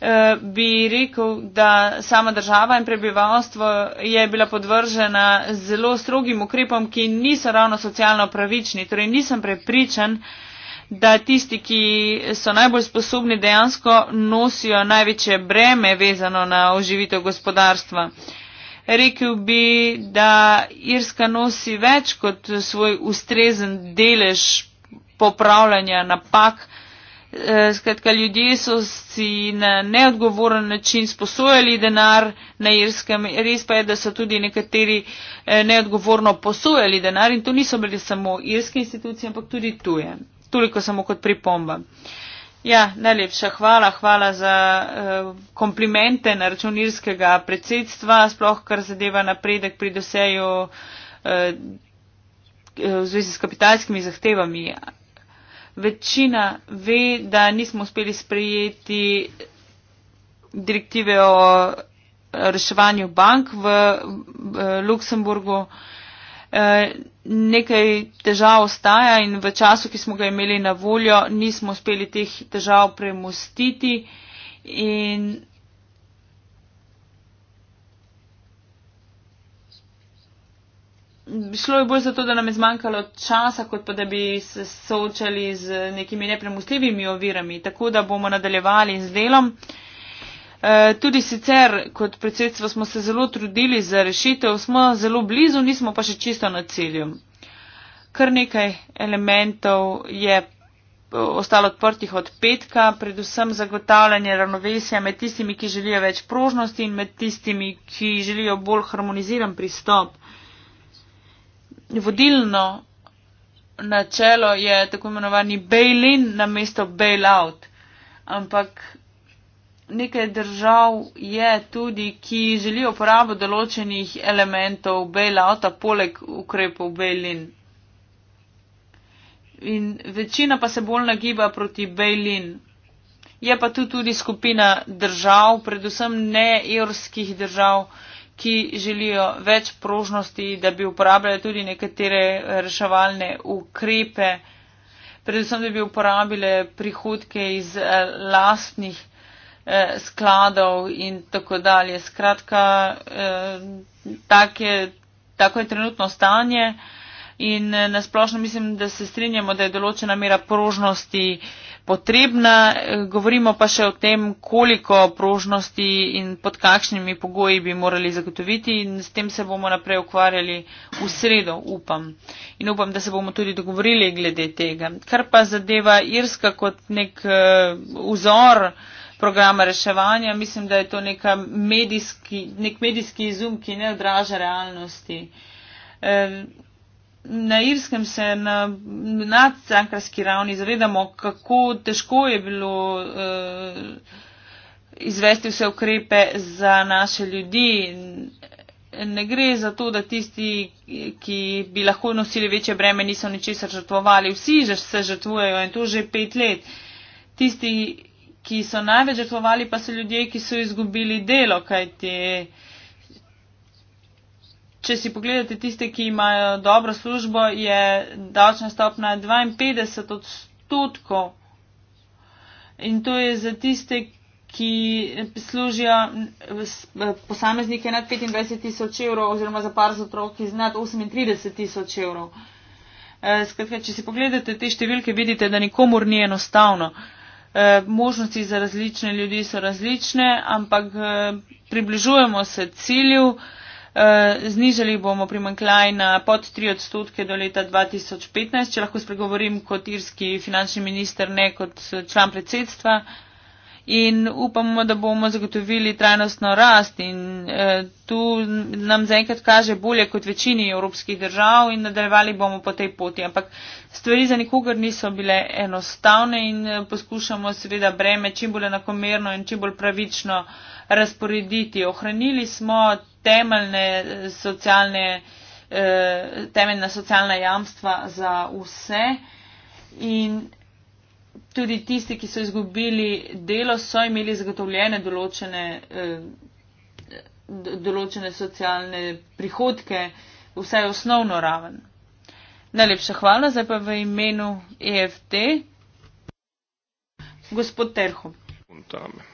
Eh, bi rekel, da sama država in prebivalstvo je bila podvržena zelo strogim ukrepom, ki niso ravno socialno pravični. Torej nisem prepričan, da tisti, ki so najbolj sposobni, dejansko nosijo največje breme vezano na oživitev gospodarstva. Rekel bi, da Irska nosi več kot svoj ustrezen delež popravljanja napak Eh, skratka, ljudje so si na neodgovoren način sposojali denar na Irskem. Res pa je, da so tudi nekateri eh, neodgovorno posojali denar in to niso bili samo irske institucije, ampak tudi tuje. Toliko samo kot pripomba. Ja, najlepša hvala, hvala za uh, komplimente na račun irskega predsedstva, sploh kar zadeva napredek pri doseju uh, v zvezi s kapitalskimi zahtevami večina ve, da nismo uspeli sprejeti direktive o reševanju bank v, v Luksemburgu. E, nekaj težav ostaja in v času, ki smo ga imeli na voljo, nismo uspeli teh težav premustiti. In šlo je bolj zato, da nam je zmanjkalo časa, kot pa da bi se soočali z nekimi nepremostljivimi ovirami, tako da bomo nadaljevali z delom. E, tudi sicer kot predsedstvo smo se zelo trudili za rešitev, smo zelo blizu, nismo pa še čisto na cilju. Kar nekaj elementov je ostalo odprtih od petka, predvsem zagotavljanje ravnovesja med tistimi, ki želijo več prožnosti in med tistimi, ki želijo bolj harmoniziran pristop vodilno načelo je tako imenovani bail-in na mesto bail-out. Ampak nekaj držav je tudi, ki želijo uporabo določenih elementov bail-outa poleg ukrepov bail-in. In večina pa se bolj nagiba proti bail-in. Je pa tu tudi skupina držav, predvsem ne evrskih držav, ki želijo več prožnosti, da bi uporabljali tudi nekatere reševalne ukrepe, predvsem da bi uporabljali prihodke iz eh, lastnih eh, skladov in tako dalje. Skratka, eh, tak je, tako je trenutno stanje in eh, nasplošno mislim, da se strinjamo, da je določena mera prožnosti eh, potrebna, eh, govorimo pa še o tem, koliko prožnosti in pod kakšnimi pogoji bi morali zagotoviti in s tem se bomo naprej ukvarjali v sredo, upam. In upam, da se bomo tudi dogovorili glede tega. Kar pa zadeva Irska kot nek eh, vzor programa reševanja, mislim, da je to medijski, nek medijski izum, ki ne odraža realnosti. E, na irskem se na nadcankarski ravni zavedamo, kako težko je bilo uh, izvesti vse ukrepe za naše ljudi. Ne gre za to, da tisti, ki bi lahko nosili večje breme, niso ničesar žrtvovali. Vsi že se žrtvujejo in to že pet let. Tisti, ki so največ žrtvovali, pa so ljudje, ki so izgubili delo, kajti uh, če si pogledate tiste, ki imajo dobro službo, je davčna stopna 52 odstotkov. In to je za tiste, ki služijo posameznike nad 25 tisoč evrov oziroma za par za otroki z nad 38 tisoč evrov. E, skratka, če si pogledate te številke, vidite, da nikomor ni enostavno. E, možnosti za različne ljudi so različne, ampak e, približujemo se cilju. Eh, znižali bomo primankljaj na pod 3 odstotke do leta 2015, če lahko spregovorim kot irski finančni minister, ne kot eh, član predsedstva. In upamo, da bomo zagotovili trajnostno rast in eh, tu nam zaenkrat kaže bolje kot večini evropskih držav in nadaljevali bomo po tej poti. Ampak stvari za nikogar niso bile enostavne in eh, poskušamo seveda breme čim bolj enakomerno in čim bolj pravično razporediti. Ohranili smo temeljne socialne, eh, temeljna socialna jamstva za vse in tudi tisti, ki so izgubili delo, so imeli zagotovljene določene, eh, določene socialne prihodke, vsaj osnovno raven. Najlepša hvala, zdaj pa v imenu EFT. Gospod Terho.
Untame.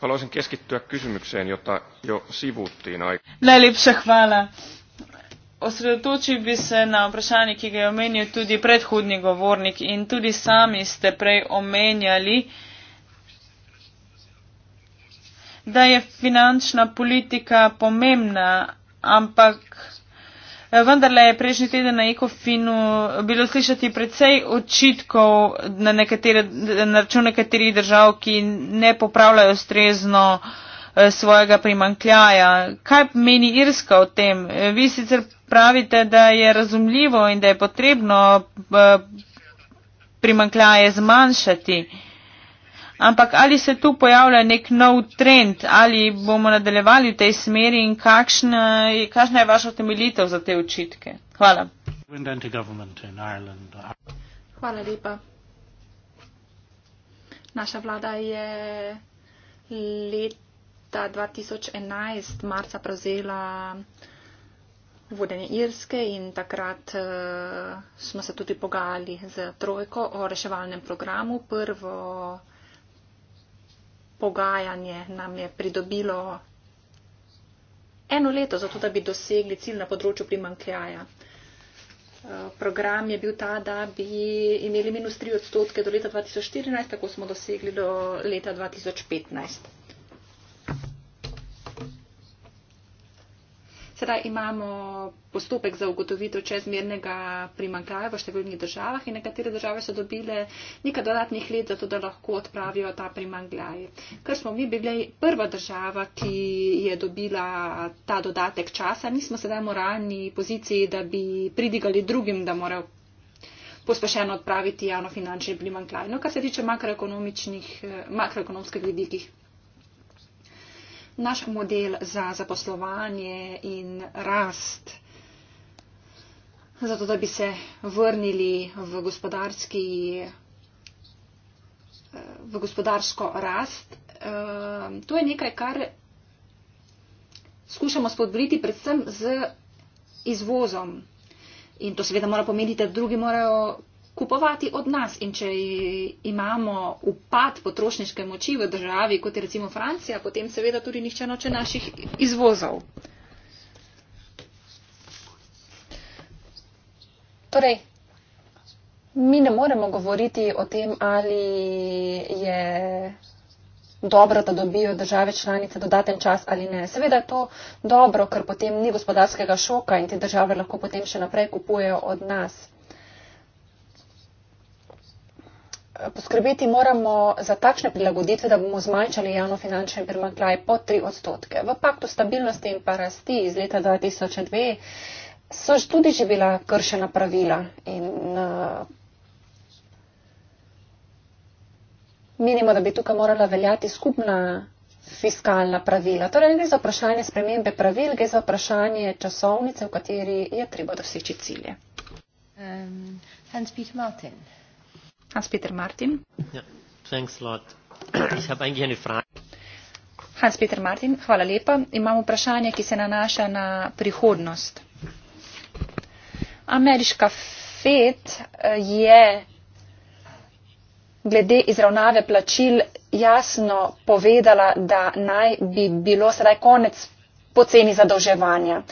Haluaisin keskittyä kysymykseen, jota jo sivuttiin
aikaisemmin. Osredotočil bi se na vprašanje, ki ga je omenil tudi predhodni govornik in tudi sami ste prej omenjali, da je finančna politika pomembna, ampak Eh, vendarle je prejšnji teden na Ekofinu bilo slišati precej očitkov na, nekatere, na račun nekaterih držav, ki ne popravljajo strezno eh, svojega primankljaja. Kaj meni Irska o tem? Eh, vi sicer pravite, da je razumljivo in da je potrebno primankljaje zmanjšati. Uh, ampak ali se tu pojavlja nek nov trend, ali bomo nadaljevali v tej smeri in kakšna je, kakšna je vaša temeljitev za te očitke. Hvala.
Hvala lepa. Naša vlada je leta 2011 marca prevzela vodenje Irske in takrat uh, smo se tudi pogajali z trojko o reševalnem programu. Prvo pogajanje nam je pridobilo eno leto, zato da bi dosegli cilj na področju primankljaja. Eh, program je bil ta, da bi imeli minus 3 odstotke do leta 2014, tako smo dosegli do leta 2015. Seveda imamo postopek za ugotovitev čezmernega primankljaja v številnih državah in nekatere države so dobile nekaj dodatnih let, zato da lahko odpravijo ta primankljaj. Ker smo mi bili prva država, ki je dobila ta dodatek časa, nismo sedaj v moralni poziciji, da bi pridigali drugim, da morajo pospešeno odpraviti javno finančni primankljaj. No, kar se tiče makroekonomskih vidikih naš model za zaposlovanje in rast, zato da bi se vrnili v, eh, v gospodarsko rast. Eh, to je nekaj, kar skušamo spodbuditi predvsem z izvozom. In to seveda mora pomeniti, da drugi morajo kupovati od nas. In če imamo upad potrošniške moči v državi, kot je recimo Francija, potem seveda tudi nihče noče naših izvozov. Torej, mi ne moremo govoriti o tem, ali je dobro, da dobijo države članice dodaten čas ali ne. Seveda je to dobro, ker potem ni gospodarskega šoka in te države lahko potem še naprej kupujejo od nas. poskrbeti moramo za takšne prilagoditve, da bomo zmanjšali javnofinančni primankljaj po 3 odstotke. V paktu stabilnosti in pa rasti iz leta 2002 so tudi že bila kršena pravila in uh, menimo, da bi tukaj morala veljati skupna fiskalna pravila. Torej, ne gre za vprašanje spremembe pravil, gre za vprašanje časovnice, v kateri je treba doseči cilje. Um, Hans-Peter Martin. Hans-Peter Martin.
Ja, thanks a lot. Ich habe eigentlich eine Frage.
Hans-Peter Martin, hvala lepa. Imam vprašanje, ki se nanaša na prihodnost. Ameriška FED eh, je glede izravnave plačil jasno povedala, da naj bi bilo sedaj konec poceni zadolževanja.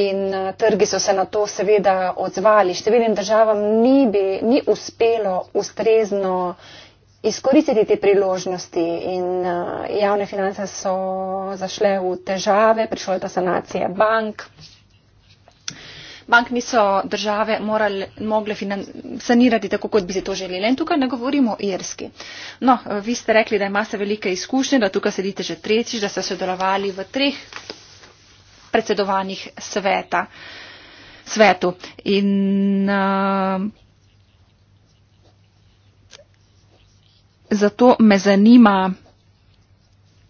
In eh, trgi so se na to seveda odzvali. Številnim državam ni, bi, ni uspelo ustrezno izkoristiti te priložnosti in eh, javne finance so zašle v težave, prišlo je ta sanacija bank. Bank niso države morali, mogle sanirati tako, kot bi se to želeli. In tukaj ne govorimo o Irski. No, eh, vi ste rekli, da imate velike izkušnje, da tukaj sedite že tretjič, da ste sodelovali v treh predsedovanjih sveta, svetu. In, uh, zato me zanima,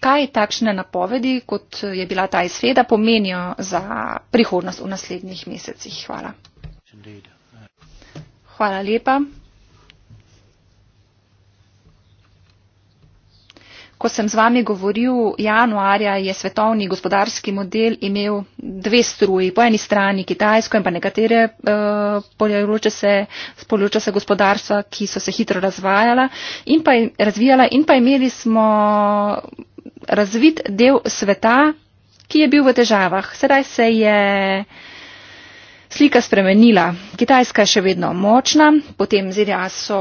kaj takšne napovedi, kot je bila ta iz sveda, pomenijo za prihodnost v naslednjih mesecih. Hvala. Hvala lepa. Ko sem z vami govoril januarja, je svetovni gospodarski model imel dve struji. Po eni strani Kitajsko in pa nekatere uh, eh, poljoče se, se gospodarstva, ki so se hitro razvajala in pa razvijala. In pa imeli smo razvit del sveta, ki je bil v težavah. Sedaj se je. Slika spremenila. Kitajska je še vedno močna, potem ZDA so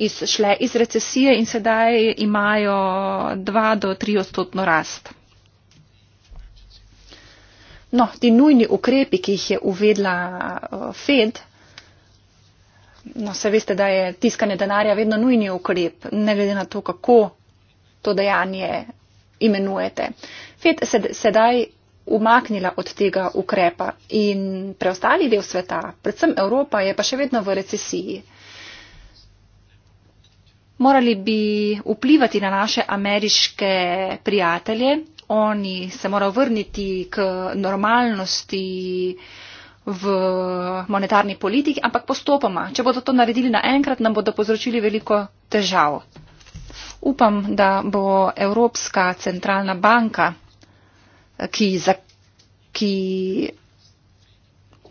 izšle iz recesije in sedaj imajo 2 do 3 odstotno rast. No, ti nujni ukrepi, ki jih je uvedla uh, Fed, no, se veste, da je tiskanje denarja vedno nujni ukrep, ne glede na to, kako to dejanje imenujete. Fed se sedaj umaknila od tega ukrepa in preostali del sveta, predvsem Evropa, je pa še vedno v recesiji morali bi vplivati na naše ameriške prijatelje, oni se morajo vrniti k normalnosti v monetarni politiki, ampak postopoma. Če bodo to naredili naenkrat, nam bodo povzročili veliko težav. Upam, da bo Evropska centralna banka, ki, za, ki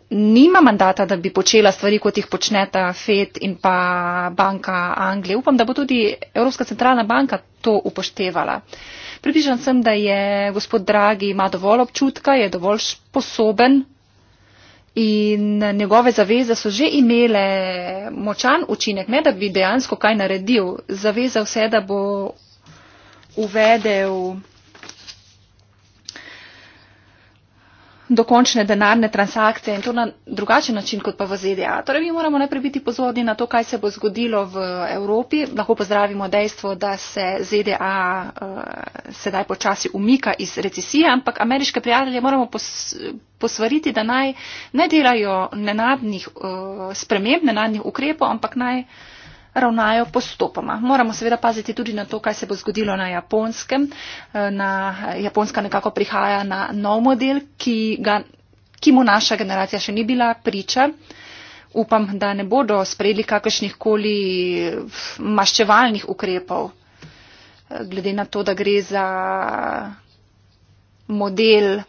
nima mandata, da bi počela stvari, kot jih počneta FED in pa Banka Anglije. Upam, da bo tudi Evropska centralna banka to upoštevala. Pribižan sem, da je gospod Dragi ima dovolj občutka, je dovolj sposoben in njegove zaveze so že imele močan učinek, ne da bi dejansko kaj naredil. Zavezal se, da bo uvedel. dokončne denarne transakcije in to na drugačen način kot pa v ZDA. Torej, mi moramo najprej biti pozorni na to, kaj se bo zgodilo v Evropi. Lahko pozdravimo dejstvo, da se ZDA uh, eh, sedaj počasi umika iz recesije, ampak ameriške prijatelje moramo posvariti, da naj ne delajo nenadnih uh, sprememb, nenadnih ukrepov, ampak naj. Uh, ravnajo postopoma. Moramo seveda paziti tudi na to, kaj se bo zgodilo na japonskem. Eh, na, Japonska nekako prihaja na nov model, ki, ga, ki mu naša generacija še ni bila priča. Upam, da ne bodo sprejeli kakršnih koli eh, maščevalnih ukrepov, eh, glede na to, da gre za model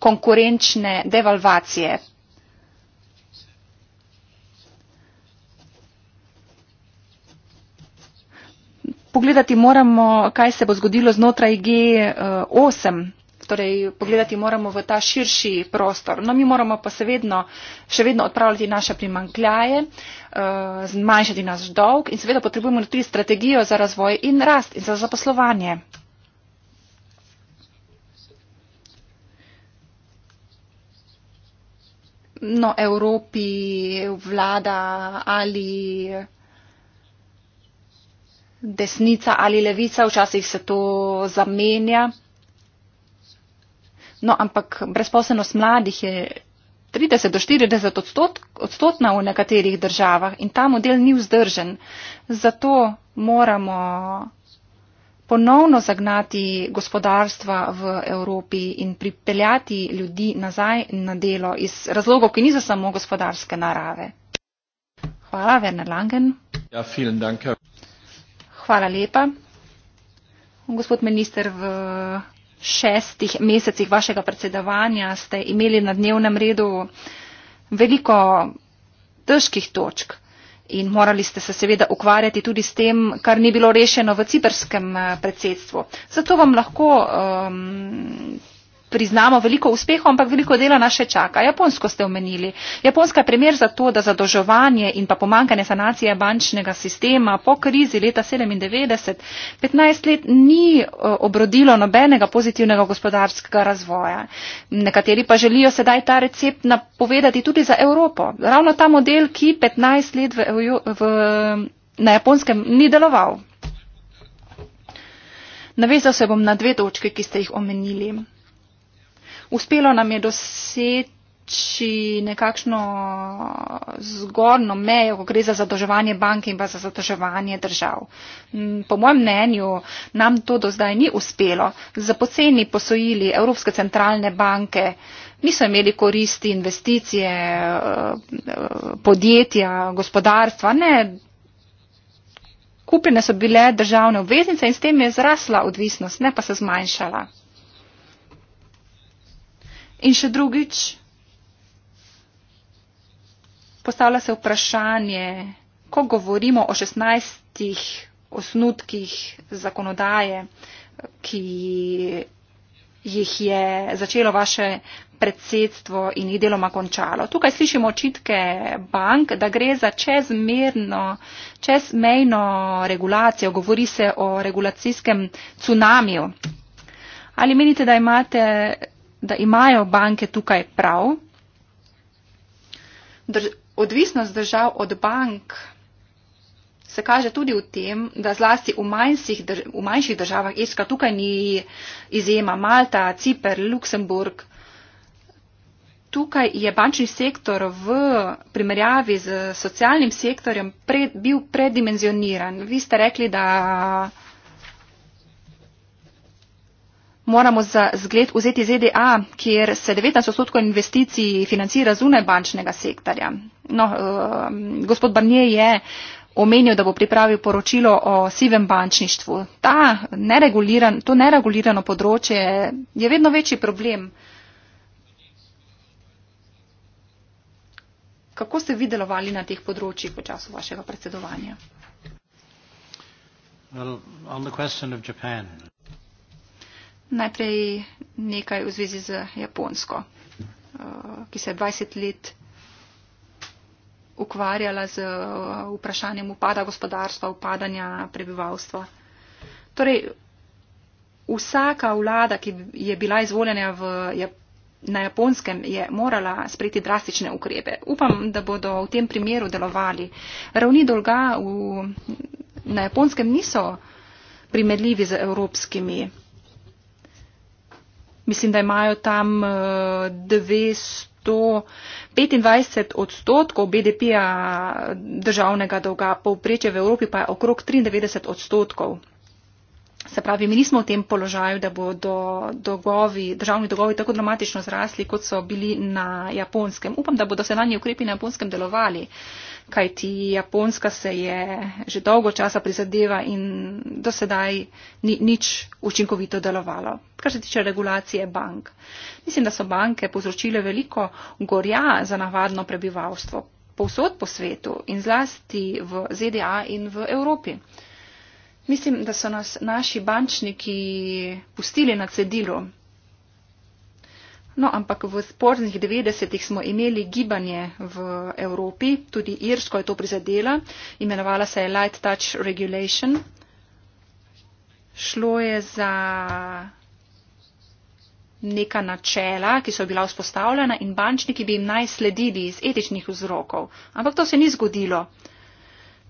konkurenčne devalvacije pogledati moramo, kaj se bo zgodilo znotraj G8. Torej, pogledati moramo v ta širši prostor. No, mi moramo pa vedno, še vedno odpravljati naše primankljaje, eh, zmanjšati naš dolg in seveda potrebujemo tudi strategijo za razvoj in rast in za zaposlovanje. No, Evropi vlada ali desnica ali levica, včasih se to zamenja. No, ampak brezposobnost mladih je 30 do 40 odstotna v nekaterih državah in ta model ni vzdržen. Zato moramo ponovno zagnati gospodarstva v Evropi in pripeljati ljudi nazaj na delo iz razlogov, ki niso samo gospodarske narave. Hvala, Werner Langen. Ja, Hvala lepa. Gospod minister, v šestih mesecih vašega predsedovanja ste imeli na dnevnem redu veliko težkih točk in morali ste se seveda ukvarjati tudi s tem, kar ni bilo rešeno v ciperskem eh, predsedstvu. Zato vam lahko um, priznamo veliko uspehov, ampak veliko dela nas še čaka. Japonsko ste omenili. Japonska je primer za to, da zadolževanje in pa pomankanje sanacije bančnega sistema po krizi leta 97, 15 let ni eh, obrodilo nobenega pozitivnega gospodarskega razvoja. Nekateri pa želijo sedaj ta recept napovedati tudi za Evropo. Ravno ta model, ki 15 let v, v, na Japonskem ni deloval. Navezal se bom na dve točke, ki ste jih omenili uspelo nam je doseči nekakšno zgornjo mejo, ko gre za zadrževanje banke in pa za zadrževanje držav. Mm, po mojem mnenju nam to do zdaj ni uspelo. Za poceni posojili Evropske centralne banke niso imeli koristi investicije, eh, podjetja, gospodarstva, ne. Kupljene so bile državne obveznice in s tem je zrasla odvisnost, ne pa se zmanjšala. In še drugič, postavlja se vprašanje, ko govorimo o 16 osnutkih zakonodaje, ki jih je začelo vaše predsedstvo in jih deloma končalo. Tukaj slišimo očitke bank, da gre za čezmerno, čezmejno regulacijo. Govori se o regulacijskem tsunamiju. Ali menite, da imate da imajo banke tukaj prav. Drž odvisnost držav od bank se kaže tudi v tem, da zlasti v manjših, drž v manjših državah, eska tukaj ni izjema Malta, Ciper, Luksemburg, tukaj je bančni sektor v primerjavi z socialnim sektorjem pred bil predimenzioniran. Vi ste rekli, da moramo za zgled vzeti ZDA, kjer se 19 odstotkov investicij financira zunaj bančnega sektorja. No, ehm, gospod Barnier je omenil, da bo pripravil poročilo o sivem bančništvu. Ta nereguliran, to neregulirano področje je vedno večji problem. Kako ste vi delovali na teh področjih v času vašega predsedovanja?
Well, on the question of Japan.
Najprej nekaj v zvezi z Japonsko, eh, ki se je 20 let ukvarjala z eh, vprašanjem upada gospodarstva, upadanja prebivalstva. Torej, vsaka vlada, ki je bila izvoljena v, na Japonskem, je morala sprejeti drastične ukrepe. Upam, da bodo v tem primeru delovali. Ravni dolga v, na Japonskem niso primerljivi z evropskimi. Mislim, da imajo tam 925 eh, odstotkov BDP-ja državnega dolga, povprečje v Evropi pa je okrog 93 odstotkov. Se pravi, mi nismo v tem položaju, da bodo dogovi, državni dogovi tako dramatično zrasli, kot so bili na japonskem. Upam, da bodo se na nje ukrepi na japonskem delovali, kajti japonska se je že dolgo časa prizadeva in do sedaj ni nič učinkovito delovalo. Kar se tiče regulacije bank. Mislim, da so banke povzročile veliko gorja za navadno prebivalstvo. Povsod po svetu in zlasti v ZDA in v Evropi. Mislim, da so nas naši bančniki pustili na cedilu. No, ampak v spornih 90-ih smo imeli gibanje v Evropi, tudi Irsko je to prizadela, imenovala se je Light Touch Regulation. Šlo je za neka načela, ki so bila vzpostavljena in bančniki bi jim naj sledili iz etičnih vzrokov. Ampak to se ni zgodilo.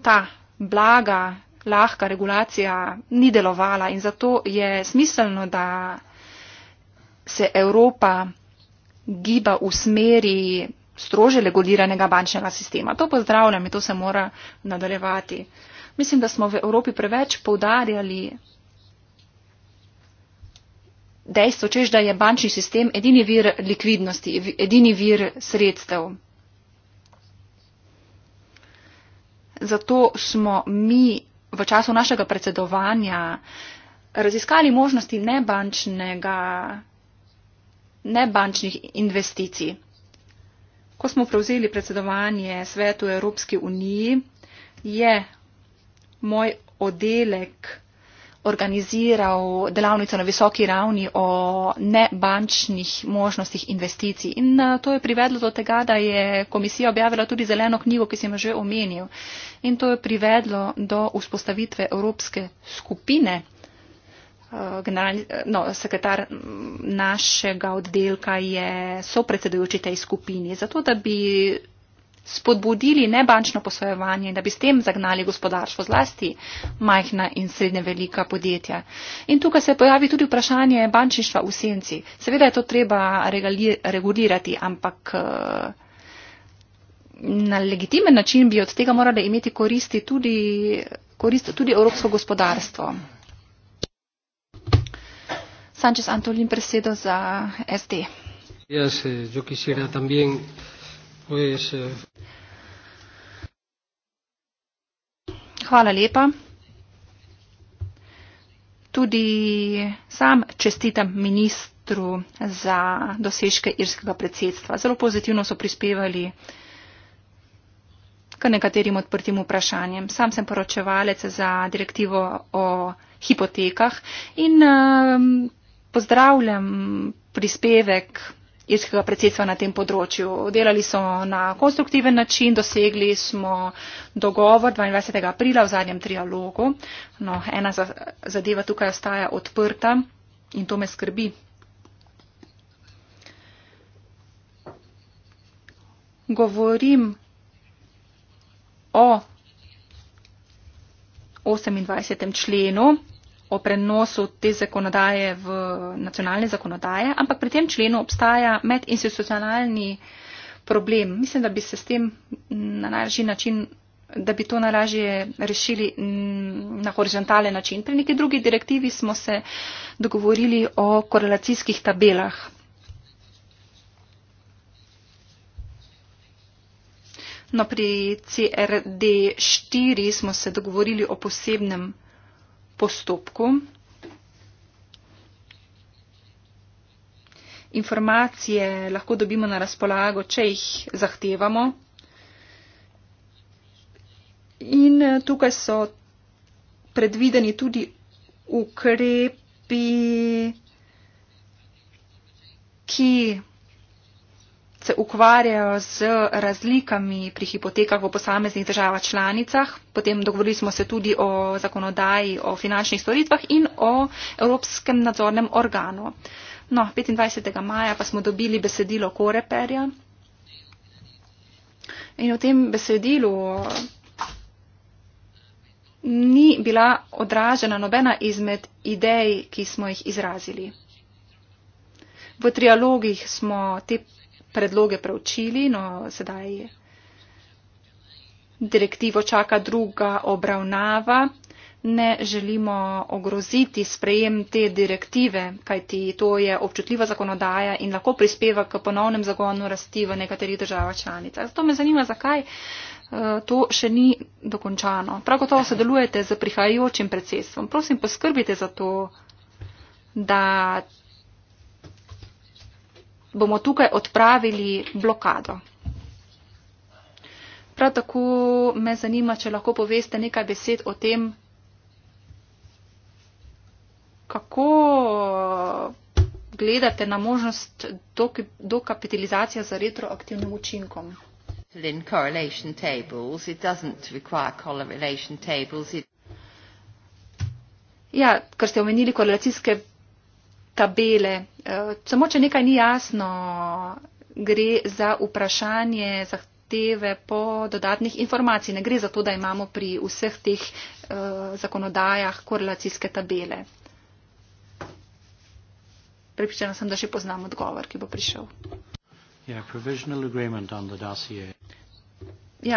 Ta blaga lahka regulacija ni delovala in zato je smiselno, da se Evropa giba v smeri strože reguliranega bančnega sistema. To pozdravljam in to se mora nadaljevati. Mislim, da smo v Evropi preveč poudarjali dejstvo, čež da je bančni sistem edini vir likvidnosti, edini vir sredstev. Zato smo mi v času našega predsedovanja raziskali možnosti nebančnih investicij. Ko smo prevzeli predsedovanje svetu Evropske unije, je moj oddelek organiziral delavnico na visoki ravni o nebančnih možnostih investicij. In eh, to je privedlo do tega, da je komisija objavila tudi zeleno knjigo, ki sem jo že omenil. In to je privedlo do vzpostavitve Evropske skupine. Eh, Generalni, no, sekretar našega oddelka je sopredsedujoči tej skupini, zato da bi spodbudili nebančno posojevanje in da bi s tem zagnali gospodarstvo zlasti majhna in srednje velika podjetja. In tukaj se pojavi tudi vprašanje bančništva v senci. Seveda je to treba regulirati, ampak eh, na legitimen način bi od tega morali imeti koristi tudi, korist tudi evropsko gospodarstvo. Sanchez Antolin, presedo za SD.
Yes, eh, yo quisiera también Uh,
Hvala lepa. Tudi sam čestitam ministru za dosežke irskega predsedstva. Zelo pozitivno so prispevali k nekaterim odprtim vprašanjem. Sam sem poročevalec za direktivo o hipotekah in um, pozdravljam prispevek irskega predsedstva na tem področju. Delali so na konstruktiven način, dosegli smo dogovor 22. aprila v zadnjem trialogu. No, ena zadeva tukaj ostaja odprta in to me skrbi. Govorim o 28. členu o prenosu te zakonodaje v nacionalne zakonodaje, ampak pri tem členu obstaja medinstitucionalni problem. Mislim, da bi se s tem na najlažji način, da bi to najlažje rešili mm, na horizontalen način. Pri neki drugi direktivi smo se dogovorili o korelacijskih tabelah. No, pri CRD 4 smo se dogovorili o posebnem postopku. Informacije lahko dobimo na razpolago, če jih zahtevamo. In eh, tukaj so predvideni tudi ukrepi, ki se ukvarjajo z razlikami pri hipotekah v posameznih državah članicah. Potem dogovorili smo se tudi o zakonodaji o finančnih storitvah in o Evropskem nadzornem organu. No, 25. maja pa smo dobili besedilo Koreperja. In v tem besedilu ni bila odražena nobena izmed idej, ki smo jih izrazili. V trialogih smo te predloge preučili, no sedaj direktivo čaka druga obravnava. Ne želimo ogroziti sprejem te direktive, kajti to je občutljiva zakonodaja in lahko prispeva k ponovnem zagonu rasti v nekaterih državah članicah. Zato me zanima, zakaj eh, to še ni dokončano. Prav gotovo sodelujete z prihajajočim predsedstvom. Prosim, poskrbite za to, da bomo tukaj odpravili blokado. Prav tako me zanima, če lahko poveste nekaj besed o tem, kako gledate na možnost dokapitalizacije za retroaktivnim učinkom. Ja, ker ste omenili korelacijske tabele. Eh, samo, če nekaj ni jasno, gre za vprašanje, zahteve po dodatnih informacij. Ne gre za to, da imamo pri vseh teh eh, zakonodajah korelacijske tabele. Pripričana sem, da še poznam odgovor, ki bo
prišel. Yeah,
ja,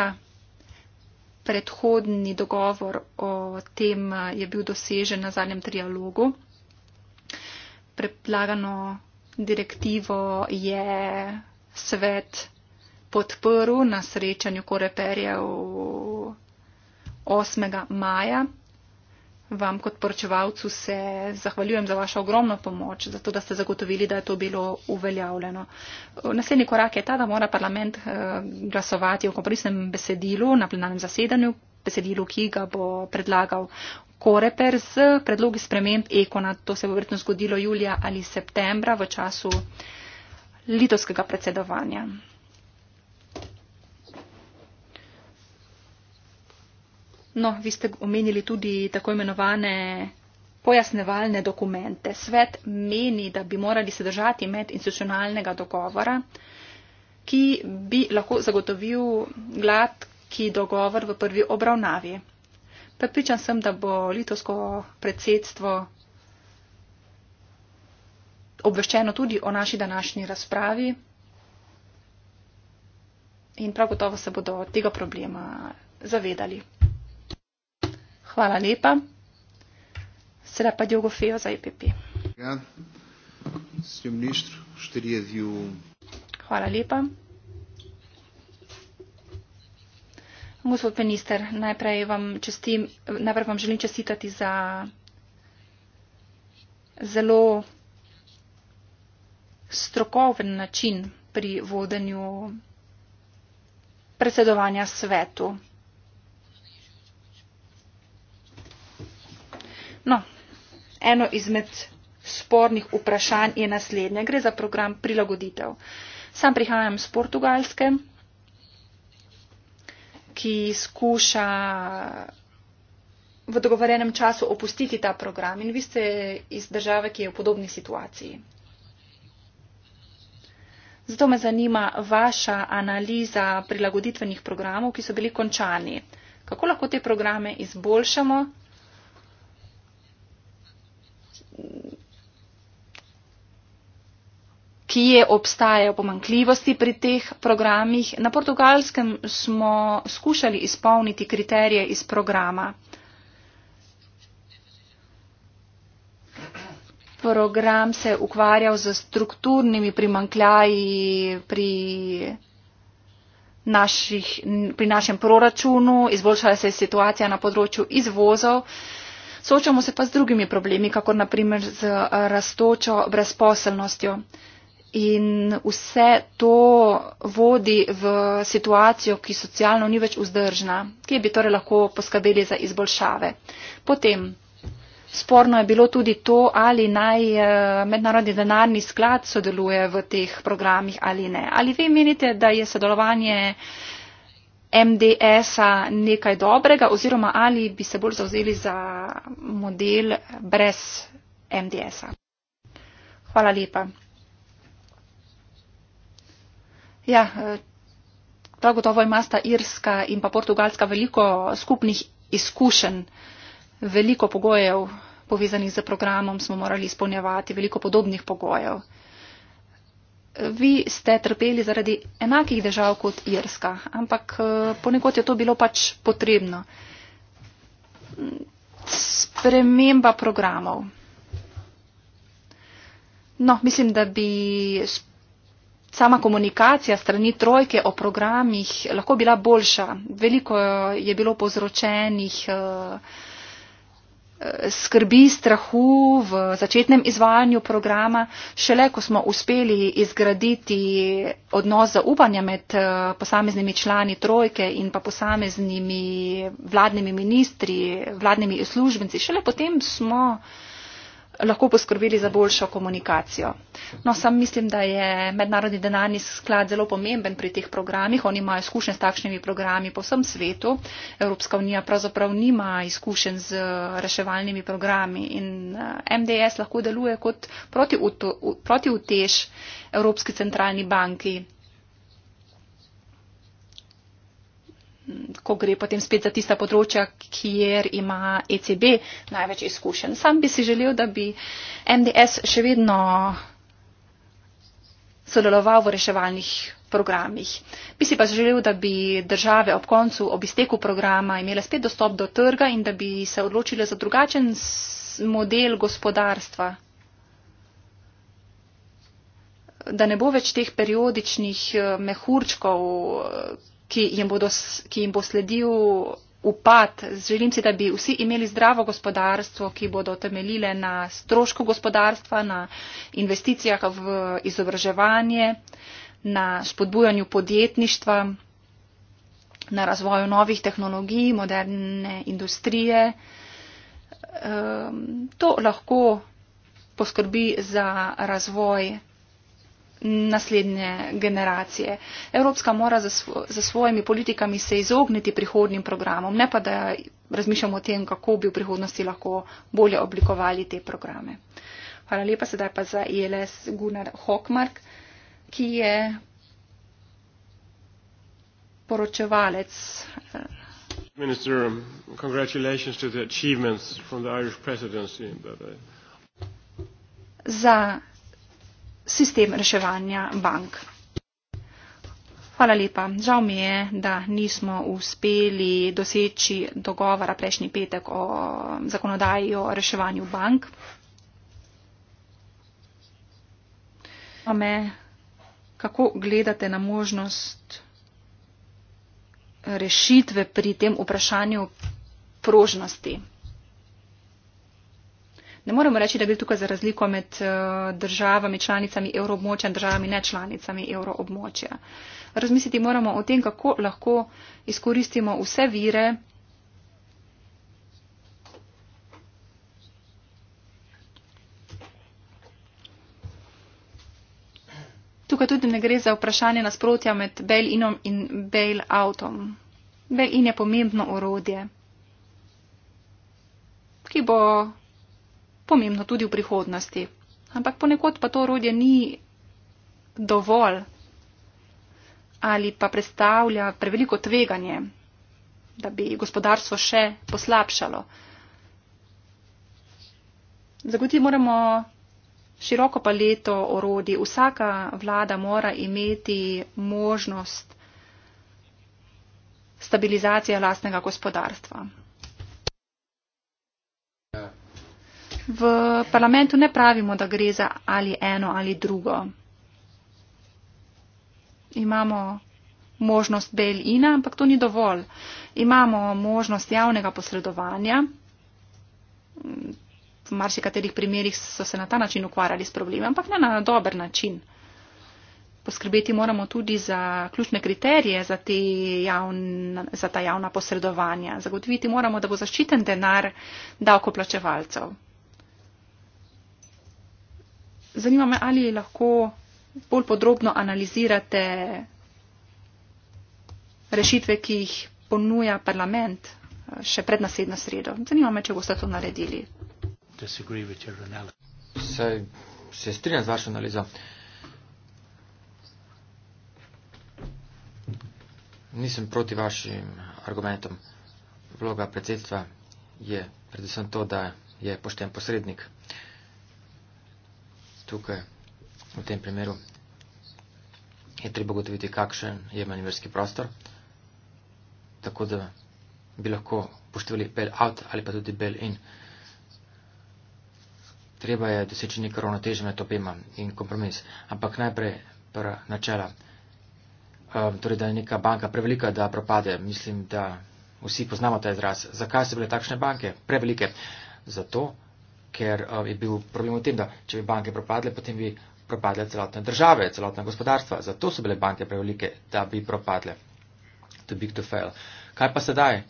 predhodni dogovor o tem eh, je bil dosežen na zadnjem trialogu preplagano direktivo je svet podprl na srečanju koreperjev 8. maja. Vam kot poročevalcu se zahvaljujem za vašo ogromno pomoč, za to, da ste zagotovili, da je to bilo uveljavljeno. Naslednji korak je ta, da mora parlament eh, glasovati o kompromisnem besedilu na plenarnem zasedanju, besedilu, ki ga bo predlagal Koreper z predlogi sprememb ekona. To se bo verjetno zgodilo julija ali septembra v času litovskega predsedovanja. No, vi ste omenili tudi tako imenovane pojasnevalne dokumente. Svet meni, da bi morali se držati medinstitucionalnega dogovora, ki bi lahko zagotovil glad ki dogovor v prvi obravnavi. Pripričan sem, da bo litovsko predsedstvo obveščeno tudi o naši današnji razpravi in prav gotovo se bodo tega problema zavedali. Hvala lepa. Sedaj pa Diogo Fejo za EPP. Ja, Hvala lepa. Gospod minister, najprej vam, čestim, najprej vam želim čestitati za zelo strokoven način pri vodenju predsedovanja svetu. No, eno izmed spornih vprašanj je naslednje. Gre za program prilagoditev. Sam prihajam iz Portugalske ki skuša v dogovorenem času opustiti ta program in vi ste iz države, ki je v podobni situaciji. Zato me zanima vaša analiza prilagoditvenih programov, ki so bili končani. Kako lahko te programe izboljšamo? kje obstajajo pomankljivosti pri teh programih. Na portugalskem smo skušali izpolniti kriterije iz programa. Program se je ukvarjal z strukturnimi primankljaji pri, naših, pri našem proračunu, izboljšala se je situacija na področju izvozov. Soočamo se pa z drugimi problemi, kako naprimer z rastočo brezposelnostjo. In vse to vodi v situacijo, ki socialno ni več vzdržna, ki bi torej lahko poskrbeli za izboljšave. Potem, sporno je bilo tudi to, ali naj eh, mednarodni denarni sklad sodeluje v teh programih ali ne. Ali vi menite, da je sodelovanje MDS-a nekaj dobrega oziroma ali bi se bolj zauzeli za model brez MDS-a? Hvala lepa. Ja, eh, prav gotovo imata Irska in pa Portugalska veliko skupnih izkušenj, veliko pogojev povezanih z programom smo morali izpolnjevati, veliko podobnih pogojev. Vi ste trpeli zaradi enakih držav kot Irska, ampak eh, ponekod je to bilo pač potrebno. Sprememba programov. No, mislim, da bi sama komunikacija strani trojke o programih lahko bila boljša. Veliko je bilo povzročenih eh, eh, skrbi, strahu v začetnem izvajanju programa. Šele, ko smo uspeli izgraditi odnos zaupanja med eh, posameznimi člani trojke in pa posameznimi vladnimi ministri, vladnimi uslužbenci, šele potem smo lahko poskrbeli za boljšo komunikacijo. No, sam mislim, da je mednarodni denarni sklad zelo pomemben pri teh programih. Oni imajo izkušnje s takšnimi programi po vsem svetu. Evropska unija pravzaprav nima izkušenj z reševalnimi programi in eh, MDS lahko deluje kot protiutež proti Evropski centralni banki. ko gre potem spet za tista področja, kjer ima ECB največ izkušenj. Sam bi si želel, da bi MDS še vedno sodeloval v reševalnih programih. Bi si pa želel, da bi države ob koncu, ob izteku programa imele spet dostop do trga in da bi se odločile za drugačen model gospodarstva. Da ne bo več teh periodičnih eh, mehurčkov, ki jim, bodo, ki jim bo sledil upad. Želim si, da bi vsi imeli zdravo gospodarstvo, ki bodo temeljile na strošku gospodarstva, na investicijah v izobraževanje, na spodbujanju podjetništva, na razvoju novih tehnologij, moderne industrije. Ehm, to lahko poskrbi za razvoj naslednje generacije. Evropska mora za, svo, za svojimi politikami se izogniti prihodnim programom, ne pa da razmišljamo o tem, kako bi v prihodnosti lahko bolje oblikovali te programe. Hvala lepa sedaj pa za ILS Gunnar Hockmark, ki je poročevalec. Eh,
Minister, um, congratulations to the achievements from the Irish presidency. Bye -bye.
Za sistem reševanja bank. Hvala lepa. Žal mi je, da nismo uspeli doseči dogovora prejšnji petek o zakonodaji o reševanju bank. Me, kako gledate na možnost rešitve pri tem vprašanju prožnosti? ne moremo reči, da bi tukaj za razliko med eh, državami članicami evroobmočja in državami nečlanicami evroobmočja. Razmisliti moramo o tem, kako lahko izkoristimo vse vire, Tukaj tudi ne gre za vprašanje nasprotja med bail-inom in bail-outom. Bail-in je pomembno orodje, ki bo pomembno tudi v prihodnosti. Ampak ponekod pa to orodje ni dovolj ali pa predstavlja preveliko tveganje, da bi gospodarstvo še poslabšalo. Zagotiti moramo široko paleto orodij. Vsaka vlada mora imeti možnost stabilizacije lastnega gospodarstva. v parlamentu ne pravimo, da gre za ali eno ali drugo. Imamo možnost bail-ina, ampak to ni dovolj. Imamo možnost javnega posredovanja. V marsikaterih primerjih so se na ta način ukvarjali s problemi, ampak ne na dober način. Poskrbeti moramo tudi za ključne kriterije za, javn, za ta javna posredovanja. Zagotoviti moramo, da bo zaščiten denar davkoplačevalcev zanima me, ali lahko bolj podrobno analizirate rešitve, ki jih ponuja parlament eh, še pred naslednjo sredo. Zanima me, če boste to naredili.
Se, se strinjam z vašo analizo. Nisem proti vašim argumentom. Vloga predsedstva je predvsem to, da je pošten posrednik. Uh, tukaj v tem primeru je treba gotoviti, kakšen je manjverski prostor, tako da bi lahko poštevali bail out ali pa tudi bail in. Treba je doseči neko ravnoteže med obema in kompromis. Ampak najprej pr načela. Um, torej, da je neka banka prevelika, da propade. Mislim, da vsi poznamo ta izraz. Zakaj so bile takšne banke prevelike? Zato, ker uh, je bil problem v tem, da če bi banke propadle, potem bi propadle celotne države, celotna gospodarstva. Zato so bile banke prevelike, da bi propadle. Too big to fail. Kaj pa sedaj?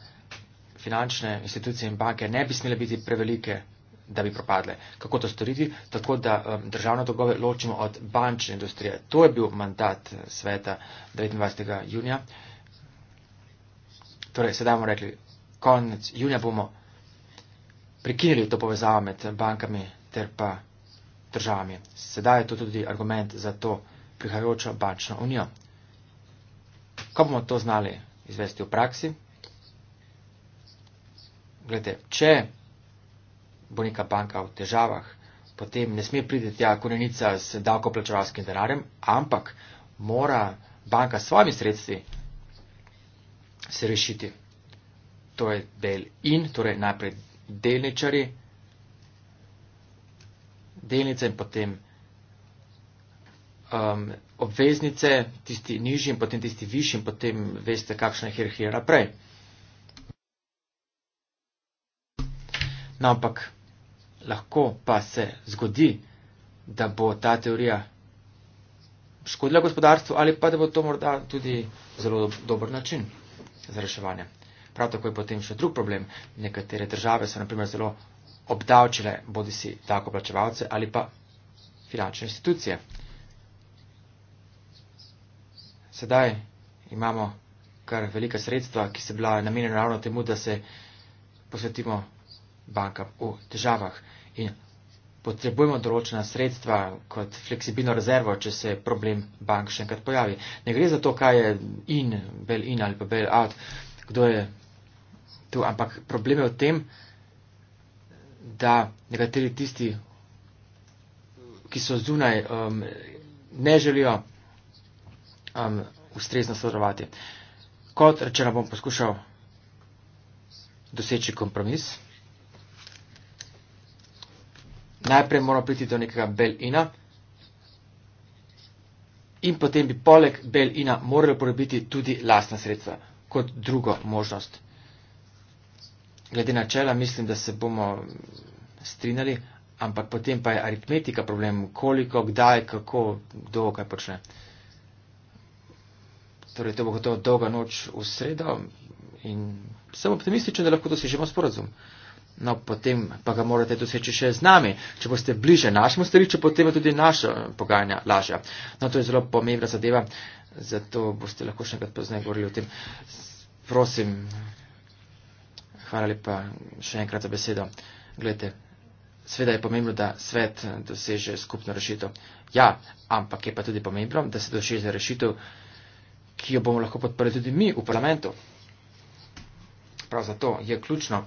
Finančne institucije in banke ne bi smele biti prevelike, da bi propadle. Kako to storiti? Tako, da um, državne dolgove ločimo od bančne industrije. To je bil mandat eh, sveta 29. junija. Torej, sedaj bomo rekli, konec junija bomo prekinili to povezavo med bankami ter pa državami. Sedaj je to tudi argument za to prihajajočo bančno unijo. Ko bomo to znali izvesti v praksi, glede, če bo neka banka v težavah, potem ne sme priti tja konjenica s davkoplačevalskim denarjem, ampak mora banka s svojimi sredstvi se rešiti. To je bail in, torej najprej delničari, delnice in potem um, obveznice, tisti nižji in potem tisti višji in potem veste, kakšna je hierarhija naprej. No, ampak lahko pa se zgodi, da bo ta teorija škodila gospodarstvu ali pa da bo to morda tudi zelo dober način za reševanje. Prav tako je potem še drug problem. Nekatere države so naprimer zelo obdavčile bodi si davkoplačevalce ali pa finančne institucije. Sedaj imamo kar velika sredstva, ki se bila namenjena ravno temu, da se posvetimo bankam v težavah in potrebujemo določena sredstva kot fleksibilno rezervo, če se problem bank še enkrat pojavi. Ne gre za to, kaj je in, bel in ali pa bel out, kdo je tu, ampak problem je v tem, da nekateri tisti, ki so zunaj, um, ne želijo um, ustrezno sodelovati. Kot rečeno, bom poskušal doseči kompromis. Najprej moramo priti do nekega Bell-ina in potem bi poleg Bell-ina morali uporabiti tudi lastna sredstva kot drugo možnost glede načela mislim, da se bomo strinjali, ampak potem pa je aritmetika problem, koliko, kdaj, kako, kdo, kaj počne. Torej, to bo gotovo dolga noč v sredo in sem optimističen, da lahko dosežemo sporazum. No, potem pa ga morate doseči še z nami. Če boste bliže našemu stališču, potem je tudi naša pogajanja lažja. No, to je zelo pomembna zadeva, zato boste lahko še enkrat poznaj govorili o tem. Prosim, Hvala lepa še enkrat za besedo. Glede, sveda je pomembno, da svet doseže skupno rešitev. Ja, ampak je pa tudi pomembno, da se doseže rešitev, ki jo bomo lahko podprli tudi mi v parlamentu. Prav zato je ključno,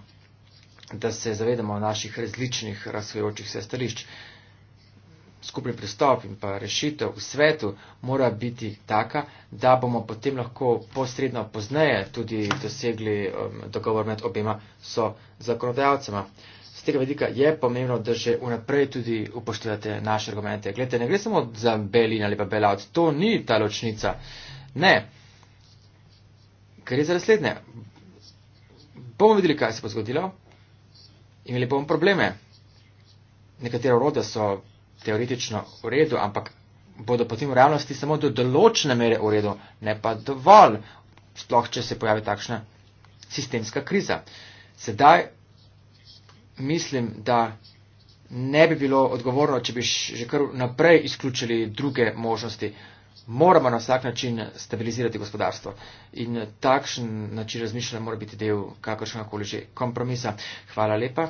da se zavedamo naših različnih razhajajočih se stališč skupni pristop in pa rešitev v svetu mora biti taka, da bomo potem lahko posredno pozneje tudi dosegli um, dogovor med obema so zakonodajalcema. Z tega vedika je pomembno, da že vnaprej tudi upoštevate naše argumente. Glede, ne gre samo za belin ali pa belaut, to ni ta ločnica. Ne. Ker je za naslednje. Bomo videli, kaj se bo zgodilo. Imeli bomo probleme. Nekatera roda so teoretično v redu, ampak bodo potem v realnosti samo do določene mere v redu, ne pa dovolj, sploh če se pojavi takšna sistemska kriza. Sedaj mislim, da ne bi bilo odgovorno, če bi že kar naprej izključili druge možnosti. Moramo na vsak način stabilizirati gospodarstvo in takšen način razmišljanja mora biti del kakršnega koli že kompromisa. Hvala lepa.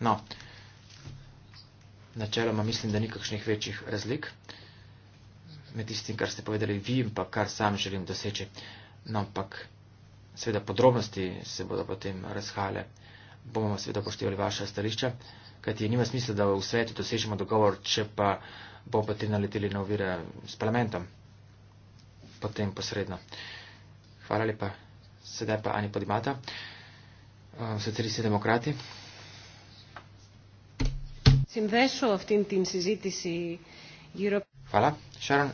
No načeloma mislim, da ni kakšnih večjih razlik med tistim, kar ste povedali vi in pa kar sam želim doseči. No, ampak seveda podrobnosti se bodo potem razhajale. Bomo seveda poštevali vaše stališča, kajti nima smisla, da v svetu dosežemo dogovor, če pa bomo potem naleteli na ovire s parlamentom. Potem posredno. Hvala lepa. Sedaj pa Ani Podimata, socialisti demokrati
συνδέσω αυτήν την συζήτηση γύρω
Φαλά, Sharon.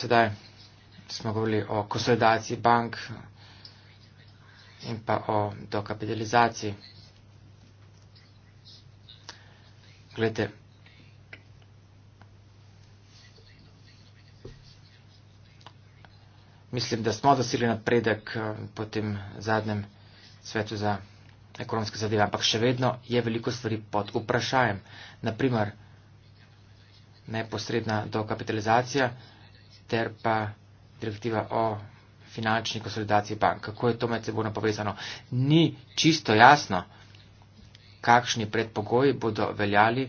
Sedaj smo govorili o konsolidaciji bank in pa o dokapitalizaciji. Glede. Mislim, da smo dosili napredek eh, po tem zadnjem svetu za ekonomske zadeve, ampak še vedno je veliko stvari pod vprašajem. Naprimer, neposredna dokapitalizacija ter pa direktiva o finančni konsolidaciji bank. Kako je to med seboj napovezano? Ni čisto jasno, kakšni predpogoji bodo veljali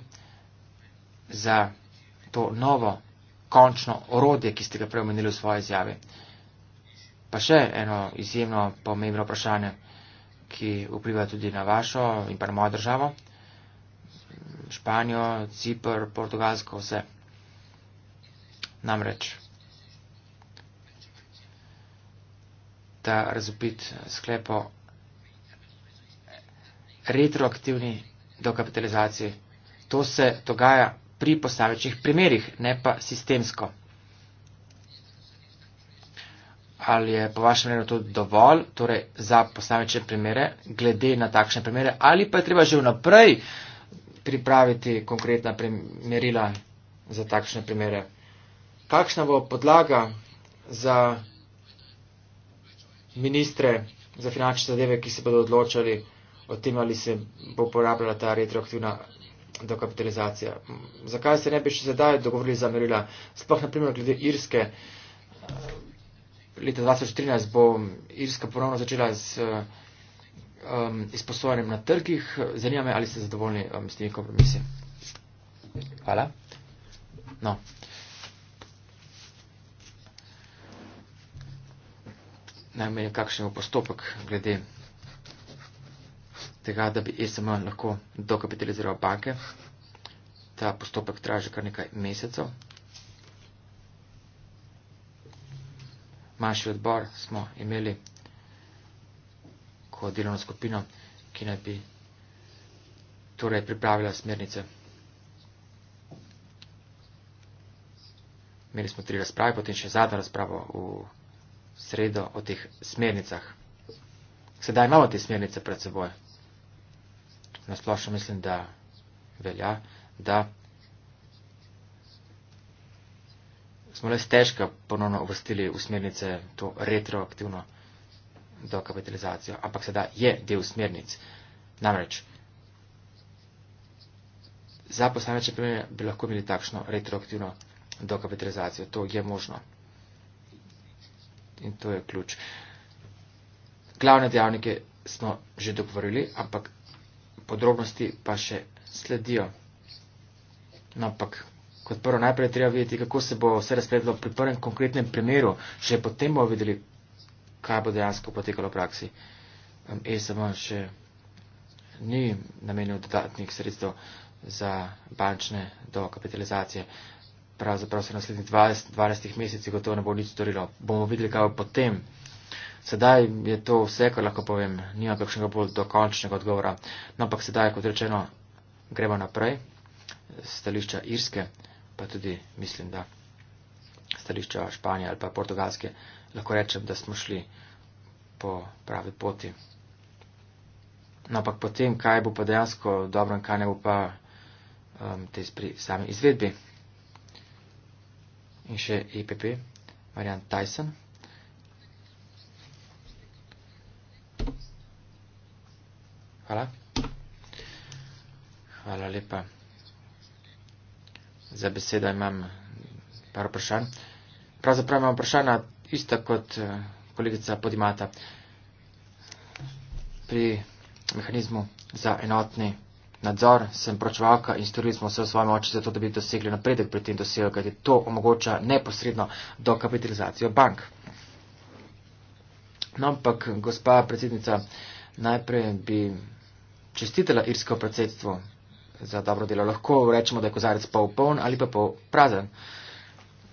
za to novo končno orodje, ki ste ga preomenili v svoje izjave. Pa še eno izjemno pomembno vprašanje ki vpliva tudi na vašo in pa na mojo državo, Španijo, Cipr, Portugalsko, vse. Namreč ta razopit sklepo retroaktivni dokapitalizaciji. To se dogaja pri posamečnih primerih, ne pa sistemsko ali je po vašem mnenju to dovolj, torej za posamečne primere, glede na takšne primere, ali pa je treba že vnaprej pripraviti konkretna merila za takšne primere. Kakšna bo podlaga za ministre za finančne zadeve, ki se bodo odločali o tem, ali se bo uporabljala ta retroaktivna dokapitalizacija? Zakaj se ne bi še sedaj dogovorili za merila, sploh naprimer glede irske? leta 2013 bo Irska ponovno začela z um, izposojanjem na trgih. Zanima me, ali ste zadovoljni um, s temi kompromisi. Hvala. No. Najmanj kakšen postopek glede tega, da bi ESM lahko dokapitaliziral banke. Ta postopek traja že kar nekaj mesecev. manjši odbor smo imeli kot delovno skupino, ki naj bi torej pripravila smernice. Imeli smo tri razprave, potem še zadnjo razpravo v sredo o teh smernicah. Sedaj imamo te smernice pred seboj. Nasplošno mislim, da velja, da smo le stežka ponovno uvrstili v smernice to retroaktivno dokapitalizacijo, ampak sedaj je del smernic. Namreč, za posamečne primere bi lahko imeli takšno retroaktivno dokapitalizacijo. To je možno. In to je ključ. Glavne dejavnike smo že dogovorili, ampak podrobnosti pa še sledijo. No, ampak kot prvo najprej treba videti, kako se bo vse razpredlo pri prvem konkretnem primeru, še potem bomo videli, kaj bo dejansko potekalo v praksi. ESM e še ni namenil dodatnih sredstev za bančne dokapitalizacije. Pravzaprav se naslednjih 20, 20 mesecih gotovo ne bo nič storilo. Bomo videli, kaj bo potem. Sedaj je to vse, kar lahko povem. Nima kakšnega bolj dokončnega odgovora. No, ampak sedaj, kot rečeno, gremo naprej. Stališča Irske pa tudi mislim, da stališča Španije ali pa Portugalske lahko rečem, da smo šli po pravi poti. No, ampak potem, kaj bo pa dejansko dobro in kaj ne bo pa um, te pri sami izvedbi. In še EPP, Marjan Tyson. Hvala. Hvala lepa za besedo imam par vprašanj. Pravzaprav imam vprašanja ista kot eh, kolegica Podimata pri mehanizmu za enotni nadzor. Sem pročevalka in storili smo vse v svojem oči zato, da bi dosegli napredek pri tem dosegu, kajti to omogoča neposredno dokapitalizacijo bank. No, ampak, gospa predsednica, najprej bi čestitela irsko predsedstvo za dobro delo. Lahko rečemo, da je kozarec pol poln ali pa pol prazen.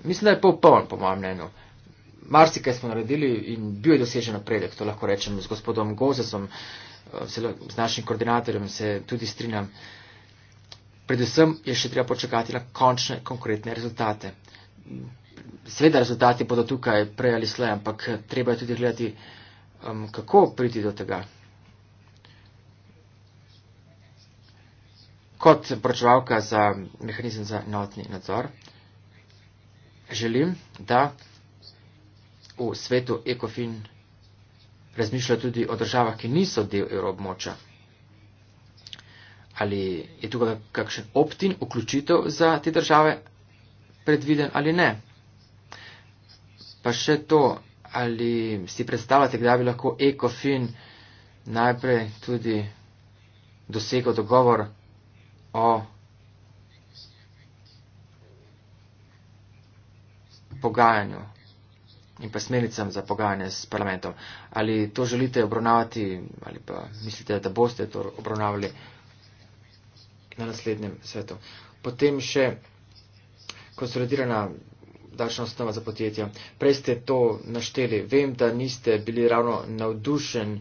Mislim, da je pol poln, po mojem mnenju. Marsikaj smo naredili in bil je dosežen napredek, to lahko rečem z gospodom Gozesom, eh, z našim koordinatorjem se tudi strinjam. Predvsem je še treba počakati na končne, konkretne rezultate. Sveda rezultati bodo tukaj prej ali slej, ampak treba je tudi gledati, um, kako priti do tega. kot poročevalka za mehanizem za enotni nadzor, želim, da v svetu ECOFIN razmišlja tudi o državah, ki niso del evroobmoča. Ali je tukaj kakšen optin vključitev za te države predviden ali ne? Pa še to, ali si predstavljate, kdaj bi lahko ECOFIN najprej tudi dosegel dogovor O. Pogajanju in pa smernicam za pogajanje s parlamentom. Ali to želite obravnavati ali pa mislite, da boste to obravnavali na naslednjem svetu. Potem še konsolidirana davčna osnova za podjetja. Prej ste to našteli. Vem, da niste bili ravno navdušen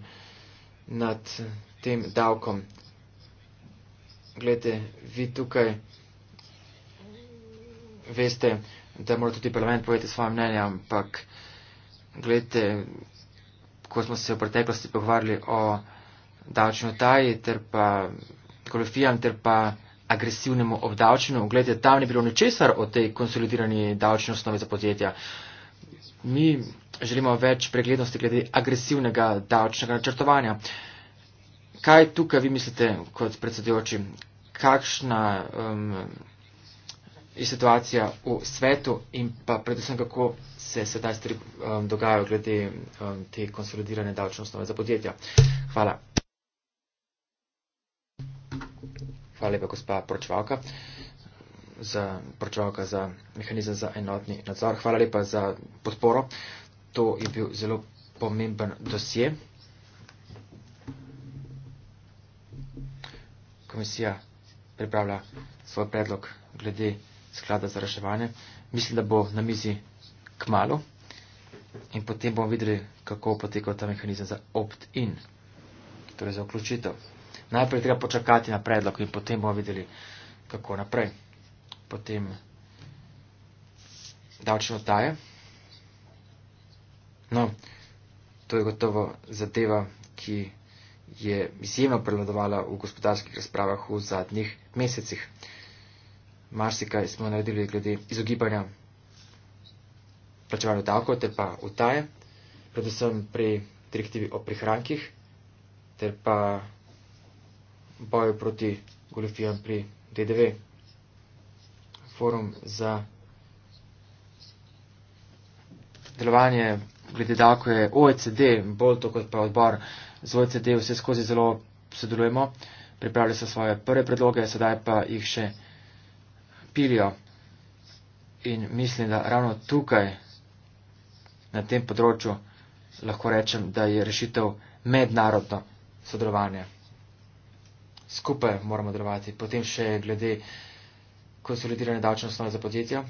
nad tem davkom gledajte, vi tukaj veste, da mora tudi parlament povedati svoje mnenje, ampak gledajte, ko smo se v preteklosti pogovarjali o davčni utaji ter pa kolofijam ter pa agresivnemu obdavčenju, gledajte, tam ni bilo ničesar o tej konsolidirani davčni osnovi za podjetja. Mi želimo več preglednosti glede agresivnega davčnega načrtovanja. Uh, kaj tukaj vi mislite kot predsedujoči, kakšna um, je situacija v svetu in pa predvsem kako se sedaj stvari um, dogajajo glede um, te konsolidirane davčne osnove za podjetja. Hvala. Hvala lepa, gospa poročevalka za poročevalka za mehanizem za enotni nadzor. Hvala lepa za podporo. To je bil zelo pomemben dosje. komisija pripravlja svoj predlog glede sklada za reševanje. Mislim, da bo na mizi k malu in potem bomo videli, kako potekal ta mehanizem za opt-in, torej za vključitev. Najprej treba počakati na predlog in potem bomo videli, kako naprej. Potem davčne odtaje. No, to je gotovo zadeva, ki je izjemno prevladovala v gospodarskih razpravah v zadnjih mesecih. Marsikaj smo naredili glede izogibanja plačevanja davkov, ter pa utaje, predvsem pri direktivi o prihrankih, ter pa boju proti goljofijam pri DDV. Forum za delovanje glede davko je OECD, bolj to kot pa odbor z OECD, vse skozi zelo sodelujemo, pripravili so svoje prve predloge, sedaj pa jih še pilijo. In mislim, da ravno tukaj, na tem področju, lahko rečem, da je rešitev mednarodno sodelovanje. Skupaj moramo delovati. Potem še glede konsolidirane davčne osnove za podjetja.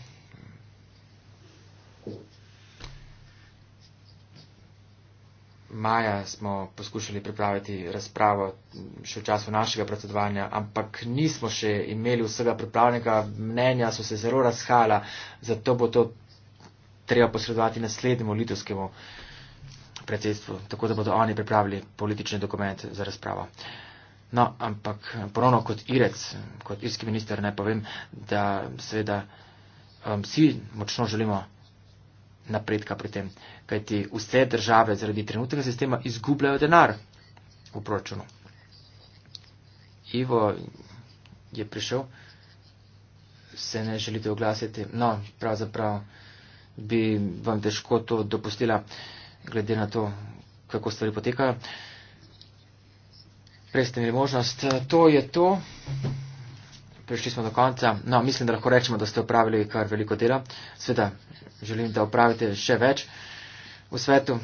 maja smo poskušali pripraviti razpravo še v času našega predsedovanja, ampak nismo še imeli vsega pripravljenega, mnenja so se zelo razhajala, zato bo to treba posredovati naslednjemu litovskemu predsedstvu, tako da bodo oni pripravili politični dokument za razpravo. No, ampak ponovno kot irec, kot irski minister, ne povem, da seveda um, vsi močno želimo napredka pri tem, kajti vse države zaradi trenutnega sistema izgubljajo denar v proračunu. Ivo je prišel, se ne želite oglasiti, no, pravzaprav bi vam težko to dopustila, glede na to, kako stvari potekajo. Prej ste imeli možnost, to je to. Mhm prišli smo do konca. No, mislim, da lahko rečemo, da ste opravili kar veliko dela. Sveda želim, da opravite še več v svetu.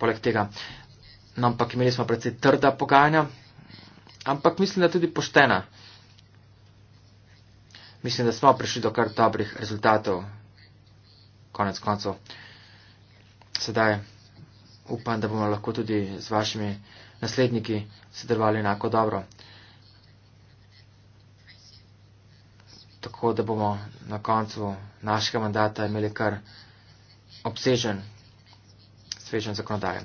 Poleg tega, no, ampak imeli smo predvsej trda pogajanja, ampak mislim, da tudi poštena. Mislim, da smo prišli do kar dobrih rezultatov. Konec koncev. Sedaj upam, da bomo lahko tudi z vašimi nasledniki sodelovali enako dobro. tako da bomo na koncu našega mandata imeli kar obsežen, svežen zakonodaj.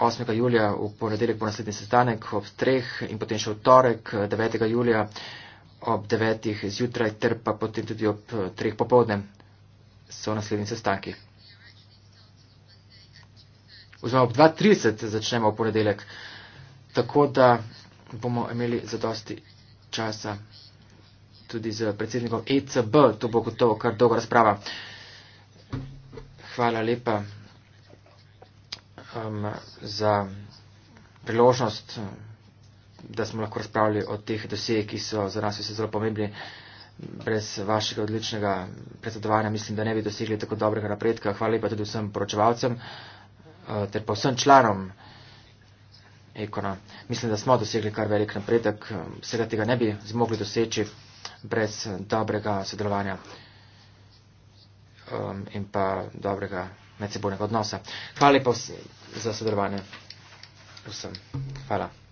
8. julija v ponedeljek bo naslednji sestanek ob 3. in potem še v torek 9. julija ob 9. zjutraj ter pa potem tudi ob 3. popovdne so naslednji sestanki. Oziroma ob 2.30 začnemo v ponedeljek, tako da bomo imeli zadosti časa tudi z predsednikom ECB, to bo gotovo kar dolga razprava. Hvala lepa um, za priložnost, da smo lahko razpravljali o teh dosejih, ki so za nas vse zelo pomembni. Brez vašega odličnega predsedovanja mislim, da ne bi dosegli tako dobrega napredka. Hvala lepa tudi vsem poročevalcem uh, ter pa vsem članom ekona. Mislim, da smo dosegli kar velik napredek. Vsega tega ne bi zmogli doseči brez dobrega sodelovanja um, in pa dobrega medsebojnega odnosa. Hvala lepa za sodelovanje vsem. Hvala.